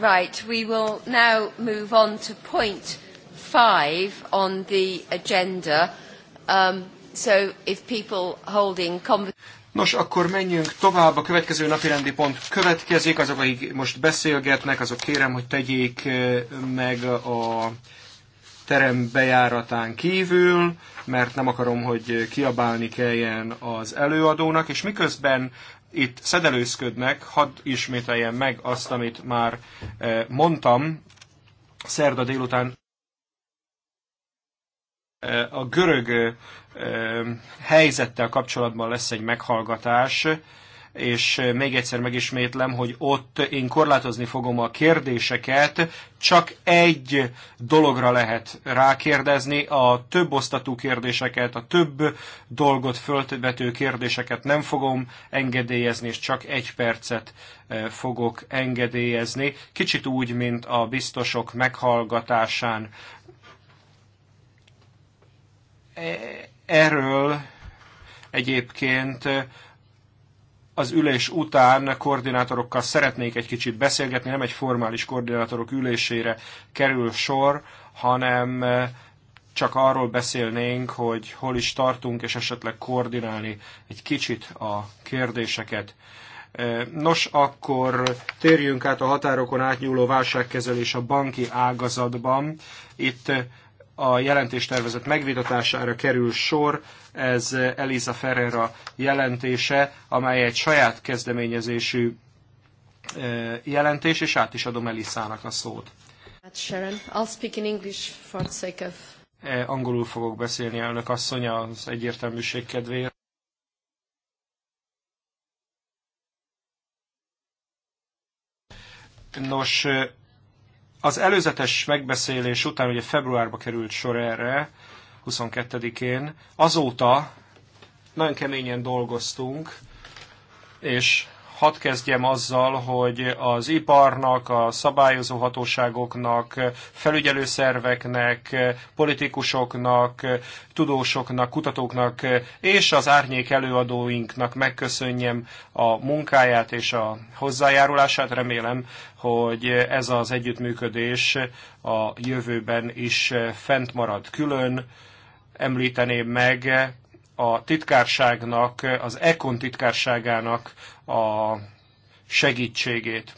Right, we will now move on to point five on the agenda. Um, so if people holding Nos, akkor menjünk tovább. A következő napirendi pont következik. Azok, akik most beszélgetnek, azok kérem, hogy tegyék eh, meg a terem bejáratán kívül, mert nem akarom, hogy kiabálni kelljen az előadónak, és miközben itt szedelőzködnek, hadd ismételjem meg azt, amit már eh, mondtam szerda délután eh, a görög eh, helyzettel kapcsolatban lesz egy meghallgatás, és még egyszer megismétlem, hogy ott én korlátozni fogom a kérdéseket, csak egy dologra lehet rákérdezni, a több osztatú kérdéseket, a több dolgot fölvető kérdéseket nem fogom engedélyezni, és csak egy percet fogok engedélyezni. Kicsit úgy, mint a biztosok meghallgatásán. E, erről egyébként az ülés után koordinátorokkal szeretnék egy kicsit beszélgetni, nem egy formális koordinátorok ülésére kerül sor, hanem eh, csak arról beszélnénk, hogy hol is tartunk, és esetleg koordinálni egy kicsit a kérdéseket. Eh, nos, akkor térjünk át a határokon átnyúló válságkezelés a banki ágazatban. Itt eh, a jelentéstervezet megvitatására kerül sor, ez Eliza Ferreira jelentése, amely egy saját kezdeményezésű e, jelentés, és át is adom Elisának a szót. Sharon, I'll speak in English for the sake of... E, angolul fogok beszélni, elnök asszony, az egyértelműség kedvéért. Nos, az előzetes megbeszélés után, ugye februárba került sor erre, 22-én, azóta nagyon keményen dolgoztunk, és Hadd kezdjem azzal, hogy az iparnak, a szabályozó hatóságoknak, felügyelőszerveknek, politikusoknak, tudósoknak, kutatóknak és az árnyék előadóinknak megköszönjem a munkáját és a hozzájárulását. Remélem, hogy ez az együttműködés a jövőben is fent marad külön. Említeném meg a titkárságnak, az Ekon titkárságának a segítségét.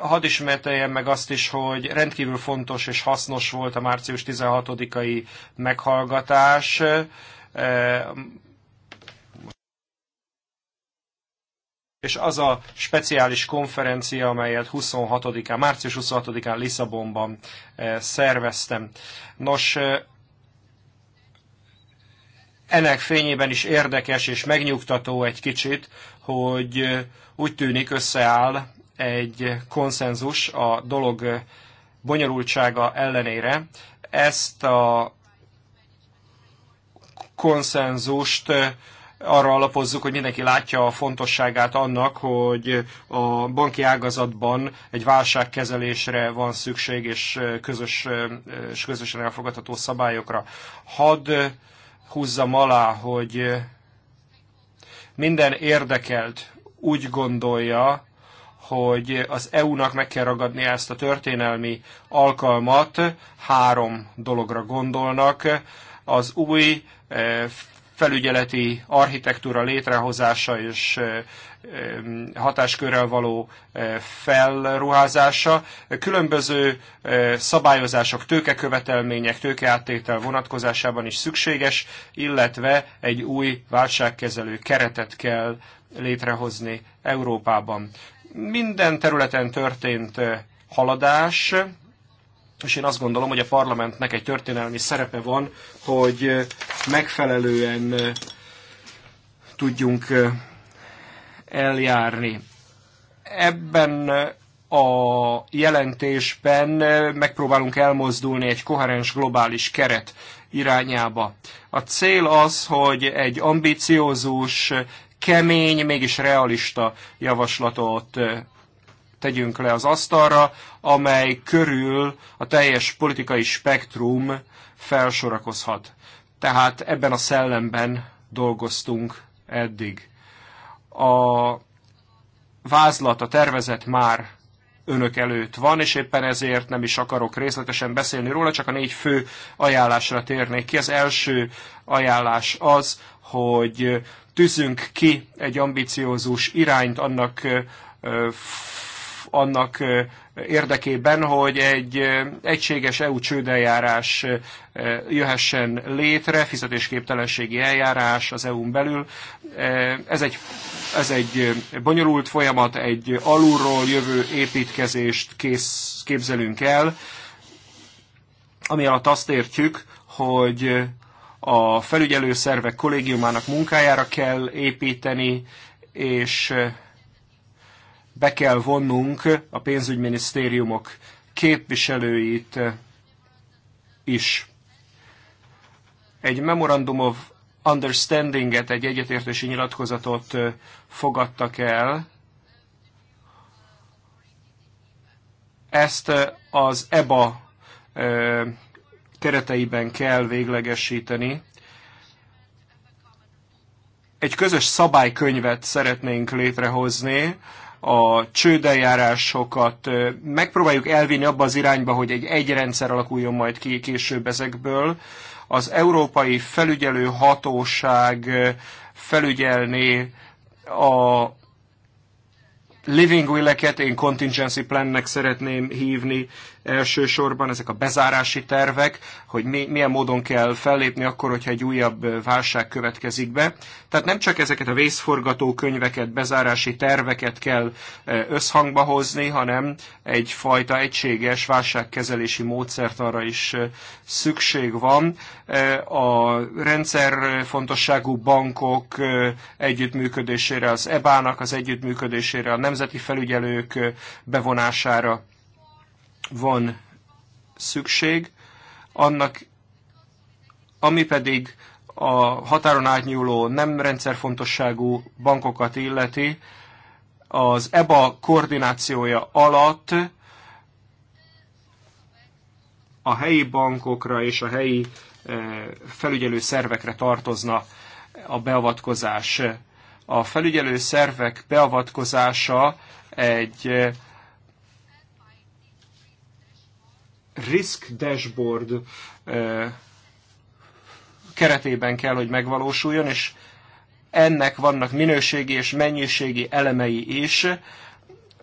Hadd ismerteljem meg azt is, hogy rendkívül fontos és hasznos volt a március 16-ai meghallgatás. és az a speciális konferencia, amelyet 26-án, március 26-án Lisszabonban szerveztem. Nos, ennek fényében is érdekes és megnyugtató egy kicsit, hogy úgy tűnik összeáll egy konszenzus a dolog bonyolultsága ellenére. Ezt a konszenzust arra alapozzuk, hogy mindenki látja a fontosságát annak, hogy a banki ágazatban egy válságkezelésre van szükség, és, közös, és közösen elfogadható szabályokra. Hadd húzzam alá, hogy minden érdekelt úgy gondolja, hogy az EU-nak meg kell ragadni ezt a történelmi alkalmat, három dologra gondolnak. Az új felügyeleti architektúra létrehozása és Ehm, hatáskörrel való eh, felruházása. Különböző eh, szabályozások, tőkekövetelmények, tőkeáttétel vonatkozásában is szükséges, illetve egy új válságkezelő keretet kell létrehozni Európában. Minden területen történt eh, haladás, és én azt gondolom, hogy a parlamentnek egy történelmi szerepe van, hogy megfelelően tudjunk eljárni. Ebben a jelentésben megpróbálunk elmozdulni egy koherens globális keret irányába. A cél az, hogy egy ambiciózus, kemény, mégis realista javaslatot tegyünk le az asztalra, amely körül a teljes politikai spektrum felsorakozhat. Tehát ebben a szellemben dolgoztunk eddig a vázlat, a tervezet már önök előtt van, és éppen ezért nem is akarok részletesen beszélni róla, csak a négy fő ajánlásra térnék ki. Az első ajánlás az, hogy tűzünk ki egy ambiciózus irányt annak annak érdekében, hogy egy egységes EU csődeljárás jöhessen létre, fizetésképtelenségi eljárás az EU-n belül. Ez egy, ez egy bonyolult folyamat, egy alulról jövő építkezést kész, képzelünk el, ami alatt azt értjük, hogy a felügyelő szervek kollégiumának munkájára kell építeni, és be kell vonnunk a pénzügyminisztériumok képviselőit eh, is. Egy Memorandum of Understanding-et, egy egyetértési nyilatkozatot eh, fogadtak el. Ezt eh, az EBA kereteiben kell véglegesíteni. Egy közös szabálykönyvet szeretnénk létrehozni, a csődeljárásokat megpróbáljuk elvinni abba az irányba, hogy egy egy rendszer alakuljon majd ki később ezekből. Az Európai Felügyelő Hatóság felügyelni a living will-eket, én contingency plannek szeretném hívni, elsősorban, ezek a bezárási tervek, hogy mi, milyen módon kell fellépni akkor, hogyha egy újabb válság következik be. Tehát nem csak ezeket a vészforgató könyveket, bezárási terveket kell összhangba hozni, hanem egyfajta egységes válságkezelési módszert arra is szükség van. A rendszer fontosságú bankok együttműködésére, az EBA-nak az együttműködésére, a nemzeti felügyelők bevonására van szükség, annak, ami pedig a határon átnyúló nem rendszerfontosságú bankokat illeti, az EBA koordinációja alatt a helyi bankokra és a helyi eh, felügyelő szervekre tartozna a beavatkozás. A felügyelő szervek beavatkozása egy eh, risk dashboard keretében kell, hogy megvalósuljon, és ennek vannak minőségi és mennyiségi elemei is,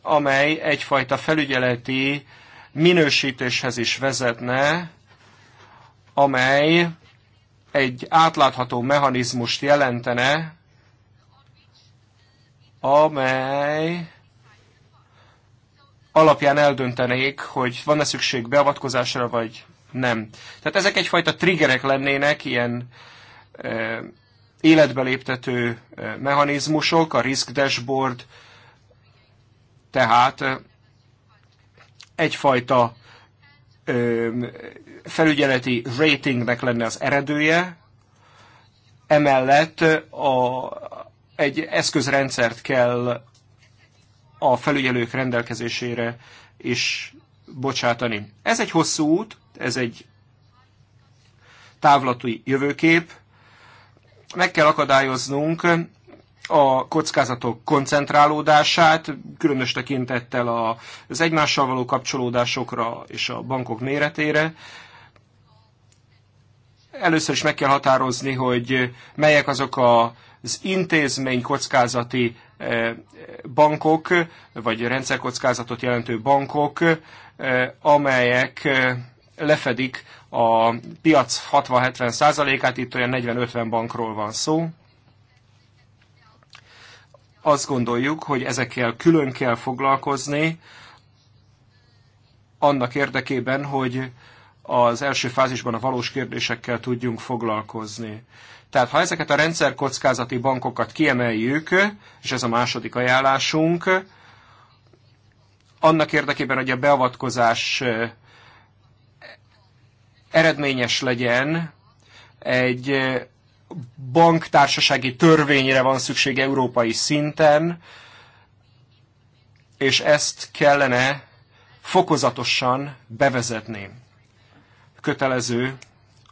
amely egyfajta felügyeleti minősítéshez is vezetne, amely egy átlátható mechanizmust jelentene, amely alapján eldöntenék, hogy van-e szükség beavatkozásra, vagy nem. Tehát ezek egyfajta triggerek lennének, ilyen e, életbe léptető mechanizmusok, a risk dashboard, tehát egyfajta ö, felügyeleti ratingnek lenne az eredője, emellett a, egy eszközrendszert kell a felügyelők rendelkezésére is bocsátani. Ez egy hosszú út, ez egy távlatú jövőkép. Meg kell akadályoznunk a kockázatok koncentrálódását, különös tekintettel az egymással való kapcsolódásokra és a bankok méretére. Először is meg kell határozni, hogy melyek azok az intézmény kockázati E, bankok, vagy rendszerkockázatot jelentő bankok, e, amelyek e, lefedik a piac 60-70 százalékát, itt olyan 40-50 bankról van szó. Azt gondoljuk, hogy ezekkel külön kell foglalkozni, annak érdekében, hogy az első fázisban a valós kérdésekkel tudjunk foglalkozni. Tehát ha ezeket a rendszerkockázati bankokat kiemeljük, és ez a második ajánlásunk, annak érdekében, hogy a beavatkozás eredményes legyen, egy banktársasági törvényre van szükség európai szinten, és ezt kellene fokozatosan bevezetni. Kötelező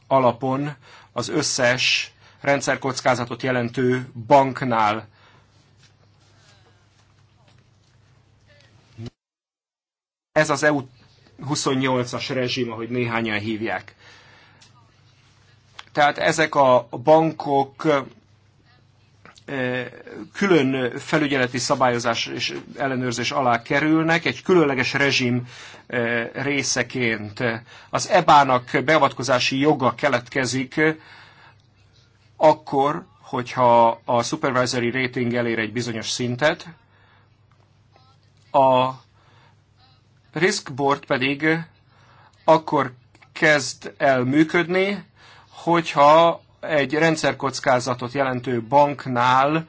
alapon az összes rendszerkockázatot jelentő banknál. Ez az EU 28-as rezsim, ahogy néhányan hívják. Tehát ezek a bankok külön felügyeleti szabályozás és ellenőrzés alá kerülnek, egy különleges rezsim részeként. Az EBA-nak beavatkozási joga keletkezik akkor, hogyha a supervisory rating elér egy bizonyos szintet, a risk board pedig akkor kezd el működni, hogyha egy rendszerkockázatot jelentő banknál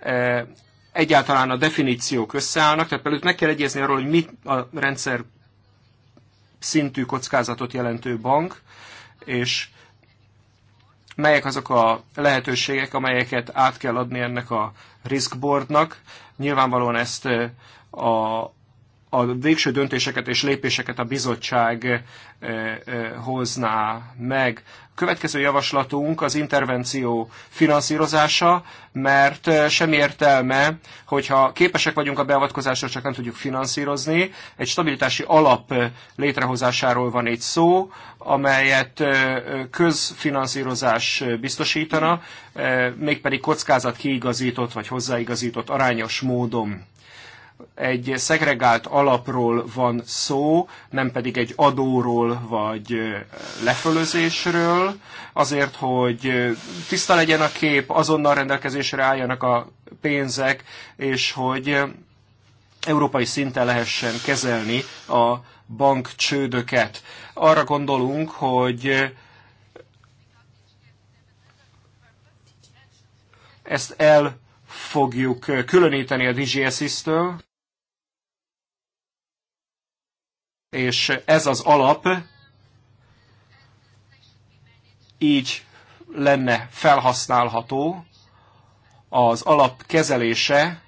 e, egyáltalán a definíciók összeállnak, tehát például meg kell egyezni arról, hogy mit a rendszer szintű kockázatot jelentő bank, és melyek azok a lehetőségek, amelyeket át kell adni ennek a riskboardnak. Nyilvánvalóan ezt a a végső döntéseket és lépéseket a bizottság eh, eh, hozná meg. A következő javaslatunk az intervenció finanszírozása, mert eh, semmi értelme, hogyha képesek vagyunk a beavatkozásra, csak nem tudjuk finanszírozni. Egy stabilitási alap létrehozásáról van itt szó, amelyet közfinanszírozás biztosítana, mégpedig kockázat kiigazított vagy hozzáigazított arányos módon egy szegregált alapról van szó, nem pedig egy adóról vagy lefölözésről, azért, hogy tiszta legyen a kép, azonnal rendelkezésre álljanak a pénzek, és hogy európai szinten lehessen kezelni a bankcsődöket. Arra gondolunk, hogy ezt el fogjuk különíteni a DGSIS-től, és ez az alap így lenne felhasználható az alap kezelése,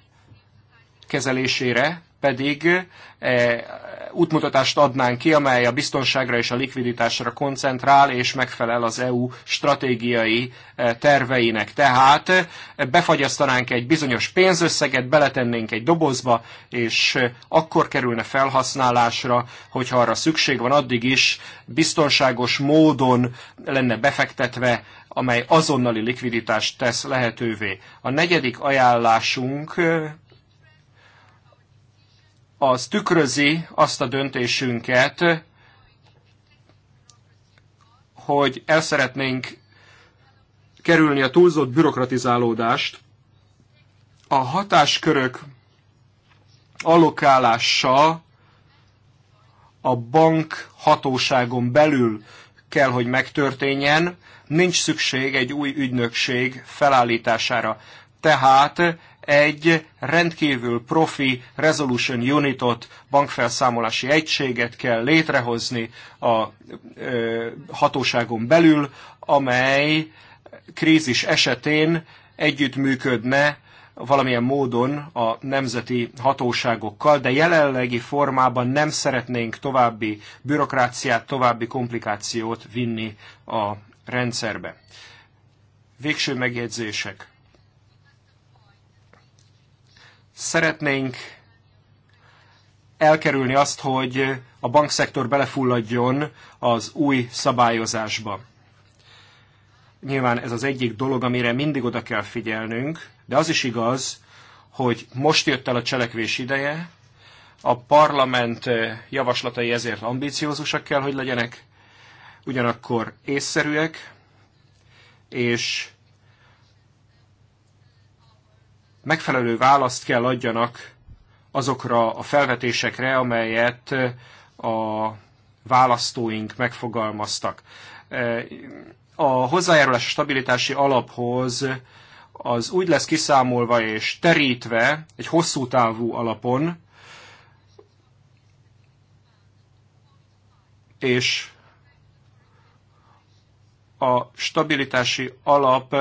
kezelésére pedig eh, útmutatást adnánk ki, amely a biztonságra és a likviditásra koncentrál, és megfelel az EU stratégiai e, terveinek. Tehát e, befagyasztanánk egy bizonyos pénzösszeget, beletennénk egy dobozba, és e, akkor kerülne felhasználásra, hogyha arra szükség van, addig is biztonságos módon lenne befektetve amely azonnali likviditást tesz lehetővé. A negyedik ajánlásunk az tükrözi azt a döntésünket, hogy el szeretnénk kerülni a túlzott bürokratizálódást, a hatáskörök allokálása a bank hatóságon belül kell, hogy megtörténjen, nincs szükség egy új ügynökség felállítására. Tehát egy rendkívül profi resolution unitot, bankfelszámolási egységet kell létrehozni a hatóságon belül, amely krízis esetén együttműködne valamilyen módon a nemzeti hatóságokkal, de jelenlegi formában nem szeretnénk további bürokráciát, további komplikációt vinni a rendszerbe. Végső megjegyzések. Szeretnénk elkerülni azt, hogy a bankszektor belefulladjon az új szabályozásba. Nyilván ez az egyik dolog, amire mindig oda kell figyelnünk, de az is igaz, hogy most jött el a cselekvés ideje, a parlament javaslatai ezért ambíciózusak kell, hogy legyenek, ugyanakkor észszerűek, és megfelelő választ kell adjanak azokra a felvetésekre, amelyet a választóink megfogalmaztak. A hozzájárulás a stabilitási alaphoz az úgy lesz kiszámolva és terítve egy hosszú távú alapon, és a stabilitási alap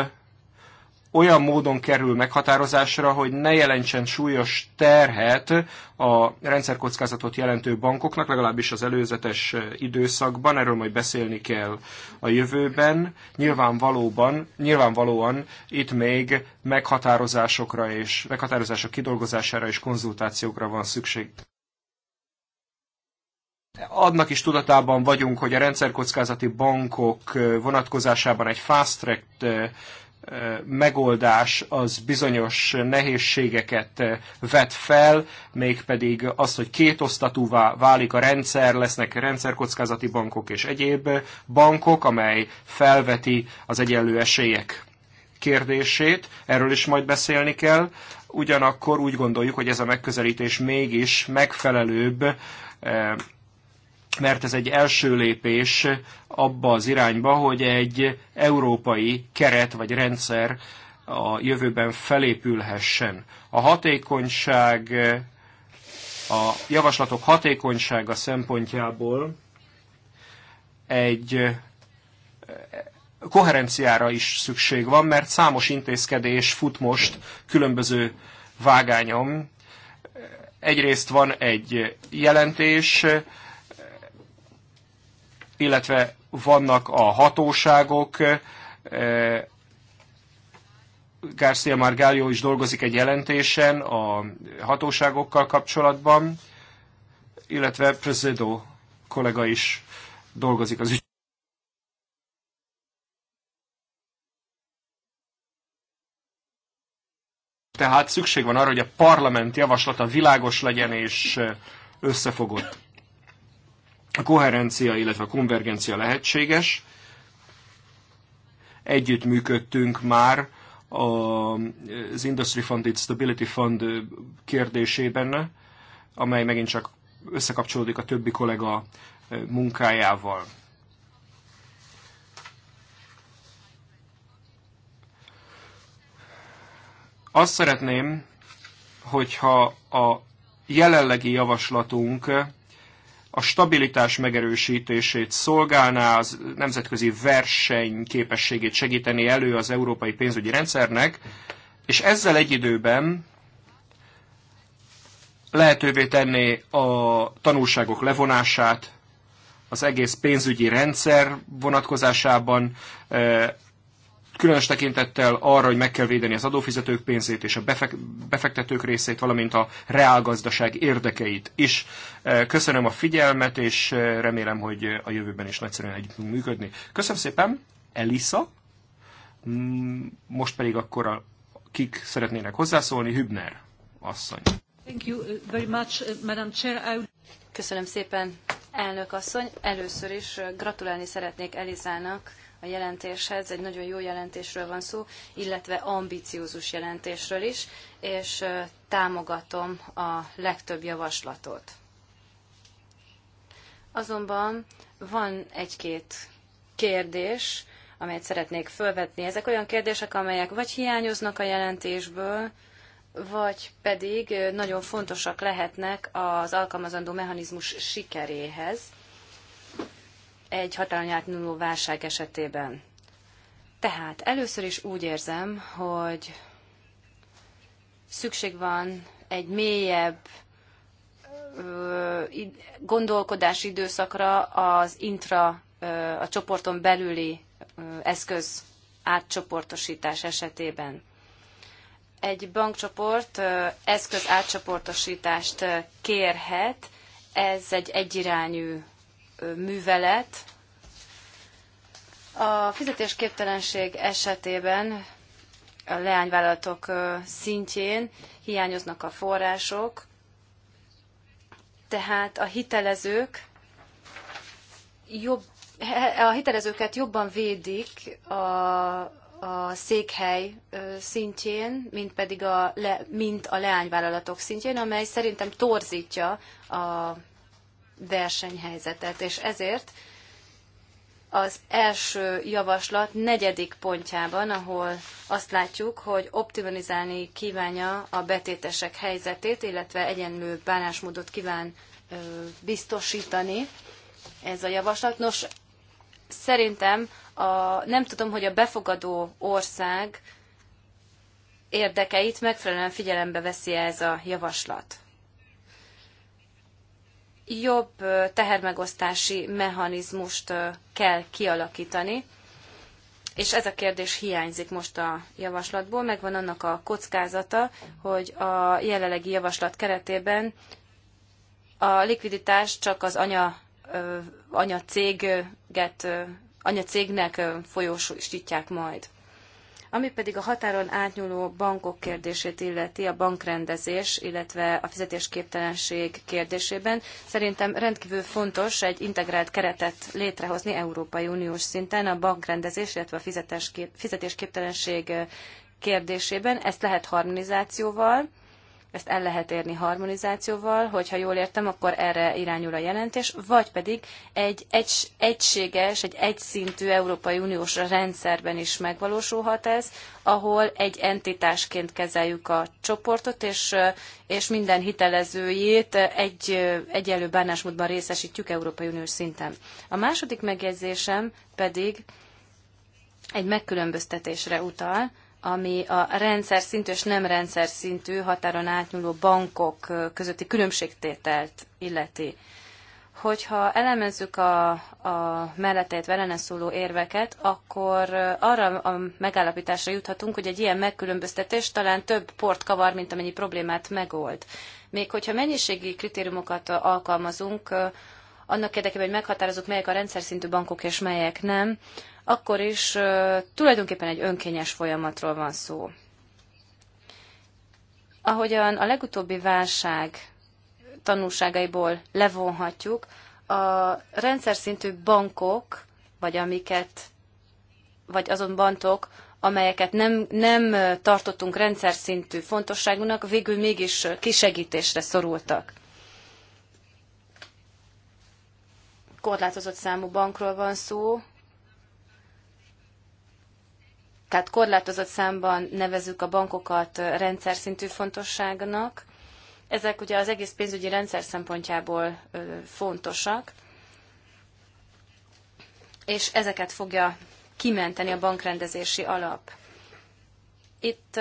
olyan módon kerül meghatározásra, hogy ne jelentsen súlyos terhet a rendszerkockázatot jelentő bankoknak, legalábbis az előzetes eh, időszakban, erről majd beszélni kell a jövőben. Nyilvánvalóban, nyilvánvalóan itt még meghatározásokra és meghatározások kidolgozására és konzultációkra van szükség Adnak is tudatában vagyunk, hogy a rendszerkockázati bankok eh, vonatkozásában egy fast track eh, megoldás az bizonyos nehézségeket eh, vet fel, mégpedig az, hogy kétosztatúvá válik a rendszer, lesznek rendszerkockázati bankok és egyéb bankok, amely felveti az egyenlő esélyek kérdését, erről is majd beszélni kell. Ugyanakkor úgy gondoljuk, hogy ez a megközelítés mégis megfelelőbb eh, mert ez egy első lépés abba az irányba, hogy egy európai keret vagy rendszer a jövőben felépülhessen. A hatékonyság, a javaslatok hatékonysága szempontjából egy eh, koherenciára is szükség van, mert számos intézkedés fut most különböző vágányom. Egyrészt van egy jelentés, illetve vannak a hatóságok, eh, Garcia Margallo is dolgozik egy jelentésen a hatóságokkal kapcsolatban, illetve Prezedo kollega is dolgozik az ügyben. Tehát szükség van arra, hogy a parlament javaslata világos legyen és eh, összefogott a koherencia, illetve a konvergencia lehetséges. Együtt működtünk már az Industry Funded Stability Fund kérdésében, amely megint csak összekapcsolódik a többi kollega munkájával. Azt szeretném, hogyha a jelenlegi javaslatunk a stabilitás megerősítését szolgálná, az nemzetközi verseny képességét segíteni elő az európai pénzügyi rendszernek, és ezzel egy időben lehetővé tenné a tanulságok levonását az egész pénzügyi rendszer vonatkozásában, eh, különös tekintettel arra, hogy meg kell védeni az adófizetők pénzét és a befektetők részét, valamint a reálgazdaság érdekeit is. E, köszönöm a figyelmet, és e, remélem, hogy e, a jövőben is nagyszerűen együtt tudunk működni. Köszönöm szépen, Elisa. Mm, most pedig akkor a, kik szeretnének hozzászólni, Hübner asszony. Thank you uh, very much, uh, Madam Chair. Köszönöm szépen, elnök asszony. Először is uh, gratulálni szeretnék Elizának a jelentéshez. Egy nagyon jó jelentésről van szó, illetve ambiciózus jelentésről is, és támogatom a legtöbb javaslatot. Azonban van egy-két kérdés, amelyet szeretnék fölvetni. Ezek olyan kérdések, amelyek vagy hiányoznak a jelentésből, vagy pedig nagyon fontosak lehetnek az alkalmazandó mechanizmus sikeréhez egy határon átnyúló válság esetében. Tehát először is úgy érzem, hogy szükség van egy mélyebb gondolkodási időszakra az intra, a csoporton belüli eszköz átcsoportosítás esetében. Egy bankcsoport eszköz átcsoportosítást kérhet, ez egy egyirányú művelet. A fizetésképtelenség esetében a leányvállalatok szintjén hiányoznak a források, tehát a hitelezők jobb, (laughs) a hitelezőket jobban védik a, a székhely szintjén, mint pedig a, le, mint a leányvállalatok szintjén, amely szerintem torzítja a versenyhelyzetet, és ezért az első javaslat negyedik pontjában, ahol azt látjuk, hogy optimalizálni kívánja a betétesek helyzetét, illetve egyenlő bánásmódot kíván ö, biztosítani ez a javaslat. Nos, szerintem a, nem tudom, hogy a befogadó ország érdekeit megfelelően figyelembe veszi ez a javaslat jobb tehermegosztási mechanizmust kell kialakítani, és ez a kérdés hiányzik most a javaslatból, megvan annak a kockázata, hogy a jelenlegi javaslat keretében a likviditás csak az anya, anya céget anyacégnek folyósítják majd. Ami pedig a határon átnyúló bankok kérdését illeti, a bankrendezés, illetve a fizetésképtelenség kérdésében, szerintem rendkívül fontos egy integrált keretet létrehozni Európai Uniós szinten a bankrendezés, illetve a fizetésképtelenség kérdésében. Ezt lehet harmonizációval, ezt el lehet érni harmonizációval, hogyha jól értem, akkor erre irányul a jelentés, vagy pedig egy, egy egységes, egy egyszintű Európai Uniós rendszerben is megvalósulhat ez, ahol egy entitásként kezeljük a csoportot, és, és minden hitelezőjét egy egyelő bánásmódban részesítjük Európai Uniós szinten. A második megjegyzésem pedig egy megkülönböztetésre utal, ami a rendszer szintű és nem rendszer szintű határon átnyúló bankok közötti különbségtételt illeti. Hogyha elemezzük a, a mellettét velene szóló érveket, akkor arra a megállapításra juthatunk, hogy egy ilyen megkülönböztetés talán több port kavar, mint amennyi problémát megold. Még hogyha mennyiségi kritériumokat alkalmazunk, annak érdekében, hogy meghatározunk, melyek a rendszer szintű bankok és melyek nem, akkor is tulajdonképpen egy önkényes folyamatról van szó. Ahogyan a legutóbbi válság tanulságaiból levonhatjuk, a rendszer szintű bankok, vagy amiket, vagy azon bantok, amelyeket nem, nem tartottunk rendszer szintű fontosságúnak, végül mégis kisegítésre szorultak. Korlátozott számú bankról van szó, tehát korlátozott számban nevezük a bankokat rendszer szintű fontosságnak. Ezek ugye az egész pénzügyi rendszer szempontjából fontosak, és ezeket fogja kimenteni a bankrendezési alap. Itt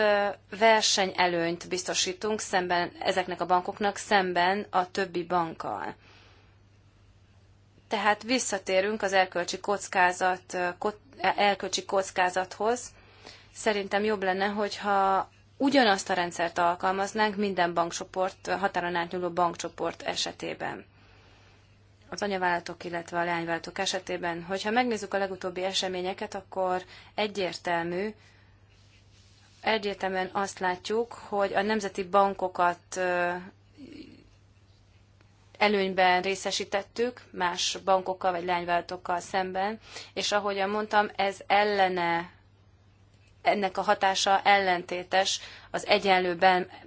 versenyelőnyt biztosítunk szemben ezeknek a bankoknak szemben a többi bankkal. Tehát visszatérünk az erkölcsi kockázat, erkölcsi kockázathoz, Szerintem jobb lenne, hogyha ugyanazt a rendszert alkalmaznánk minden bankcsoport, határon átnyúló bankcsoport esetében. Az anyavállalatok, illetve a leányvállalatok esetében. Hogyha megnézzük a legutóbbi eseményeket, akkor egyértelmű, egyértelműen azt látjuk, hogy a nemzeti bankokat előnyben részesítettük más bankokkal vagy leányvállalatokkal szemben, és ahogyan mondtam, ez ellene ennek a hatása ellentétes az egyenlő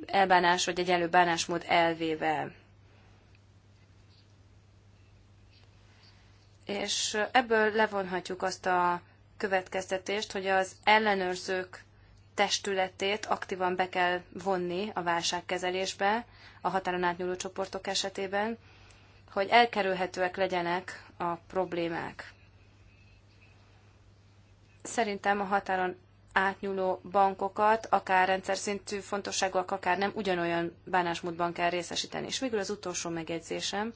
elbánás vagy egyenlő bánásmód elvével. És ebből levonhatjuk azt a következtetést, hogy az ellenőrzők testületét aktívan be kell vonni a válságkezelésbe a határon átnyúló csoportok esetében, hogy elkerülhetőek legyenek a problémák. Szerintem a határon átnyúló bankokat, akár rendszer szintű fontosságúak, akár nem, ugyanolyan bánásmódban kell részesíteni. És végül az utolsó megjegyzésem,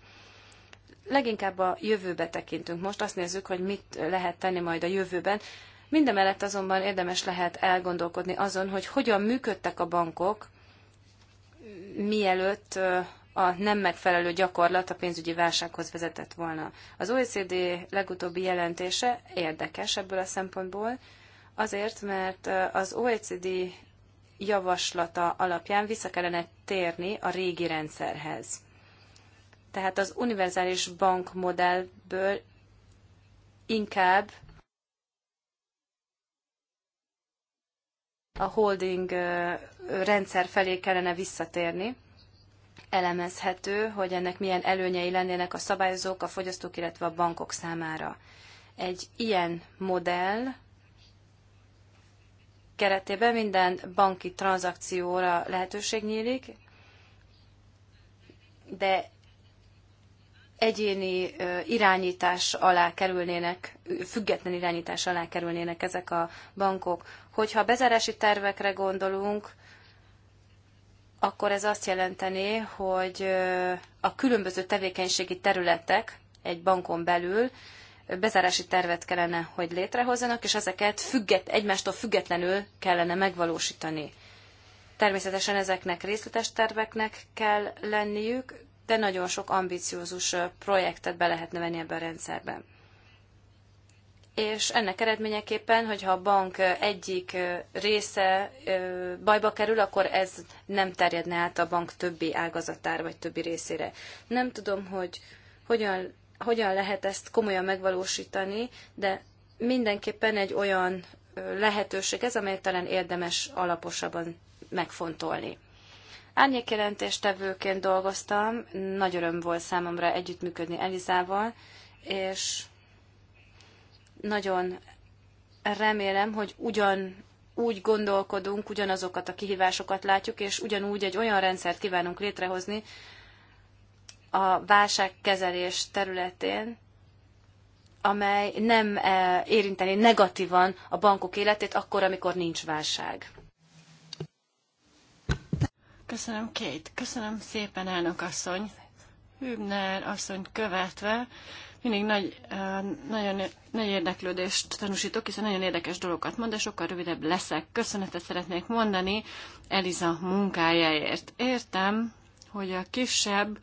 leginkább a jövőbe tekintünk. Most azt nézzük, hogy mit lehet tenni majd a jövőben. Mindemellett azonban érdemes lehet elgondolkodni azon, hogy hogyan működtek a bankok, mielőtt a nem megfelelő gyakorlat a pénzügyi válsághoz vezetett volna. Az OECD legutóbbi jelentése érdekes ebből a szempontból, Azért, mert az OECD javaslata alapján vissza kellene térni a régi rendszerhez. Tehát az univerzális bankmodellből inkább a holding rendszer felé kellene visszatérni. Elemezhető, hogy ennek milyen előnyei lennének a szabályozók, a fogyasztók, illetve a bankok számára. Egy ilyen modell keretében minden banki tranzakcióra lehetőség nyílik, de egyéni irányítás alá kerülnének, független irányítás alá kerülnének ezek a bankok. Hogyha bezárási tervekre gondolunk, akkor ez azt jelenteni, hogy a különböző tevékenységi területek egy bankon belül bezárási tervet kellene, hogy létrehozzanak, és ezeket függet, egymástól függetlenül kellene megvalósítani. Természetesen ezeknek részletes terveknek kell lenniük, de nagyon sok ambiciózus projektet be lehetne venni ebbe a rendszerbe. És ennek eredményeképpen, hogyha a bank egyik része bajba kerül, akkor ez nem terjedne át a bank többi ágazatára, vagy többi részére. Nem tudom, hogy hogyan hogyan lehet ezt komolyan megvalósítani, de mindenképpen egy olyan lehetőség ez, amelyet talán érdemes alaposabban megfontolni. Árnyékjelentéstevőként dolgoztam, nagy öröm volt számomra együttműködni Elizával, és nagyon remélem, hogy ugyan úgy gondolkodunk, ugyanazokat a kihívásokat látjuk, és ugyanúgy egy olyan rendszert kívánunk létrehozni, a válságkezelés területén, amely nem eh, érinteni negatívan a bankok életét akkor, amikor nincs válság. Köszönöm, Kate. Köszönöm szépen, elnök asszony. Hübner asszonyt követve mindig nagy, eh, nagyon nagy érdeklődést tanúsítok, hiszen nagyon érdekes dolgokat mond, de sokkal rövidebb leszek. Köszönetet szeretnék mondani Eliza munkájáért. Értem, hogy a kisebb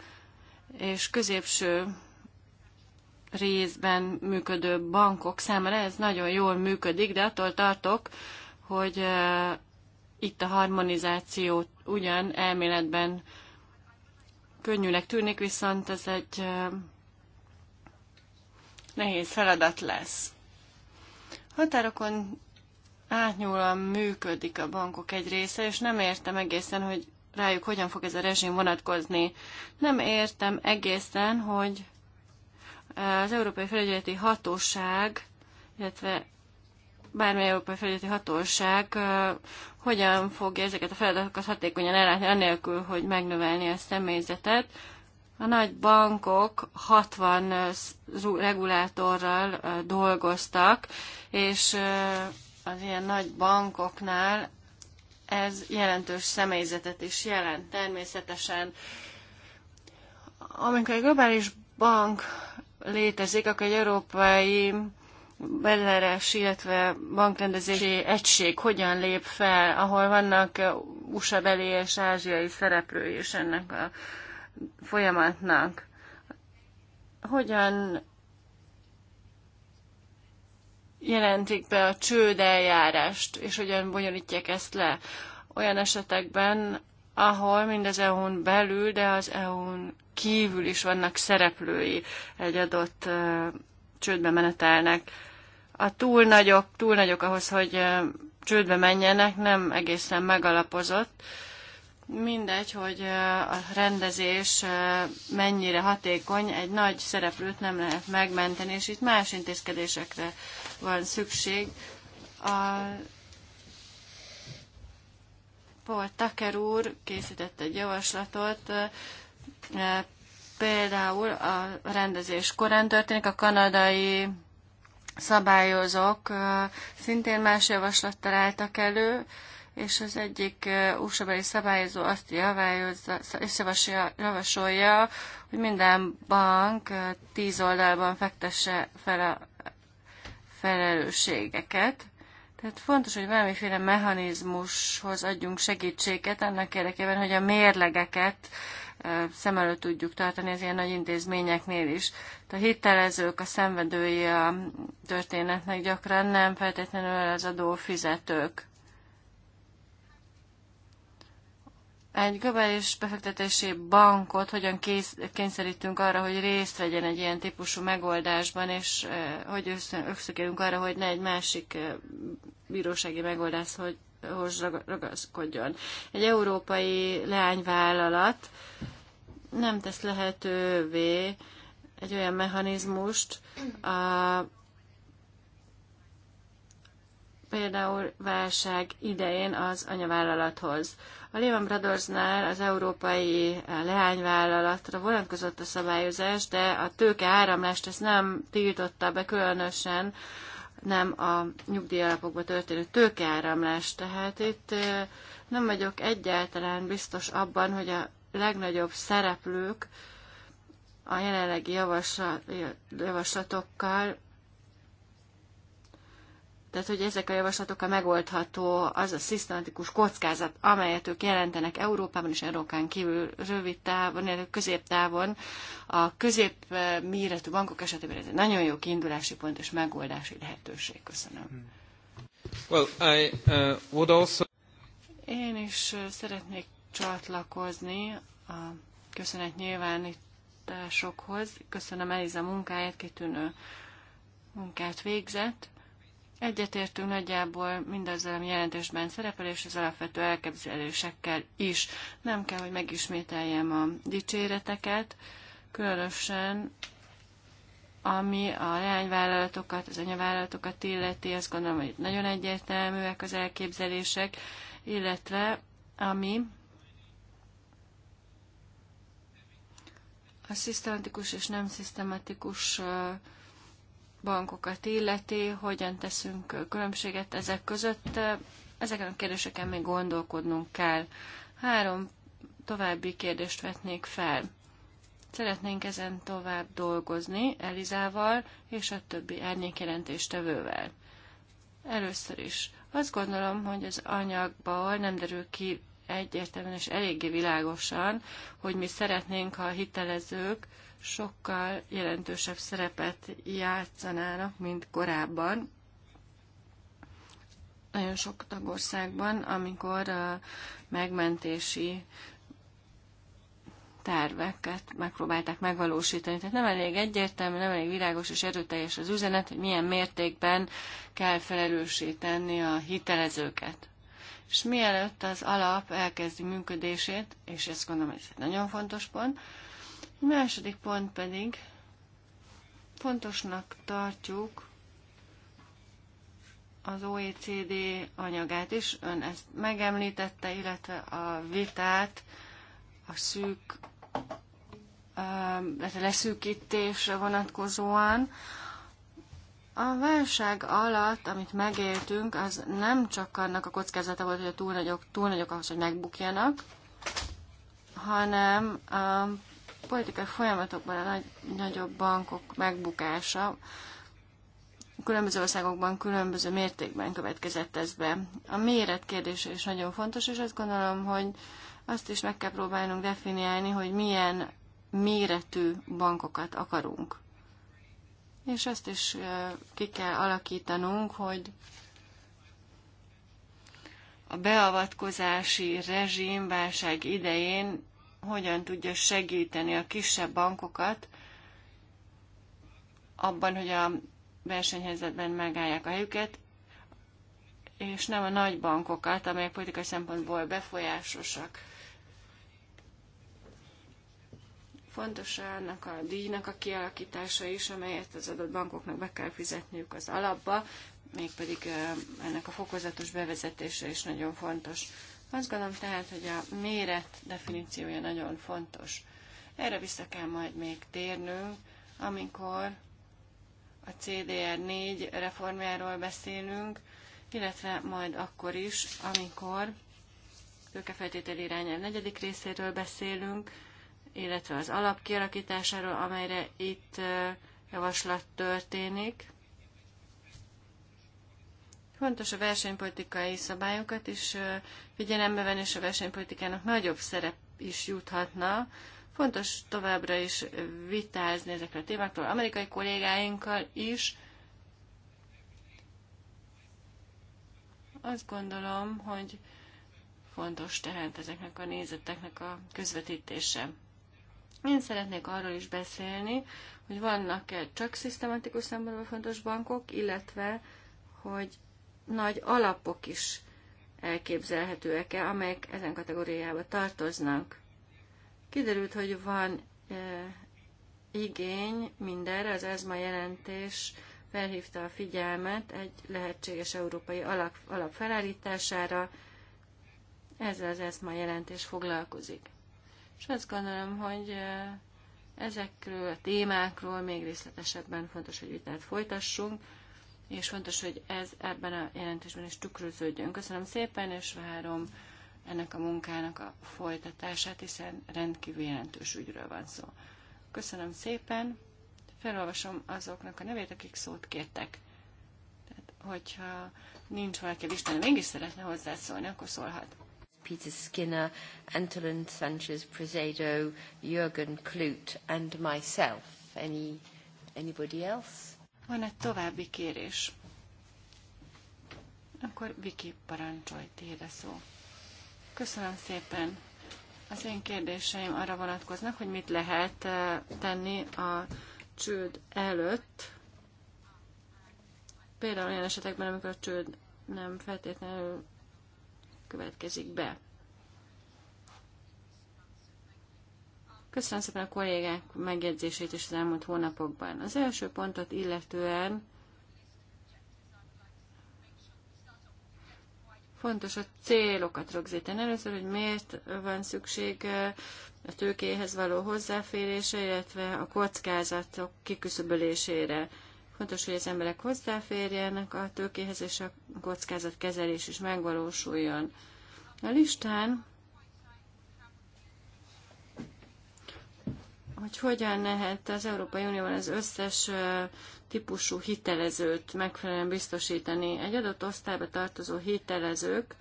és középső részben működő bankok számára ez nagyon jól működik, de attól tartok, hogy eh, itt a harmonizáció ugyan elméletben könnyűnek tűnik, viszont ez egy eh, nehéz feladat lesz. Határokon átnyúlóan működik a bankok egy része, és nem értem egészen, hogy rájuk hogyan fog ez a rezsim vonatkozni. Nem értem egészen, hogy eh, az Európai Felügyeleti Hatóság, illetve bármely Európai Felügyeleti Hatóság eh, hogyan fogja ezeket a feladatokat hatékonyan ellátni, anélkül, hogy megnövelni a személyzetet. A nagy bankok 60 eh, regulátorral dolgoztak, és az ilyen nagy bankoknál ez jelentős személyzetet is jelent. Természetesen, amikor egy globális bank létezik, akkor egy európai belleres, illetve bankrendezési egység hogyan lép fel, ahol vannak USA belé és ázsiai szereplői is ennek a folyamatnak. Hogyan jelentik be a eljárást és hogyan bonyolítják ezt le. Olyan esetekben, ahol mind az EU-n belül, de az EU-n kívül is vannak szereplői egy adott csődbe menetelnek. A túl nagyok, túl nagyok ahhoz, hogy csődbe menjenek, nem egészen megalapozott. Mindegy, hogy a rendezés mennyire hatékony, egy nagy szereplőt nem lehet megmenteni, és itt más intézkedésekre van szükség. A Paul Tucker úr készített egy javaslatot, például a rendezés korán történik, a kanadai szabályozók szintén más javaslattal álltak elő, és az egyik úsabeli szabályozó azt és javasolja, hogy minden bank tíz oldalban fektesse fel a felelősségeket. Tehát fontos, hogy valamiféle mechanizmushoz adjunk segítséget annak érdekében, hogy a mérlegeket szem előtt tudjuk tartani az ilyen nagy intézményeknél is. A hitelezők, a szenvedői a történetnek gyakran nem feltétlenül az adófizetők. egy globális befektetési bankot hogyan kész, kényszerítünk arra, hogy részt vegyen egy ilyen típusú megoldásban, és hogy ösztökélünk arra, hogy ne egy másik bírósági megoldáshoz ragaszkodjon. Egy európai leányvállalat nem tesz lehetővé egy olyan mechanizmust, a, például válság idején az anyavállalathoz a Lehman Brothersnál az európai eh, leányvállalatra vonatkozott a szabályozás, de a tőke áramlást ezt nem tiltotta be különösen, nem a nyugdíjalapokba történő tőkeáramlás. Tehát itt eh, nem vagyok egyáltalán biztos abban, hogy a legnagyobb szereplők a jelenlegi javaslatokkal tehát, hogy ezek a javaslatok a megoldható, az a szisztematikus kockázat, amelyet ők jelentenek Európában és Európán kívül rövid távon, illetve középtávon. A méretű bankok esetében ez egy nagyon jó kiindulási pont és megoldási lehetőség. Köszönöm. Well, I, uh, would also... Én is uh, szeretnék csatlakozni a köszönet nyilvánításokhoz. Köszönöm Eliza munkáját, kitűnő munkát végzett. Egyetértünk nagyjából mindazzal, ami jelentésben szerepel, és az alapvető elképzelésekkel is. Nem kell, hogy megismételjem a dicséreteket, különösen ami a leányvállalatokat, az anyavállalatokat illeti, azt gondolom, hogy nagyon egyértelműek az elképzelések, illetve ami a szisztematikus és nem szisztematikus uh, bankokat illeti, hogyan teszünk különbséget ezek között. Ezeken a kérdéseken még gondolkodnunk kell. Három további kérdést vetnék fel. Szeretnénk ezen tovább dolgozni Elizával és a többi árnyékjelentéstevővel. Először is. Azt gondolom, hogy az anyagból nem derül ki egyértelműen és eléggé világosan, hogy mi szeretnénk, ha a hitelezők sokkal jelentősebb szerepet játszanának, mint korábban. Nagyon sok tagországban, amikor a megmentési terveket megpróbálták megvalósítani. Tehát nem elég egyértelmű, nem elég világos és erőteljes az üzenet, hogy milyen mértékben kell felelősíteni a hitelezőket. És mielőtt az alap elkezdi működését, és ezt gondolom, ez egy nagyon fontos pont, a második pont pedig fontosnak tartjuk az OECD anyagát is, ön ezt megemlítette, illetve a vitát a szűk leszűkítésre vonatkozóan. A válság alatt, amit megéltünk, az nem csak annak a kockázata volt, hogy a túl nagyok, túl nagyok ahhoz, hogy megbukjanak, hanem a politikai folyamatokban a nagy, nagyobb bankok megbukása különböző országokban különböző mértékben következett ez be. A méret kérdése is nagyon fontos, és azt gondolom, hogy azt is meg kell próbálnunk definiálni, hogy milyen méretű bankokat akarunk. És ezt is ki kell alakítanunk, hogy a beavatkozási rezsim válság idején hogyan tudja segíteni a kisebb bankokat abban, hogy a versenyhelyzetben megállják a helyüket, és nem a nagy bankokat, amelyek politikai szempontból befolyásosak. Fontos annak a díjnak a kialakítása is, amelyet az adott bankoknak be kell fizetniük az alapba, mégpedig ennek a fokozatos bevezetése is nagyon fontos. Azt gondolom tehát, hogy a méret definíciója nagyon fontos. Erre vissza kell majd még térnünk, amikor a CDR4 reformjáról beszélünk, illetve majd akkor is, amikor tőkefeltétel irányel negyedik részéről beszélünk, illetve az alap kialakításáról, amelyre itt eh, javaslat történik. Fontos a versenypolitikai szabályokat is figyelembe venni, és a versenypolitikának nagyobb szerep is juthatna. Fontos továbbra is vitázni ezekre a témákról, amerikai kollégáinkkal is. Azt gondolom, hogy fontos tehát ezeknek a nézeteknek a közvetítése. Én szeretnék arról is beszélni, hogy vannak-e csak szisztematikus szempontból fontos bankok, illetve hogy nagy alapok is elképzelhetőek-e, amelyek ezen kategóriába tartoznak. Kiderült, hogy van e, igény mindenre, az ESMA jelentés felhívta a figyelmet egy lehetséges európai alap, alap felállítására, ezzel az ESMA jelentés foglalkozik. És azt gondolom, hogy e, ezekről a témákról még részletesebben fontos, hogy vitát folytassunk, és fontos, hogy ez ebben a jelentésben is tükröződjön. Köszönöm szépen, és várom ennek a munkának a folytatását, hiszen rendkívül jelentős ügyről van szó. Köszönöm szépen, felolvasom azoknak a nevét, akik szót kértek. Tehát, hogyha nincs valaki Isten mégis szeretne hozzászólni, akkor szólhat. Peter Skinner, Antolin Sanchez Prezedo, Jürgen Klut and myself. Any, anybody else? Van egy további kérés. Akkor Viki parancsolj, tiéd a szó. Köszönöm szépen. Az én kérdéseim arra vonatkoznak, hogy mit lehet eh, tenni a csőd előtt. Például olyan esetekben, amikor a csőd nem feltétlenül következik be. Köszönöm szépen a kollégák megjegyzését is az elmúlt hónapokban. Az első pontot illetően fontos a célokat rögzíteni. Először, hogy miért van szükség a tőkéhez való hozzáférése, illetve a kockázatok kiküszöbölésére. Fontos, hogy az emberek hozzáférjenek a tőkéhez, és a kockázatkezelés is megvalósuljon. A listán hogy hogyan lehet az Európai Unióban az összes típusú hitelezőt megfelelően biztosítani. Egy adott osztályba tartozó hitelezők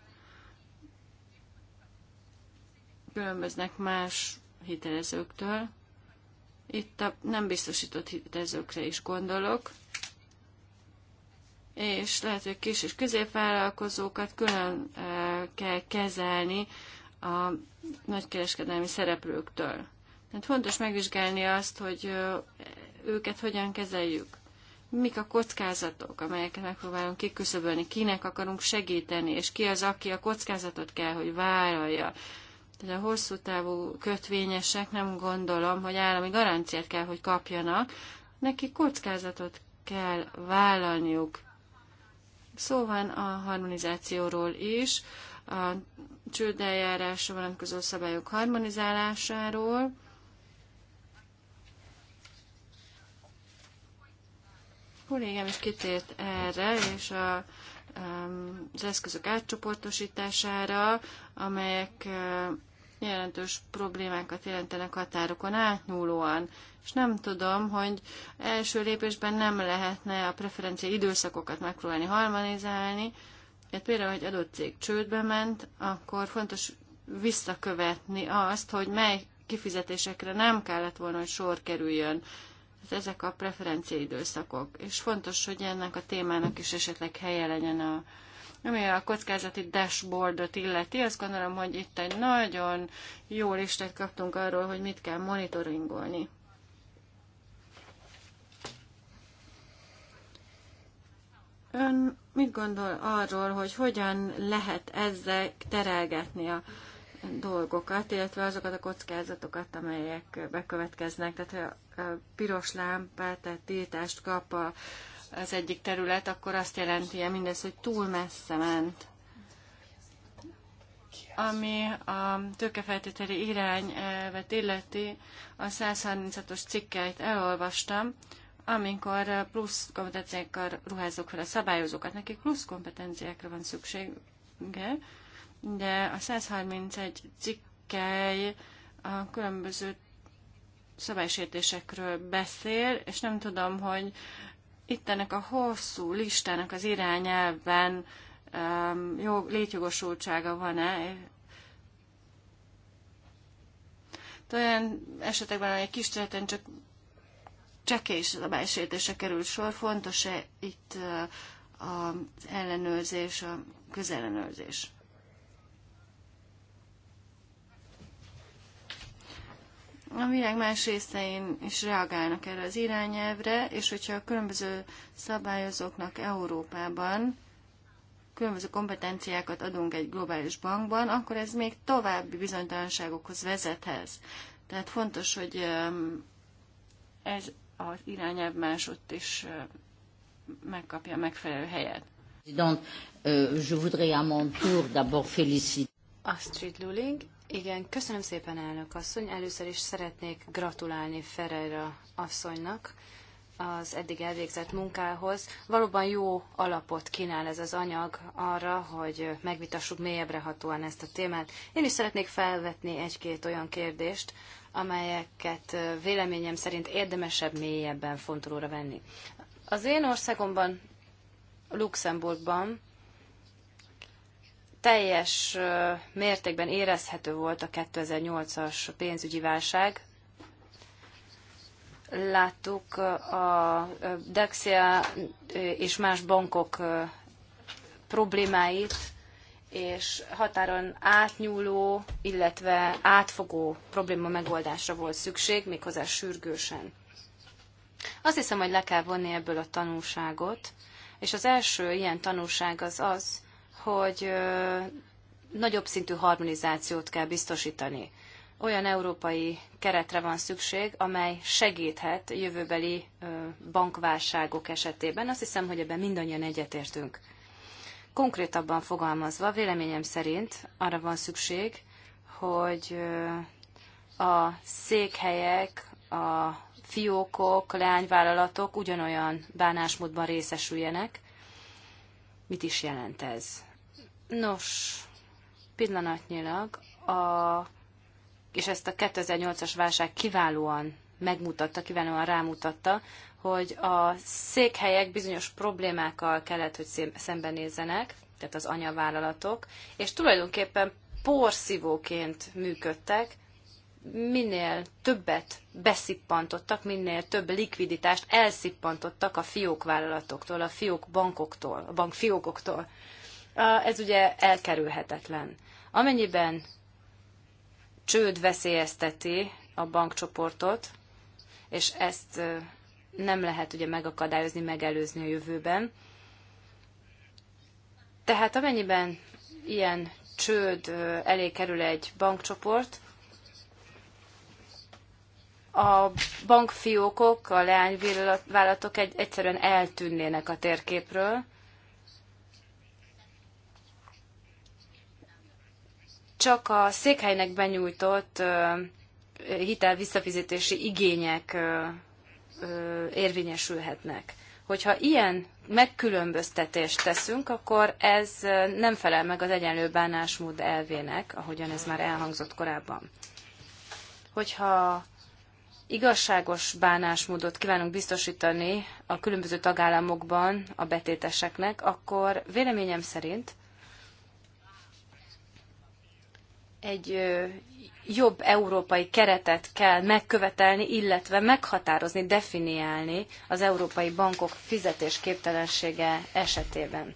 különböznek más hitelezőktől. Itt a nem biztosított hitelezőkre is gondolok. És lehet, hogy kis és középvállalkozókat külön kell kezelni a nagykereskedelmi szereplőktől. Tehát fontos megvizsgálni azt, hogy őket hogyan kezeljük. Mik a kockázatok, amelyeket megpróbálunk kiküszöbölni, kinek akarunk segíteni, és ki az, aki a kockázatot kell, hogy vállalja. Tehát a hosszú távú kötvényesek nem gondolom, hogy állami garanciát kell, hogy kapjanak, neki kockázatot kell vállalniuk. Szó van a harmonizációról is, a csődeljárásra vonatkozó szabályok harmonizálásáról, kollégám is kitért erre, és a, az eszközök átcsoportosítására, amelyek jelentős problémákat jelentenek határokon átnyúlóan. És nem tudom, hogy első lépésben nem lehetne a preferencia időszakokat megpróbálni harmonizálni, Hát például, hogy adott cég csődbe ment, akkor fontos visszakövetni azt, hogy mely kifizetésekre nem kellett volna, hogy sor kerüljön ezek a preferencia időszakok. És fontos, hogy ennek a témának is esetleg helye legyen a ami a kockázati dashboardot illeti, azt gondolom, hogy itt egy nagyon jó listát kaptunk arról, hogy mit kell monitoringolni. Ön mit gondol arról, hogy hogyan lehet ezzel terelgetni a dolgokat, illetve azokat a kockázatokat, amelyek bekövetkeznek. Tehát ha a piros lámpát, tehát tiltást kap a, az egyik terület, akkor azt jelenti -e mindez, hogy túl messze ment. Ami a tőkefeltételi irányvet illeti, a 136-os cikkeit elolvastam, amikor plusz kompetenciákkal ruházok fel a szabályozókat, nekik plusz kompetenciákra van szüksége, de a 131 cikkely a különböző szabálysértésekről beszél, és nem tudom, hogy itt ennek a hosszú listának az irányelven um, jó, létjogosultsága van-e. Olyan esetekben, hogy egy kis területen csak csekés szabálysértése került sor, fontos-e itt uh, az ellenőrzés, a közellenőrzés? a világ más részein is reagálnak erre az irányelvre, és hogyha a különböző szabályozóknak Európában különböző kompetenciákat adunk egy globális bankban, akkor ez még további bizonytalanságokhoz vezethez. Tehát fontos, hogy ez az irányelv másodt is megkapja megfelelő helyet. Présidente, euh, je voudrais à mon tour d'abord féliciter. Astrid Luling, igen, köszönöm szépen, elnök asszony. Először is szeretnék gratulálni Ferreira asszonynak az eddig elvégzett munkához. Valóban jó alapot kínál ez az anyag arra, hogy megvitassuk mélyebbre hatóan ezt a témát. Én is szeretnék felvetni egy-két olyan kérdést, amelyeket véleményem szerint érdemesebb mélyebben fontolóra venni. Az én országomban, Luxemburgban teljes mértékben érezhető volt a 2008-as pénzügyi válság. Láttuk a Dexia és más bankok problémáit, és határon átnyúló, illetve átfogó probléma megoldásra volt szükség, méghozzá sürgősen. Azt hiszem, hogy le kell vonni ebből a tanulságot, és az első ilyen tanulság az az, hogy nagyobb szintű harmonizációt kell biztosítani. Olyan európai keretre van szükség, amely segíthet jövőbeli bankválságok esetében. Azt hiszem, hogy ebben mindannyian egyetértünk. Konkrétabban fogalmazva, véleményem szerint arra van szükség, hogy a székhelyek, a fiókok, leányvállalatok ugyanolyan bánásmódban részesüljenek. Mit is jelent ez? Nos, pillanatnyilag a, és ezt a 2008-as válság kiválóan megmutatta, kiválóan rámutatta, hogy a székhelyek bizonyos problémákkal kellett, hogy szembenézzenek, tehát az anyavállalatok, és tulajdonképpen porszívóként működtek, minél többet beszippantottak, minél több likviditást elszippantottak a fiók vállalatoktól, a fiók bankoktól, a bankfiókoktól. Ez ugye elkerülhetetlen. Amennyiben csőd veszélyezteti a bankcsoportot, és ezt nem lehet ugye megakadályozni, megelőzni a jövőben. Tehát amennyiben ilyen csőd elé kerül egy bankcsoport, a bankfiókok, a leányvállalatok egyszerűen eltűnnének a térképről, csak a székhelynek benyújtott hitel visszafizetési igények érvényesülhetnek. Hogyha ilyen megkülönböztetést teszünk, akkor ez nem felel meg az egyenlő bánásmód elvének, ahogyan ez már elhangzott korábban. Hogyha igazságos bánásmódot kívánunk biztosítani a különböző tagállamokban a betéteseknek, akkor véleményem szerint egy jobb európai keretet kell megkövetelni, illetve meghatározni, definiálni az európai bankok fizetésképtelensége esetében.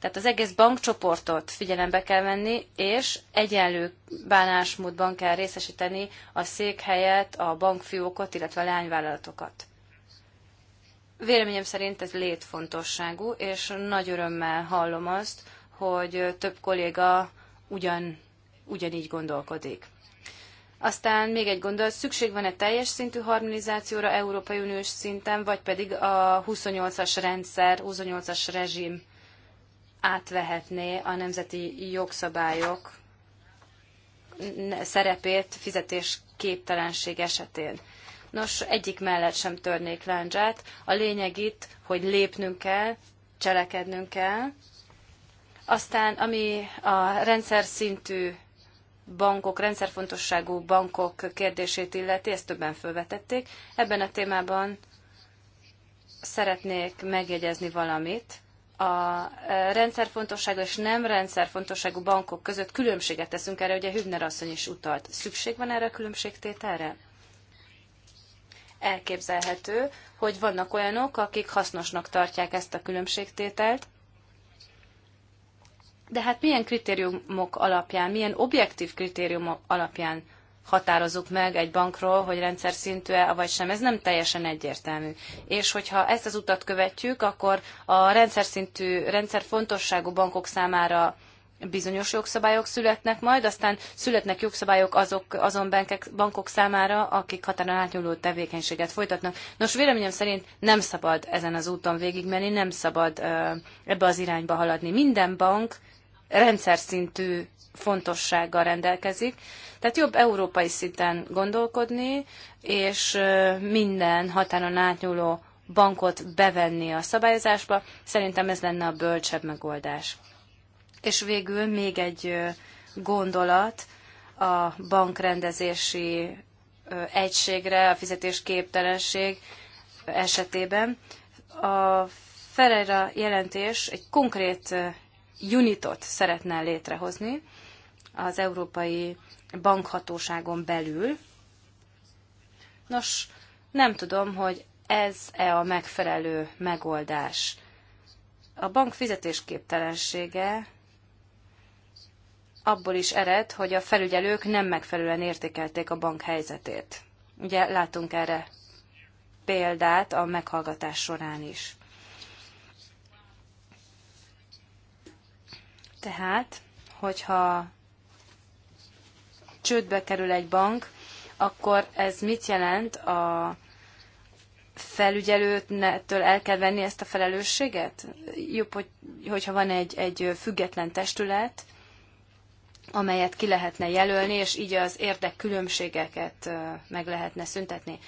Tehát az egész bankcsoportot figyelembe kell venni, és egyenlő bánásmódban kell részesíteni a székhelyet, a bankfiókot, illetve a leányvállalatokat. Véleményem szerint ez létfontosságú, és nagy örömmel hallom azt, hogy több kolléga ugyan ugyanígy gondolkodik. Aztán még egy gondolat, szükség van-e teljes szintű harmonizációra Európai Uniós szinten, vagy pedig a 28-as rendszer, 28-as rezsim átvehetné a nemzeti jogszabályok szerepét fizetés képtelenség esetén. Nos, egyik mellett sem törnék láncsát. A lényeg itt, hogy lépnünk kell, cselekednünk kell. Aztán, ami a rendszer szintű bankok, rendszerfontosságú bankok kérdését illeti, ezt többen felvetették. Ebben a témában szeretnék megjegyezni valamit. A e, rendszerfontosságú és nem rendszerfontosságú bankok között különbséget teszünk erre, ugye Hübner asszony is utalt. Szükség van erre a különbségtételre? Elképzelhető, hogy vannak olyanok, akik hasznosnak tartják ezt a különbségtételt, de hát milyen kritériumok alapján, milyen objektív kritériumok alapján határozzuk meg egy bankról, hogy rendszer szintű-e, vagy sem. Ez nem teljesen egyértelmű. És hogyha ezt az utat követjük, akkor a rendszer szintű, rendszer fontosságú bankok számára bizonyos jogszabályok születnek majd, aztán születnek jogszabályok azok, azon bankek, bankok számára, akik határon átnyúló tevékenységet folytatnak. Nos, véleményem szerint nem szabad ezen az úton végigmenni, nem szabad ebbe az irányba haladni. Minden bank rendszer szintű fontossággal rendelkezik. Tehát jobb európai szinten gondolkodni, és minden határon átnyúló bankot bevenni a szabályozásba. Szerintem ez lenne a bölcsebb megoldás. És végül még egy gondolat a bankrendezési egységre, a fizetésképtelenség esetében. A Ferreira jelentés egy konkrét unitot szeretne létrehozni az Európai Bankhatóságon belül. Nos, nem tudom, hogy ez-e a megfelelő megoldás. A bank fizetésképtelensége abból is ered, hogy a felügyelők nem megfelelően értékelték a bank helyzetét. Ugye látunk erre példát a meghallgatás során is. Tehát, hogyha csődbe kerül egy bank, akkor ez mit jelent? A felügyelőtől el kell venni ezt a felelősséget? Jobb, hogy, hogyha van egy, egy független testület, amelyet ki lehetne jelölni, és így az érdekkülönbségeket meg lehetne szüntetni.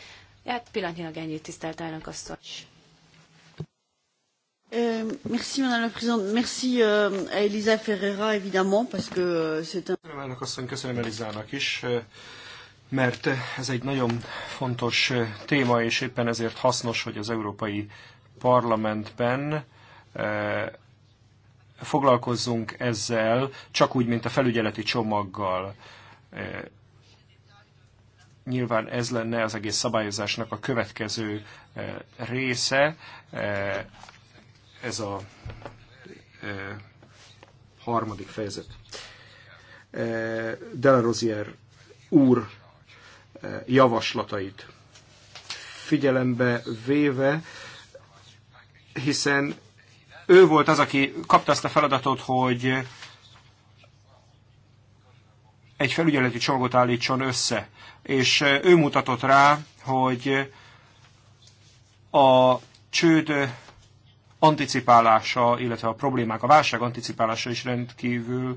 Hát pillanatnyilag ennyit, tisztelt elnök asszony. Euh, Madame la Présidente, merci euh, à Elisa Ferreira évidemment, parce que euh, c'est un... Köszönöm elnök asszony, köszönöm Elizának is, mert ez egy nagyon fontos téma, és éppen ezért hasznos, hogy az Európai Parlamentben foglalkozzunk ezzel, csak úgy, mint a felügyeleti csomaggal. Nyilván ez lenne az egész szabályozásnak a következő része ez a e, harmadik fejezet. E, Delarozier úr e, javaslatait figyelembe véve, hiszen ő volt az, aki kapta azt a feladatot, hogy egy felügyeleti csomagot állítson össze. És e, ő mutatott rá, hogy a csőd anticipálása, illetve a problémák, a válság anticipálása is rendkívül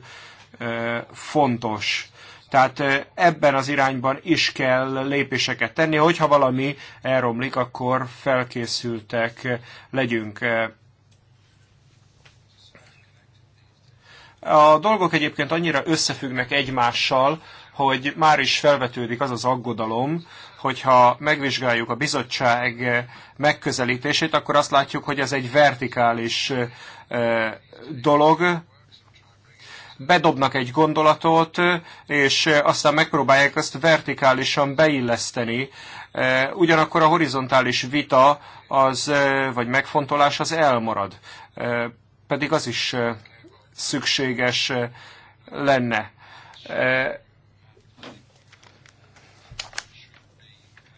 fontos. Tehát ebben az irányban is kell lépéseket tenni, hogyha valami elromlik, akkor felkészültek legyünk. A dolgok egyébként annyira összefüggnek egymással, hogy már is felvetődik az az aggodalom, hogyha megvizsgáljuk a bizottság megközelítését, akkor azt látjuk, hogy ez egy vertikális dolog, bedobnak egy gondolatot, és aztán megpróbálják ezt vertikálisan beilleszteni. Ugyanakkor a horizontális vita az, vagy megfontolás az elmarad. Pedig az is szükséges lenne.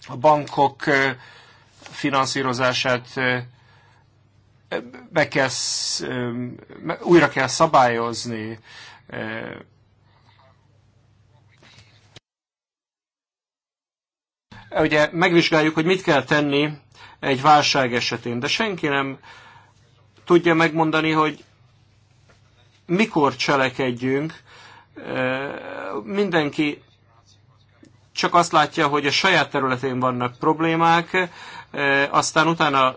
a bankok finanszírozását be kell, újra kell szabályozni. Ugye megvizsgáljuk, hogy mit kell tenni egy válság esetén, de senki nem tudja megmondani, hogy mikor cselekedjünk. Mindenki csak azt látja, hogy a saját területén vannak problémák, e, aztán utána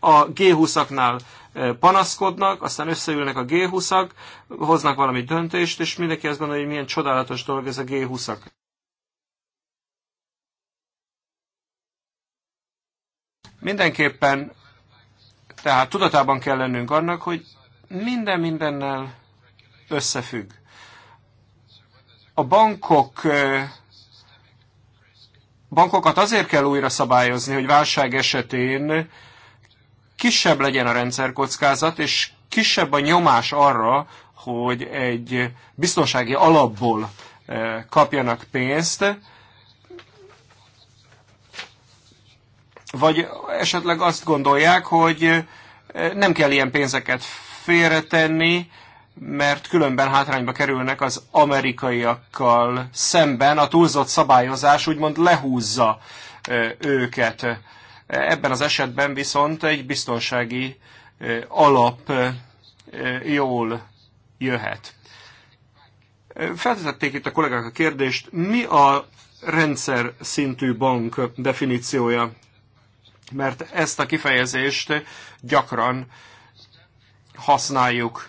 a G20-aknál e, panaszkodnak, aztán összeülnek a G20-ak, hoznak valami döntést, és mindenki azt gondolja, hogy milyen csodálatos dolog ez a G20-ak. Mindenképpen, tehát tudatában kell lennünk annak, hogy minden mindennel összefügg a bankok bankokat azért kell újra szabályozni, hogy válság esetén kisebb legyen a rendszerkockázat, és kisebb a nyomás arra, hogy egy biztonsági alapból kapjanak pénzt, vagy esetleg azt gondolják, hogy nem kell ilyen pénzeket félretenni, mert különben hátrányba kerülnek az amerikaiakkal szemben. A túlzott szabályozás úgymond lehúzza őket. Ebben az esetben viszont egy biztonsági alap jól jöhet. Feltetették itt a kollégák a kérdést, mi a rendszer szintű bank definíciója? Mert ezt a kifejezést gyakran használjuk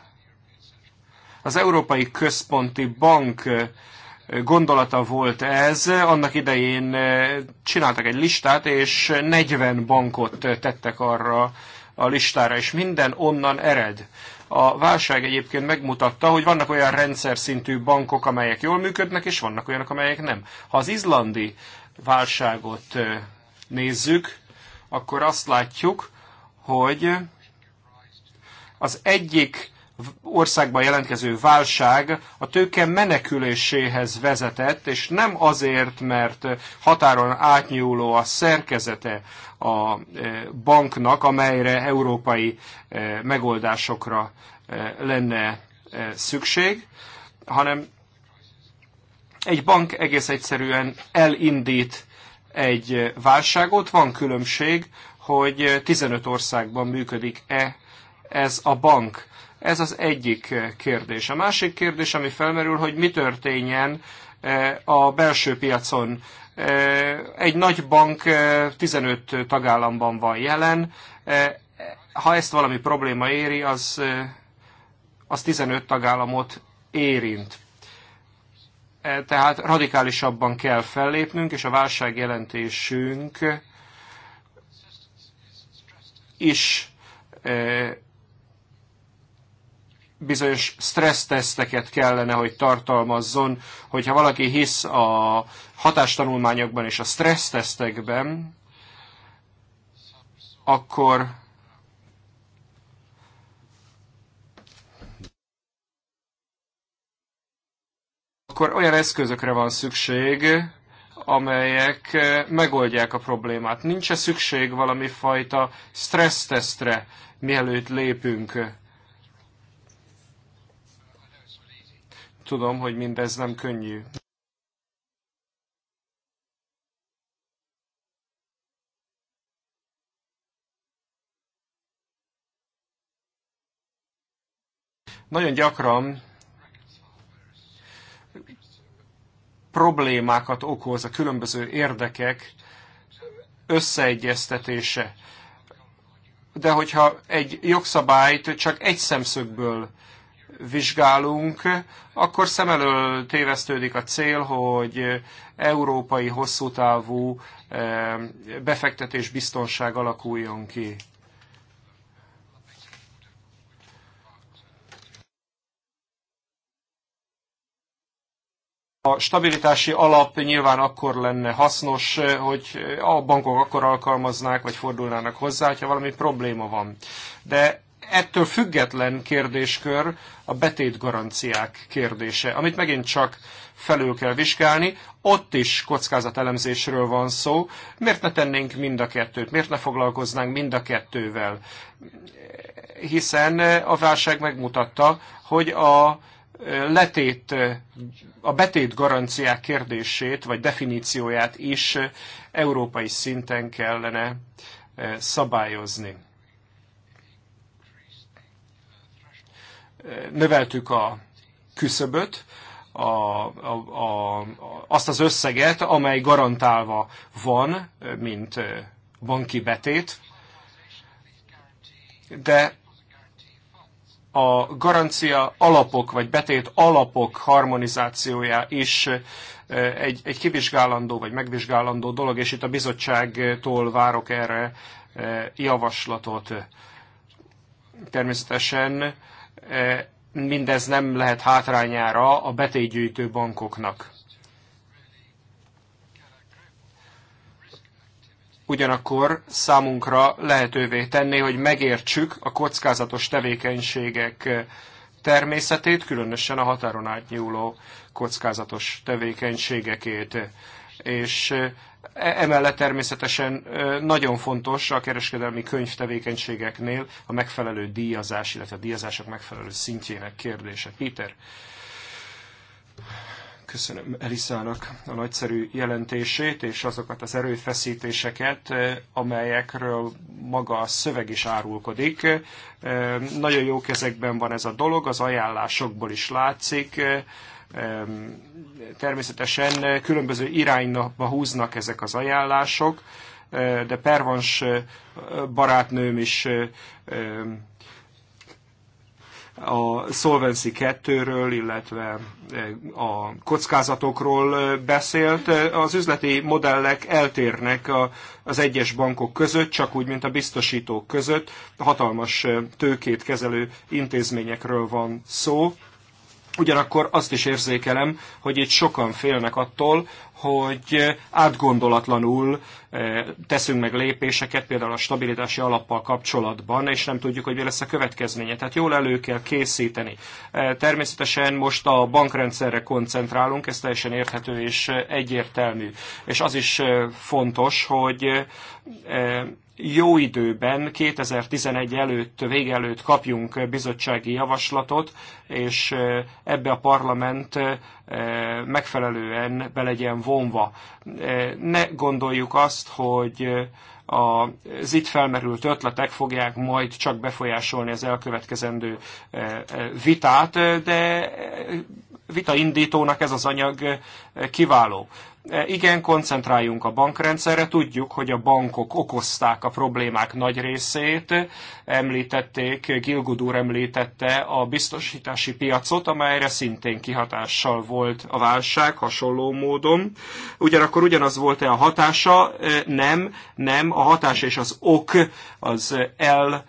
az Európai Központi Bank gondolata volt ez. Annak idején csináltak egy listát, és 40 bankot tettek arra a listára, és minden onnan ered. A válság egyébként megmutatta, hogy vannak olyan rendszer szintű bankok, amelyek jól működnek, és vannak olyanok, amelyek nem. Ha az izlandi válságot nézzük, akkor azt látjuk, hogy az egyik országban jelentkező válság a tőke meneküléséhez vezetett, és nem azért, mert határon átnyúló a szerkezete a e, banknak, amelyre európai e, megoldásokra e, lenne szükség, hanem egy bank egész egyszerűen elindít egy válságot, van különbség, hogy 15 országban működik-e ez a bank. Ez az egyik eh, kérdés. A másik kérdés, ami felmerül, hogy mi történjen eh, a belső piacon. Eh, egy nagy bank 15 tagállamban van jelen. Ha ezt valami probléma éri, az, az 15 tagállamot érint tehát radikálisabban kell fellépnünk, és a válságjelentésünk is bizonyos stresszteszteket kellene, hogy tartalmazzon, hogyha valaki hisz a hatástanulmányokban és a stressztesztekben, akkor akkor olyan eszközökre van szükség, amelyek eh, megoldják a problémát. Nincs-e szükség valami fajta stressztesztre, mielőtt lépünk? Tudom, hogy mindez nem könnyű. Nagyon gyakran problémákat okoz a különböző érdekek összeegyeztetése. De hogyha egy jogszabályt csak egy szemszögből vizsgálunk, akkor szem elől tévesztődik a cél, hogy európai hosszútávú eh, befektetés biztonság alakuljon ki. A stabilitási alap nyilván akkor lenne hasznos, eh, hogy a bankok akkor alkalmaznák, vagy fordulnának hozzá, ha valami probléma van. De ettől független kérdéskör a betét garanciák kérdése, amit megint csak felül kell vizsgálni. Ott is kockázatelemzésről van szó. Miért ne tennénk mind a kettőt? Miért ne foglalkoznánk mind a kettővel? Hiszen a válság megmutatta, hogy a letét, a betét garanciák kérdését, vagy definícióját is európai szinten kellene szabályozni. növeltük a küszöböt, a, a, a, azt az összeget, amely garantálva van, mint banki betét, de a garancia alapok, vagy betét alapok harmonizációja is egy, egy kivizsgálandó, vagy megvizsgálandó dolog, és itt a bizottságtól várok erre javaslatot. Természetesen E, mindez nem lehet hátrányára a betétgyűjtő bankoknak. Ugyanakkor számunkra lehetővé tenni, hogy megértsük a kockázatos tevékenységek természetét, különösen a határon átnyúló kockázatos tevékenységekét. És E, emellett természetesen nagyon fontos a kereskedelmi könyvtevékenységeknél a megfelelő díjazás, illetve a díjazások megfelelő szintjének kérdése. Péter, köszönöm Elisának a nagyszerű jelentését és azokat az erőfeszítéseket, amelyekről maga a szöveg is árulkodik. Nagyon jó kezekben van ez a dolog, az ajánlásokból is látszik, Természetesen különböző irányba húznak ezek az ajánlások, e, de pervans e, barátnőm is e, a Solvency 2-ről, illetve a kockázatokról beszélt. Az üzleti modellek eltérnek az egyes bankok között, csak úgy, mint a biztosítók között. Hatalmas tőkét kezelő intézményekről van szó. Ugyanakkor azt is érzékelem, hogy itt sokan félnek attól, hogy eh, átgondolatlanul eh, teszünk meg lépéseket, például a stabilitási alappal kapcsolatban, és nem tudjuk, hogy mi lesz a következménye. Tehát jól elő kell készíteni. Eh, természetesen most a bankrendszerre koncentrálunk, ez teljesen érthető és egyértelmű. És az is fontos, hogy jó időben, 2011 előtt, vége előtt kapjunk bizottsági javaslatot, és ebbe a parlament Eh, megfelelően be legyen vonva. Eh, ne gondoljuk azt, hogy eh, az itt felmerült ötletek fogják majd csak befolyásolni az elkövetkezendő e, e, vitát, de indítónak ez az anyag e, kiváló. Igen, koncentráljunk a bankrendszerre, tudjuk, hogy a bankok okozták a problémák nagy részét, említették, Gilgud úr említette a biztosítási piacot, amelyre szintén kihatással volt a válság hasonló módon. Ugyanakkor ugyanaz volt-e a hatása? Nem, nem, a hatás és az ok az el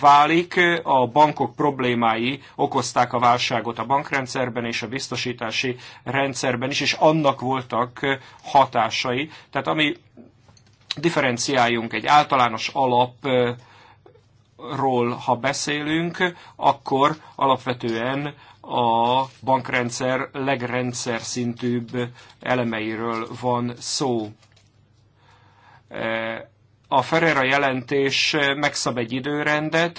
válik. A bankok problémái okozták a válságot a bankrendszerben és a biztosítási rendszerben is, és annak voltak hatásai. Tehát ami differenciáljunk egy általános alap ról, ha beszélünk, akkor alapvetően a bankrendszer legrendszer szintűbb elemeiről van szó a Ferreira jelentés megszab egy időrendet,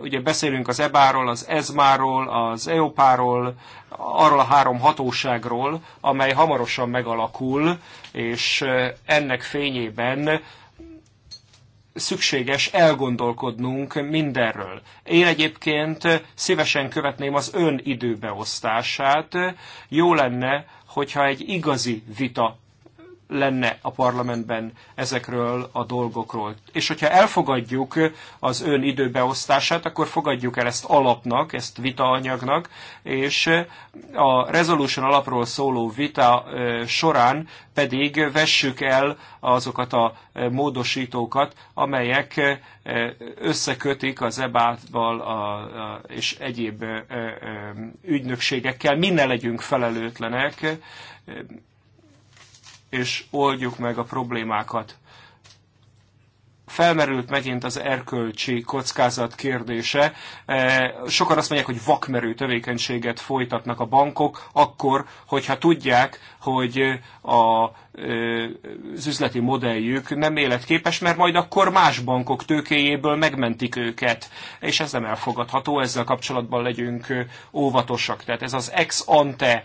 ugye beszélünk az EBA-ról, az ESMA-ról, az EOPA-ról, arról a három hatóságról, amely hamarosan megalakul, és ennek fényében szükséges elgondolkodnunk mindenről. Én egyébként szívesen követném az ön időbeosztását. Jó lenne, hogyha egy igazi vita lenne a parlamentben ezekről a dolgokról. És hogyha elfogadjuk az ön időbeosztását, akkor fogadjuk el ezt alapnak, ezt vitaanyagnak, és a resolution alapról szóló vita során pedig vessük el azokat a módosítókat, amelyek összekötik az EBÁT-val és egyéb ügynökségekkel. Minden legyünk felelőtlenek, és oldjuk meg a problémákat. Felmerült megint az erkölcsi kockázat kérdése. E, sokan azt mondják, hogy vakmerő tevékenységet folytatnak a bankok, akkor, hogyha tudják, hogy a az üzleti modelljük nem életképes, mert majd akkor más bankok tőkéjéből megmentik őket, és ez nem elfogadható, ezzel kapcsolatban legyünk óvatosak. Tehát ez az ex ante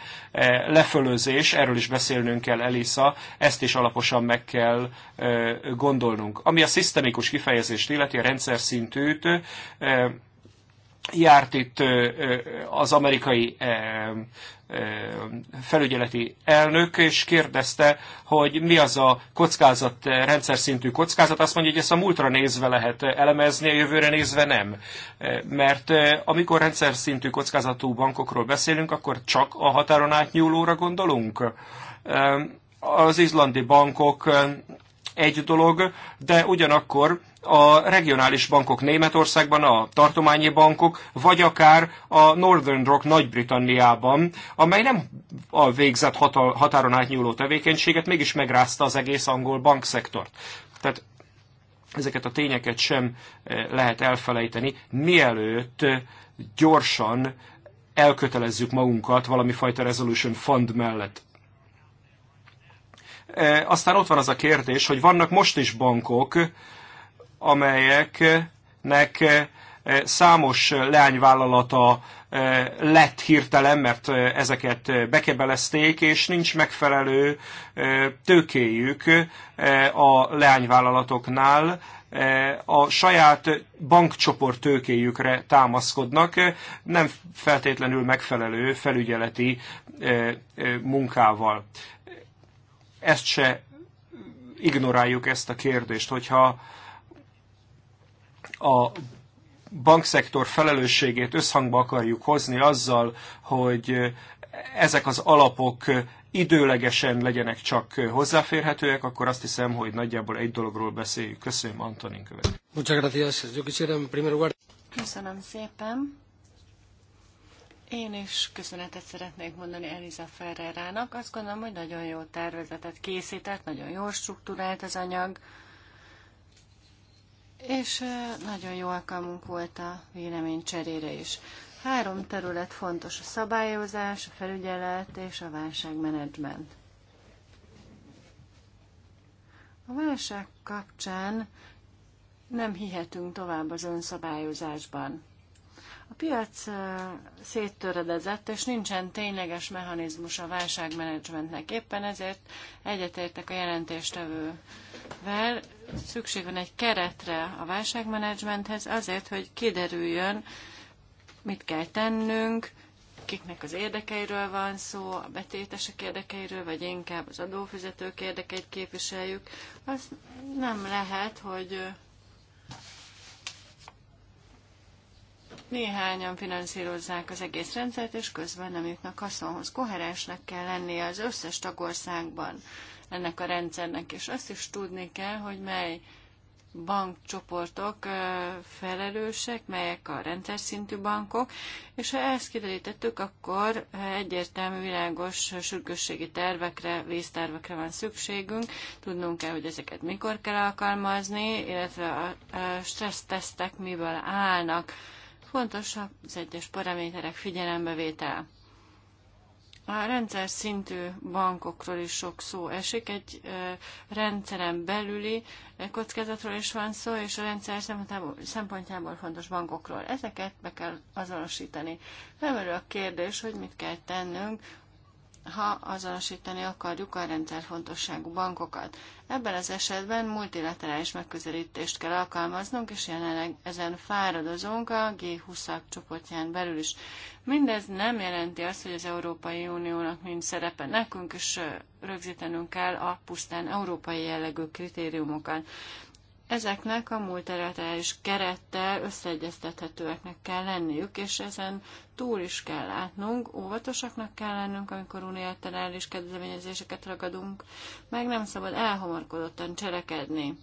lefölözés, erről is beszélnünk kell, Elisa, ezt is alaposan meg kell gondolnunk. Ami a szisztemikus kifejezést illeti, a rendszer szintűt, járt itt az amerikai felügyeleti elnök, és kérdezte, hogy mi az a kockázat, rendszer szintű kockázat. Azt mondja, hogy ezt a múltra nézve lehet elemezni, a jövőre nézve nem. Mert amikor rendszer szintű kockázatú bankokról beszélünk, akkor csak a határon átnyúlóra gondolunk. Az izlandi bankok egy dolog, de ugyanakkor a regionális bankok Németországban, a tartományi bankok, vagy akár a Northern Rock Nagy-Britanniában, amely nem a végzett határon átnyúló tevékenységet, mégis megrázta az egész angol bankszektort. Tehát ezeket a tényeket sem eh, lehet elfelejteni, mielőtt eh, gyorsan elkötelezzük magunkat valami fajta resolution fund mellett. Eh, aztán ott van az a kérdés, hogy vannak most is bankok, amelyeknek eh, számos leányvállalata eh, lett hirtelen, mert eh, ezeket bekebelezték, és nincs megfelelő tőkéjük a leányvállalatoknál, a saját bankcsoport tőkéjükre támaszkodnak, nem feltétlenül megfelelő felügyeleti munkával. Ezt se ignoráljuk ezt a kérdést, hogyha a bankszektor felelősségét összhangba akarjuk hozni azzal, hogy ezek az alapok időlegesen legyenek csak hozzáférhetőek, akkor azt hiszem, hogy nagyjából egy dologról beszéljük. Köszönöm, Antonin követ. Köszönöm szépen. Én is köszönetet szeretnék mondani Eliza Ferrerának. Azt gondolom, hogy nagyon jó tervezetet készített, nagyon jól struktúrált az anyag és nagyon jó alkalmunk volt a vélemény cserére is. Három terület fontos, a szabályozás, a felügyelet és a válságmenedzsment. A válság kapcsán nem hihetünk tovább az önszabályozásban. A piac széttöredezett, és nincsen tényleges mechanizmus a válságmenedzsmentnek. Éppen ezért egyetértek a jelentéstevővel. Szükség van egy keretre a válságmenedzsmenthez azért, hogy kiderüljön, mit kell tennünk, kiknek az érdekeiről van szó, a betétesek érdekeiről, vagy inkább az adófizetők érdekeit képviseljük, az nem lehet, hogy Néhányan finanszírozzák az egész rendszert, és közben nem jutnak haszonhoz. Koherensnek kell lennie az összes tagországban ennek a rendszernek, és azt is tudni kell, hogy mely bankcsoportok felelősek, melyek a rendszer szintű bankok, és ha ezt kiderítettük, akkor egyértelmű, világos sürgősségi tervekre, víztervekre van szükségünk. Tudnunk kell, hogy ezeket mikor kell alkalmazni, illetve a stressztesztek miből állnak Fontos az egyes paraméterek figyelembevétel. A rendszer szintű bankokról is sok szó esik, egy rendszeren belüli kockázatról is van szó, és a rendszer szempontjából fontos bankokról. Ezeket be kell azonosítani. Felmerül a kérdés, hogy mit kell tennünk ha azonosítani akarjuk a rendszerfontosságú bankokat. Ebben az esetben multilaterális megközelítést kell alkalmaznunk, és jelenleg ezen fáradozunk a g 20 csoportján belül is. Mindez nem jelenti azt, hogy az Európai Uniónak mind szerepe. Nekünk is rögzítenünk kell a pusztán európai jellegű kritériumokat ezeknek a multilaterális kerettel összeegyeztethetőeknek kell lenniük, és ezen túl is kell látnunk, óvatosaknak kell lennünk, amikor unilaterális kedvezményezéseket ragadunk, meg nem szabad elhamarkodottan cselekedni.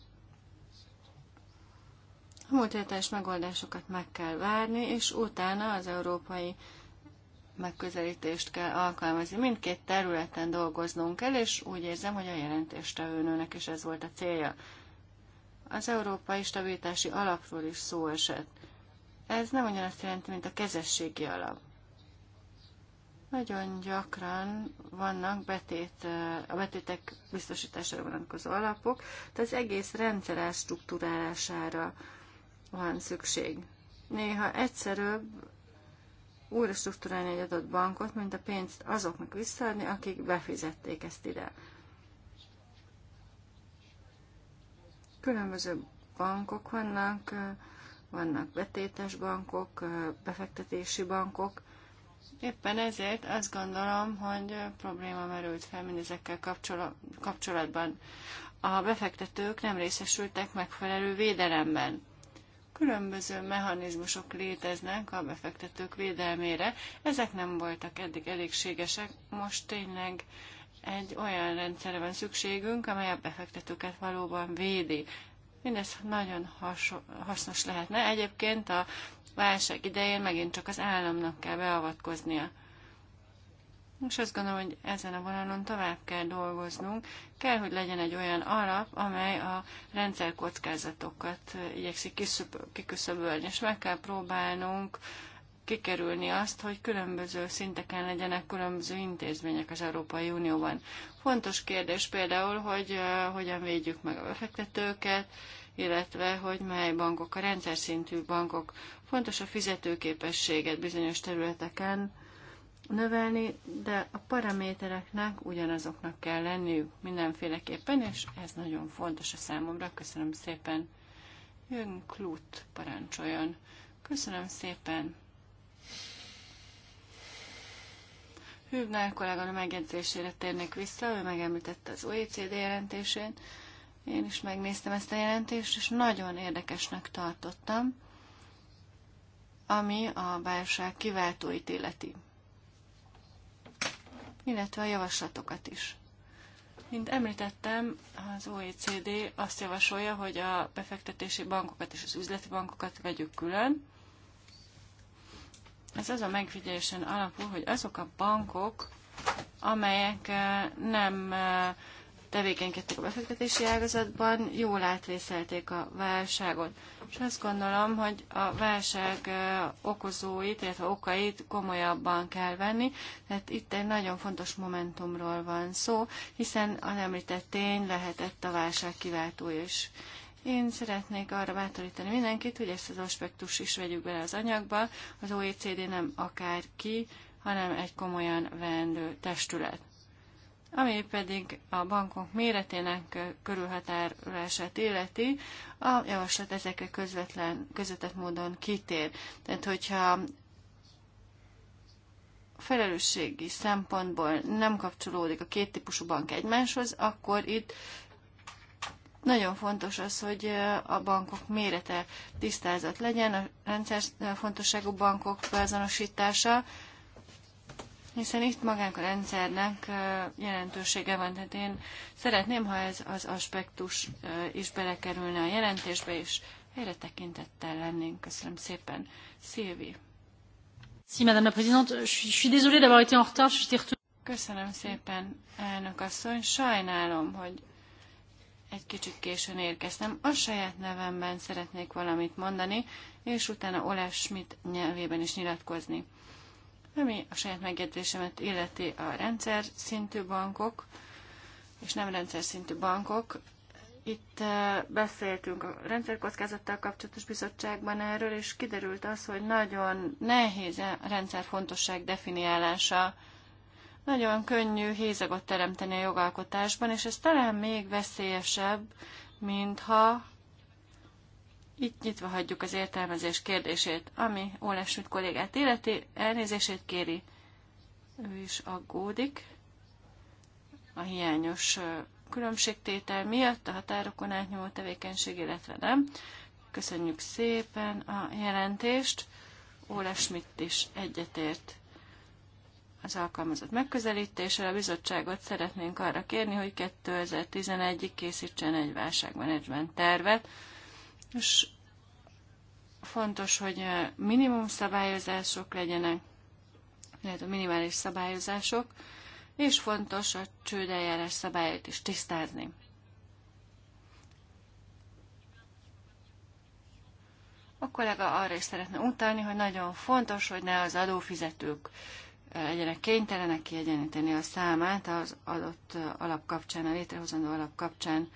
A multilaterális megoldásokat meg kell várni, és utána az európai megközelítést kell alkalmazni. Mindkét területen dolgoznunk kell, és úgy érzem, hogy a jelentéstevőnőnek is ez volt a célja az Európai Stabilitási Alapról is szó esett. Ez nem ugyanazt jelenti, mint a kezességi alap. Nagyon gyakran vannak betét, a betétek biztosítására vonatkozó alapok, tehát az egész rendszer strukturálására van szükség. Néha egyszerűbb újra struktúrálni egy adott bankot, mint a pénzt azoknak visszaadni, akik befizették ezt ide. Különböző bankok vannak, vannak betétes bankok, befektetési bankok. Éppen ezért azt gondolom, hogy probléma merült fel mindezekkel kapcsolatban. A befektetők nem részesültek megfelelő védelemben. Különböző mechanizmusok léteznek a befektetők védelmére, ezek nem voltak eddig elégségesek, most tényleg uh, egy olyan rendszerre van szükségünk, amely a befektetőket valóban védi. Mindez nagyon haso- hasznos lehetne. Egyébként a válság idején megint csak az államnak kell beavatkoznia. És azt gondolom, hogy ezen a vonalon tovább kell dolgoznunk. Kell, hogy legyen egy olyan alap, amely a rendszer kockázatokat igyekszik kiküszöbölni, és meg kell próbálnunk uh, kikerülni azt, hogy különböző szinteken legyenek különböző intézmények az Európai Unióban. Fontos kérdés például, hogy uh, hogyan védjük meg a befektetőket, illetve hogy mely bankok a rendszer szintű bankok. Fontos a fizetőképességet bizonyos területeken növelni, de a paramétereknek ugyanazoknak kell lenniük mindenféleképpen, és ez nagyon fontos a számomra. Köszönöm szépen. Jön Klut, parancsoljon. Köszönöm szépen. Hübner kolléganő megjegyzésére térnék vissza, ő megemlítette az OECD jelentését. Én is megnéztem ezt a jelentést, és nagyon érdekesnek tartottam, ami a válság kiváltóit illeti, illetve a javaslatokat is. Mint említettem, az OECD azt javasolja, hogy a befektetési bankokat és az üzleti bankokat vegyük külön, ez az a megfigyelésen alapul, hogy azok a bankok, amelyek eh, nem eh, tevékenykedtek a befektetési ágazatban, jól átvészelték a válságot. És azt gondolom, hogy a válság eh, okozóit, illetve okait komolyabban kell venni, tehát itt egy nagyon fontos momentumról van szó, hiszen a említett tény lehetett a válság kiváltó is. Én szeretnék arra bátorítani mindenkit, hogy ezt az aspektus is vegyük bele az anyagba. Az OECD nem akárki, hanem egy komolyan vendő testület. Ami pedig a bankok méretének körülhatárolását illeti, a javaslat ezekre közvetlen, közvetett módon kitér. Tehát, hogyha felelősségi szempontból nem kapcsolódik a két típusú bank egymáshoz, akkor itt nagyon fontos az, hogy a bankok mérete tisztázat legyen, a rendszer fontosságú bankok beazonosítása, hiszen itt magánk a rendszernek jelentősége van. Tehát én szeretném, ha ez az aspektus is belekerülne a jelentésbe, és helyre tekintettel lennénk. Köszönöm szépen. Szilvi. Si, Madame la Présidente, je suis désolée d'avoir été en retard, je Köszönöm szépen, elnök asszony. Sajnálom, hogy egy kicsit későn érkeztem. A saját nevemben szeretnék valamit mondani, és utána Ole Schmidt nyelvében is nyilatkozni. Ami a saját megjegyzésemet illeti a rendszer szintű bankok, és nem rendszer szintű bankok. Itt eh, beszéltünk a rendszerkockázattal kapcsolatos bizottságban erről, és kiderült az, hogy nagyon nehéz a rendszer fontosság definiálása nagyon könnyű hézagot teremteni a jogalkotásban, és ez talán még veszélyesebb, mintha itt nyitva hagyjuk az értelmezés kérdését, ami Ólesült kollégát életi elnézését kéri. Ő is aggódik a hiányos különbségtétel miatt, a határokon átnyúló tevékenység, illetve nem. Köszönjük szépen a jelentést. Óla Schmidt is egyetért az alkalmazott megközelítésre. A bizottságot szeretnénk arra kérni, hogy 2011-ig készítsen egy válságmenedzsment tervet, és fontos, hogy minimum szabályozások legyenek, a minimális szabályozások, és fontos a csődeljárás szabályait is tisztázni. A kollega arra is szeretne utalni, hogy nagyon fontos, hogy ne az adófizetők legyenek kénytelenek kiegyeníteni a számát az adott alap kapcsán, a létrehozandó alap kapcsán.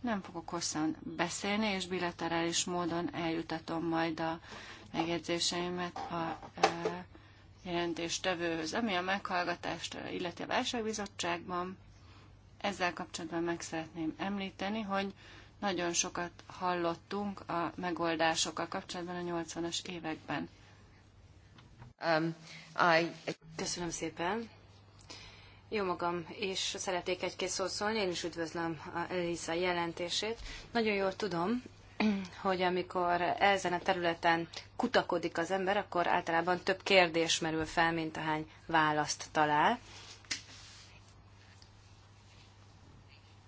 Nem fogok hosszan beszélni, és bilaterális módon eljutatom majd a megjegyzéseimet a e, jelentéstevőhöz, ami a meghallgatást illeti a válságbizottságban. Ezzel kapcsolatban meg szeretném említeni, hogy nagyon sokat hallottunk a megoldásokkal kapcsolatban a 80-as években. Um, I... Köszönöm szépen. Jó magam, és szeretnék egy-két szót szólni, én is üdvözlöm a Elisa jelentését. Nagyon jól tudom, (clears throat) hogy amikor ezen a területen kutakodik az ember, akkor általában több kérdés merül fel, mint ahány választ talál.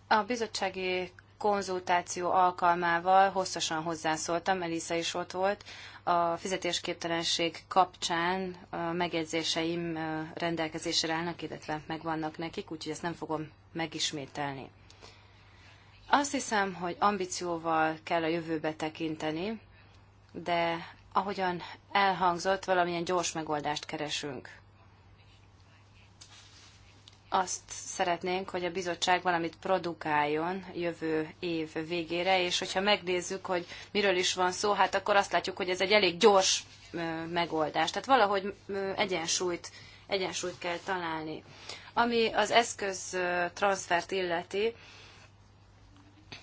A bizottsági konzultáció alkalmával hosszasan hozzászóltam, Elisa is ott volt, a fizetésképtelenség kapcsán a megjegyzéseim rendelkezésre állnak, illetve megvannak nekik, úgyhogy ezt nem fogom megismételni. Azt hiszem, hogy ambícióval kell a jövőbe tekinteni, de ahogyan elhangzott, valamilyen gyors megoldást keresünk azt szeretnénk, hogy a bizottság valamit produkáljon jövő év végére, és hogyha megnézzük, hogy miről is van szó, hát akkor azt látjuk, hogy ez egy elég gyors megoldás. Tehát valahogy egyensúlyt, egyensúlyt kell találni. Ami az eszköz transfert illeti,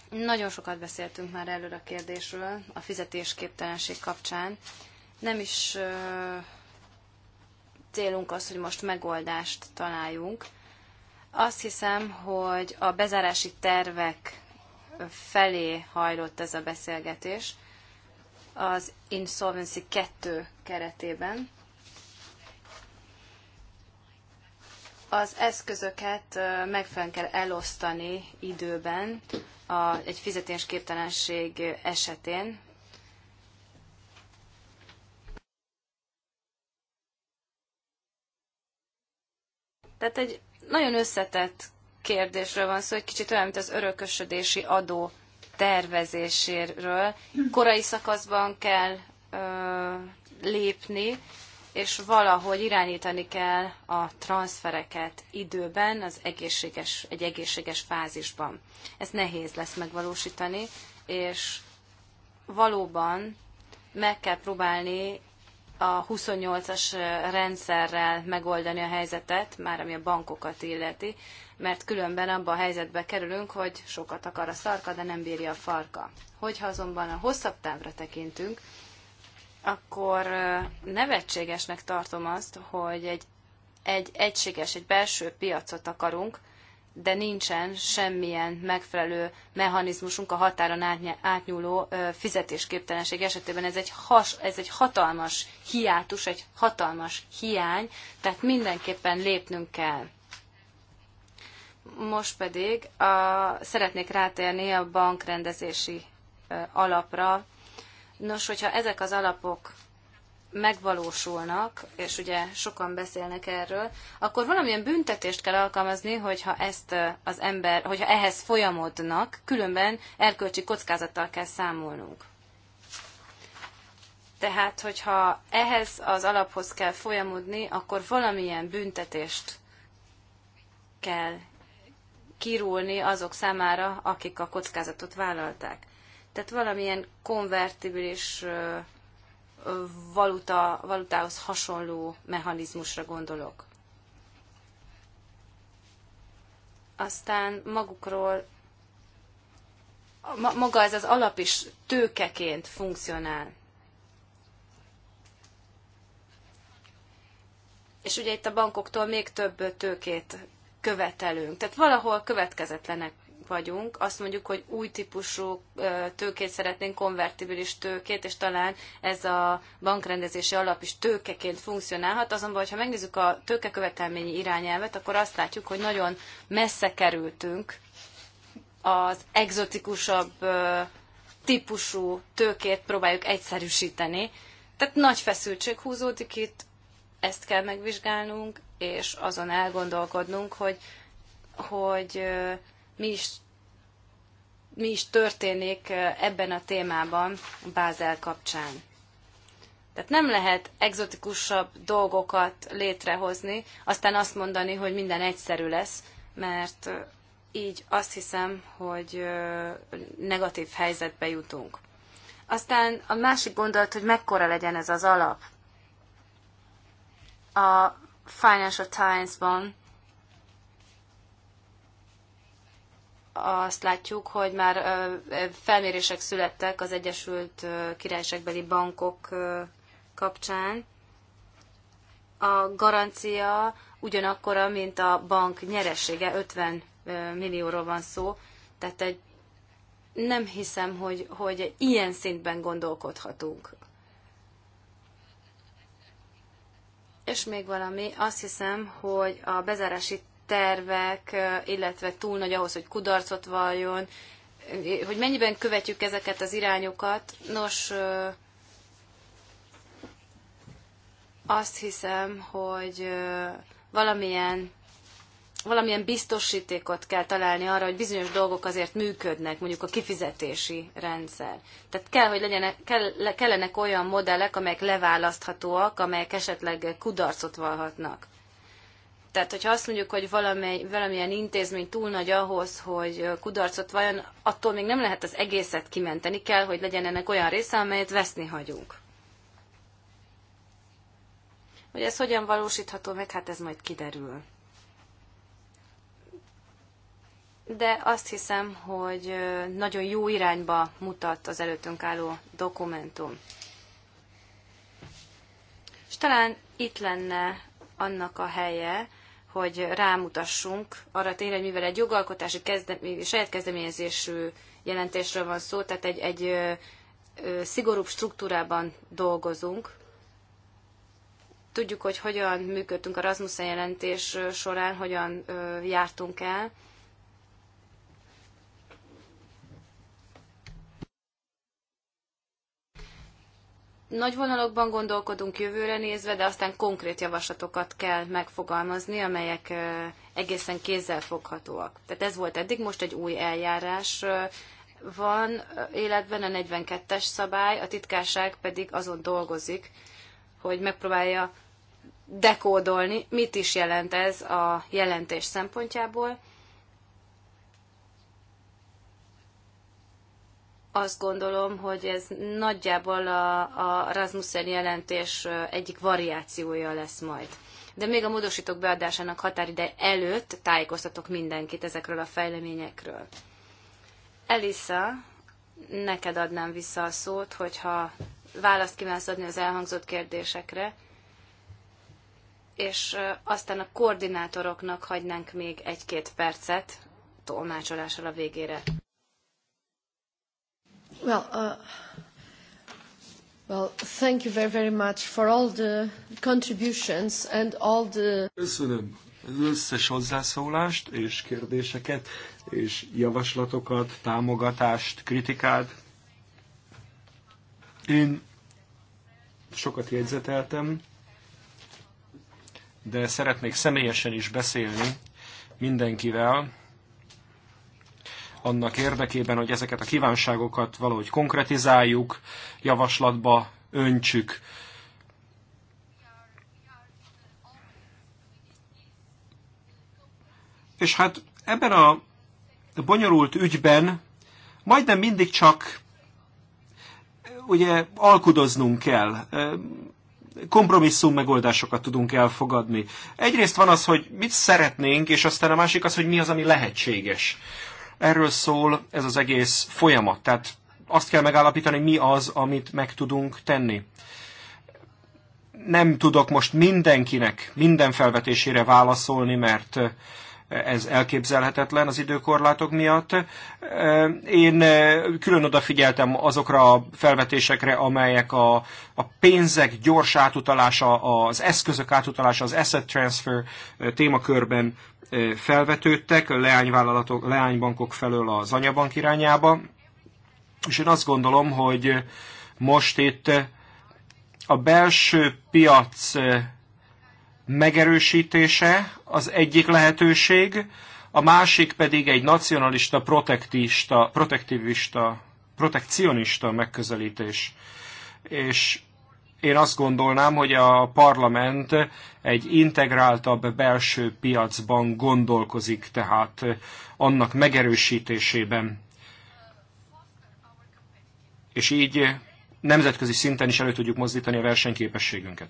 nagyon sokat beszéltünk már előre a kérdésről, a fizetésképtelenség kapcsán. Nem is célunk az, hogy most megoldást találjunk, azt hiszem, hogy a bezárási tervek felé hajlott ez a beszélgetés az Insolvency 2 keretében. Az eszközöket megfelelően kell elosztani időben a, egy fizetésképtelenség esetén, Tehát egy nagyon összetett kérdésről van szó, egy kicsit olyan, mint az örökösödési adó tervezéséről. Korai szakaszban kell ö, lépni, és valahogy irányítani kell a transfereket időben, az egészséges, egy egészséges fázisban. Ez nehéz lesz megvalósítani, és valóban meg kell próbálni a 28-as rendszerrel megoldani a helyzetet, már ami a bankokat illeti, mert különben abba a helyzetbe kerülünk, hogy sokat akar a szarka, de nem bírja a farka. Hogyha azonban a hosszabb távra tekintünk, akkor nevetségesnek tartom azt, hogy egy, egy egységes, egy belső piacot akarunk, de nincsen semmilyen megfelelő mechanizmusunk a határon átnyúló fizetésképtelenség esetében. Ez egy, has, ez egy hatalmas hiátus, egy hatalmas hiány, tehát mindenképpen lépnünk kell. Most pedig a, szeretnék rátérni a bankrendezési alapra. Nos, hogyha ezek az alapok megvalósulnak, és ugye sokan beszélnek erről, akkor valamilyen büntetést kell alkalmazni, hogyha ezt az ember, hogyha ehhez folyamodnak, különben erkölcsi kockázattal kell számolnunk. Tehát, hogyha ehhez az alaphoz kell folyamodni, akkor valamilyen büntetést kell kirúlni azok számára, akik a kockázatot vállalták. Tehát valamilyen konvertibilis valuta, valutához hasonló mechanizmusra gondolok. Aztán magukról maga ez az alap is tőkeként funkcionál. És ugye itt a bankoktól még több tőkét követelünk. Tehát valahol következetlenek vagyunk, azt mondjuk, hogy új típusú tőkét szeretnénk, konvertibilis tőkét, és talán ez a bankrendezési alap is tőkeként funkcionálhat, azonban, hogyha megnézzük a tőkekövetelményi irányelvet, akkor azt látjuk, hogy nagyon messze kerültünk az egzotikusabb típusú tőkét próbáljuk egyszerűsíteni. Tehát nagy feszültség húzódik itt, ezt kell megvizsgálnunk, és azon elgondolkodnunk, hogy, hogy mi is, mi is történik ebben a témában a Bázel kapcsán. Tehát nem lehet egzotikusabb dolgokat létrehozni, aztán azt mondani, hogy minden egyszerű lesz, mert így azt hiszem, hogy negatív helyzetbe jutunk. Aztán a másik gondolat, hogy mekkora legyen ez az alap. A Financial Times-ban azt látjuk, hogy már felmérések születtek az Egyesült Királyságbeli bankok kapcsán. A garancia ugyanakkora, mint a bank nyeressége, 50 millióról van szó, tehát egy nem hiszem, hogy, hogy ilyen szintben gondolkodhatunk. És még valami, azt hiszem, hogy a bezárási tervek, illetve túl nagy ahhoz, hogy kudarcot valljon, hogy mennyiben követjük ezeket az irányokat. Nos, azt hiszem, hogy valamilyen valamilyen biztosítékot kell találni arra, hogy bizonyos dolgok azért működnek, mondjuk a kifizetési rendszer. Tehát kell, hogy legyenek, kell, kellenek olyan modellek, amelyek leválaszthatóak, amelyek esetleg kudarcot valhatnak. Tehát, hogyha azt mondjuk, hogy valamely, valamilyen intézmény túl nagy ahhoz, hogy kudarcot vajon, attól még nem lehet az egészet kimenteni kell, hogy legyen ennek olyan része, amelyet veszni hagyunk. Hogy ez hogyan valósítható meg, hát ez majd kiderül. De azt hiszem, hogy nagyon jó irányba mutat az előttünk álló dokumentum. És talán itt lenne annak a helye, hogy rámutassunk arra tényleg, hogy mivel egy jogalkotási kezdem, saját kezdeményezésű jelentésről van szó, tehát egy, egy ö, ö, szigorúbb struktúrában dolgozunk. Tudjuk, hogy hogyan működtünk a Rasmussen jelentés során, hogyan ö, jártunk el, nagy vonalokban gondolkodunk jövőre nézve, de aztán konkrét javaslatokat kell megfogalmazni, amelyek egészen foghatóak. Tehát ez volt eddig, most egy új eljárás van életben, a 42-es szabály, a titkárság pedig azon dolgozik, hogy megpróbálja dekódolni, mit is jelent ez a jelentés szempontjából, azt gondolom, hogy ez nagyjából a, a Rasmussen jelentés egyik variációja lesz majd. De még a módosítók beadásának határide előtt tájékoztatok mindenkit ezekről a fejleményekről. Elisa, neked adnám vissza a szót, hogyha választ kívánsz adni az elhangzott kérdésekre, és aztán a koordinátoroknak hagynánk még egy-két percet tolmácsolással a végére. Well, uh, well, thank you very, very much for all the contributions and all the... Köszönöm az összes hozzászólást és kérdéseket, és javaslatokat, támogatást, kritikát. Én sokat jegyzeteltem, de szeretnék személyesen is beszélni mindenkivel, annak érdekében, hogy ezeket a kívánságokat valahogy konkretizáljuk, javaslatba öntsük. És hát ebben a bonyolult ügyben majdnem mindig csak ugye alkudoznunk kell, kompromisszum megoldásokat tudunk elfogadni. Egyrészt van az, hogy mit szeretnénk, és aztán a másik az, hogy mi az, ami lehetséges. Erről szól ez az egész folyamat. Tehát azt kell megállapítani, mi az, amit meg tudunk tenni. Nem tudok most mindenkinek minden felvetésére válaszolni, mert ez elképzelhetetlen az időkorlátok miatt. Én külön odafigyeltem azokra a felvetésekre, amelyek a, a pénzek gyors átutalása, az eszközök átutalása, az asset transfer témakörben felvetődtek leányvállalatok, leánybankok felől az anyabank irányába, és én azt gondolom, hogy most itt a belső piac megerősítése az egyik lehetőség, a másik pedig egy nacionalista, protektista, protektivista, protekcionista megközelítés. És én azt gondolnám, hogy a parlament egy integráltabb belső piacban gondolkozik, tehát annak megerősítésében. És így nemzetközi szinten is elő tudjuk mozdítani a versenyképességünket.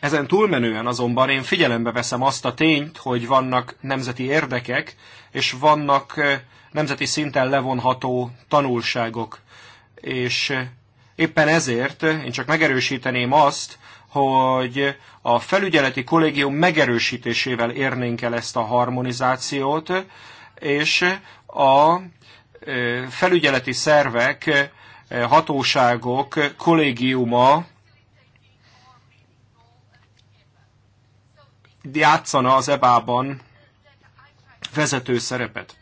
Ezen túlmenően azonban én figyelembe veszem azt a tényt, hogy vannak nemzeti érdekek, és vannak eh, nemzeti szinten levonható tanulságok és eh, éppen ezért én csak megerősíteném azt, hogy a felügyeleti kollégium megerősítésével érnénk el ezt a harmonizációt, és a eh, felügyeleti szervek, eh, hatóságok kollégiuma játszana az EBA-ban vezető szerepet.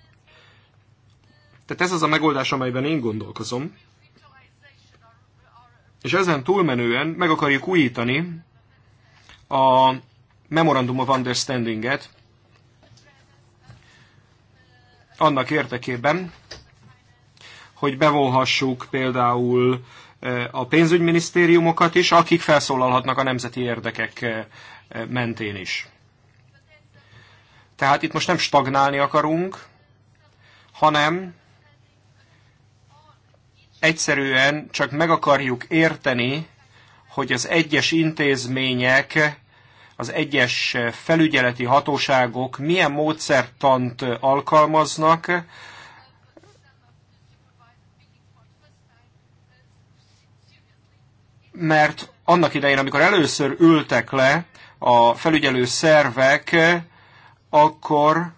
Tehát ez az a megoldás, amelyben én gondolkozom és ezen túlmenően meg akarjuk újítani a Memorandum of Understanding-et annak érdekében, hogy bevonhassuk például e, a pénzügyminisztériumokat is, akik felszólalhatnak a nemzeti érdekek e, e, mentén is. Tehát itt most nem stagnálni akarunk, hanem egyszerűen csak meg akarjuk érteni, hogy az egyes intézmények, az egyes felügyeleti hatóságok milyen módszertant alkalmaznak, mert annak idején, amikor először ültek le a felügyelő szervek, akkor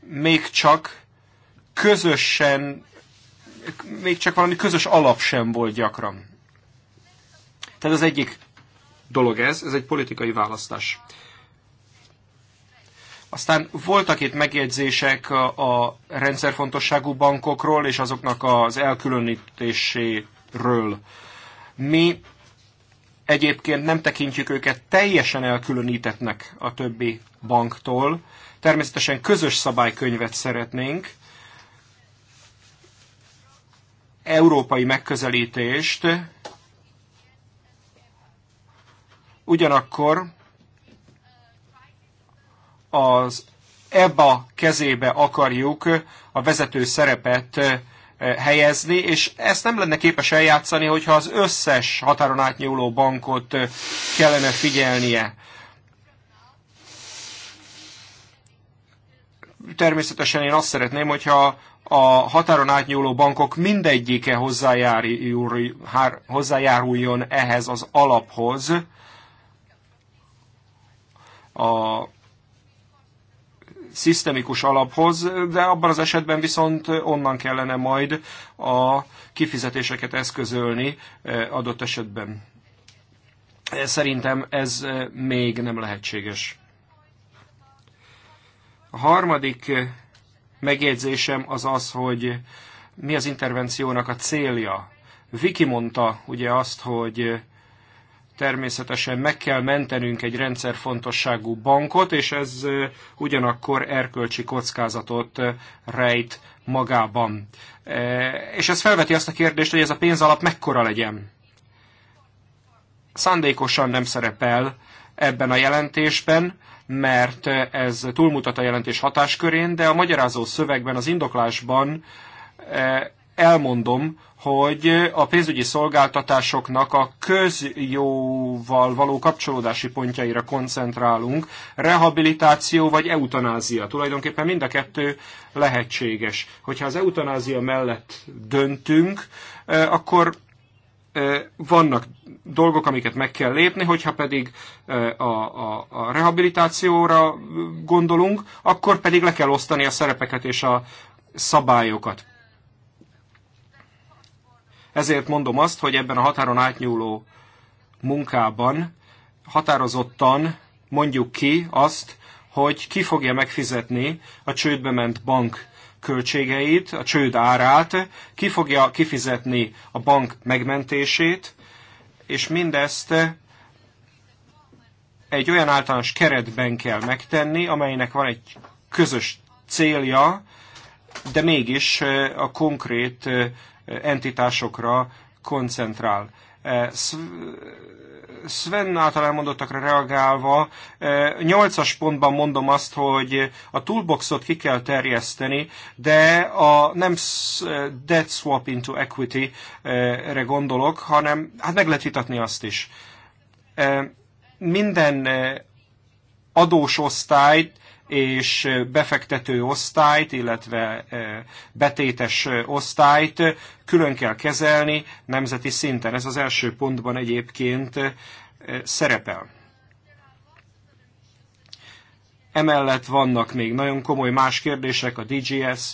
még csak közösen még csak valami közös alap sem volt gyakran. Tehát az egyik dolog ez, ez egy politikai választás. Aztán voltak itt megjegyzések a rendszerfontosságú bankokról és azoknak az elkülönítéséről. Mi egyébként nem tekintjük őket teljesen elkülönítetnek a többi banktól. Természetesen közös szabálykönyvet szeretnénk, európai megközelítést, ugyanakkor az EBA kezébe akarjuk a vezető szerepet eh, helyezni, és ezt nem lenne képes eljátszani, hogyha az összes határon átnyúló bankot eh, kellene figyelnie. Természetesen én azt szeretném, hogyha a határon átnyúló bankok mindegyike hozzájáruljon ehhez az alaphoz. A szisztemikus alaphoz, de abban az esetben viszont onnan kellene majd a kifizetéseket eszközölni e, adott esetben. E, szerintem ez e, még nem lehetséges. A harmadik megjegyzésem az az, hogy mi az intervenciónak a célja. Viki mondta ugye azt, hogy természetesen meg kell mentenünk egy rendszerfontosságú bankot, és ez ugyanakkor erkölcsi kockázatot rejt magában. És ez felveti azt a kérdést, hogy ez a pénzalap mekkora legyen. Szándékosan nem szerepel ebben a jelentésben, mert ez túlmutat a jelentés hatáskörén, de a magyarázó szövegben, az indoklásban eh, elmondom, hogy a pénzügyi szolgáltatásoknak a közjóval való kapcsolódási pontjaira koncentrálunk, rehabilitáció vagy eutanázia. Tulajdonképpen mind a kettő lehetséges. Hogyha az eutanázia mellett döntünk, eh, akkor vannak dolgok, amiket meg kell lépni, hogyha pedig a, a, a rehabilitációra gondolunk, akkor pedig le kell osztani a szerepeket és a szabályokat. Ezért mondom azt, hogy ebben a határon átnyúló munkában határozottan mondjuk ki azt, hogy ki fogja megfizetni a csődbe ment bank költségeit, a csőd árát, ki fogja kifizetni a bank megmentését, és mindezt egy olyan általános keretben kell megtenni, amelynek van egy közös célja, de mégis eh, a konkrét eh, entitásokra koncentrál. Eh, Sven által elmondottakra reagálva, 8-as eh, pontban mondom azt, hogy a toolboxot ki kell terjeszteni, de a nem eh, debt swap into equity-re eh, gondolok, hanem hát meg lehet vitatni azt is. Minden adós osztályt és befektető osztályt, illetve betétes osztályt külön kell kezelni nemzeti szinten. Ez az első pontban egyébként szerepel. Emellett vannak még nagyon komoly más kérdések, a DGS.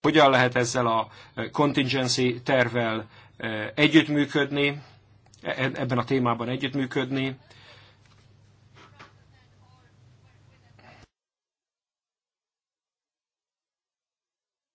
Hogyan lehet ezzel a contingency tervel együttműködni, e-, ebben a témában együttműködni,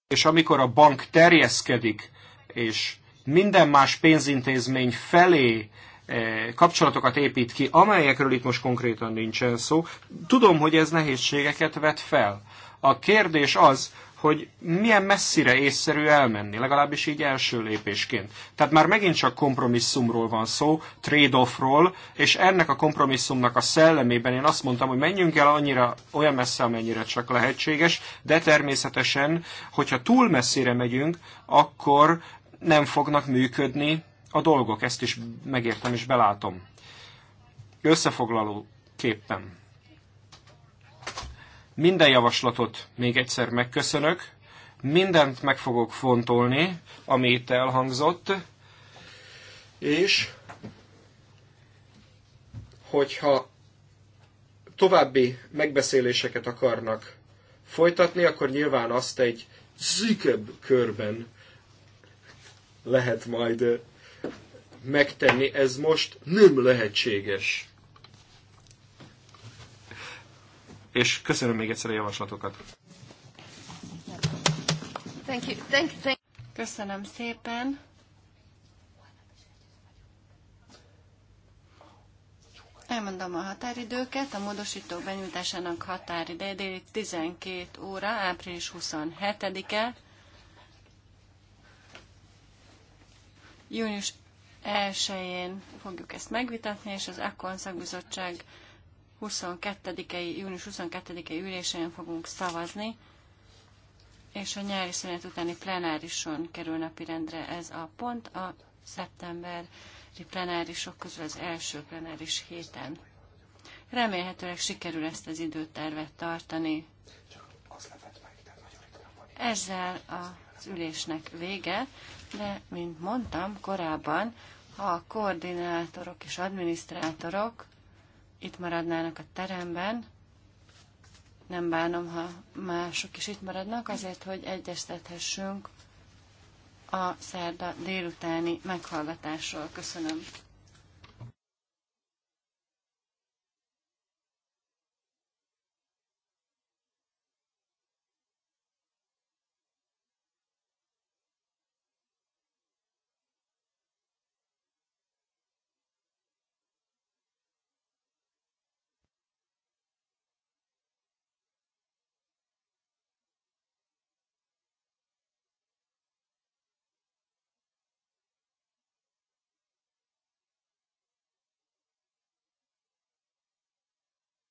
és amikor a bank terjeszkedik, és minden más pénzintézmény felé eh, kapcsolatokat épít ki, amelyekről itt most konkrétan nincsen szó. Tudom, hogy ez nehézségeket vet fel. A kérdés az, hogy milyen messzire észszerű elmenni, legalábbis így első lépésként. Tehát már megint csak kompromisszumról van szó, trade-offról, és ennek a kompromisszumnak a szellemében én azt mondtam, hogy menjünk el annyira, olyan messze, amennyire csak lehetséges, de természetesen, hogyha túl messzire megyünk, akkor nem fognak működni a dolgok. Ezt is megértem és belátom. Összefoglaló képpen minden javaslatot még egyszer megköszönök, mindent meg fogok fontolni, ami itt elhangzott, és hogyha további megbeszéléseket akarnak folytatni, akkor nyilván azt egy szűkebb körben lehet majd megtenni. Ez most nem lehetséges. és köszönöm még egyszer a javaslatokat. Thank you. Thank you. Thank you. Köszönöm szépen. Elmondom a határidőket. A módosítók benyújtásának határideje déli 12 óra, április 27-e. Június 1-én fogjuk ezt megvitatni, és az Akkon szakbizottság 22-i, június 22-i ülésén fogunk szavazni, és a nyári szünet utáni plenárison kerül napirendre ez a pont a szeptemberi plenárisok közül az első plenáris héten. Remélhetőleg sikerül ezt az időtervet tartani. Ezzel az ülésnek vége, de, mint mondtam korábban, a koordinátorok és adminisztrátorok itt maradnának a teremben. Nem bánom, ha mások is itt maradnak, azért, hogy egyeztethessünk a szerda délutáni meghallgatásról. Köszönöm.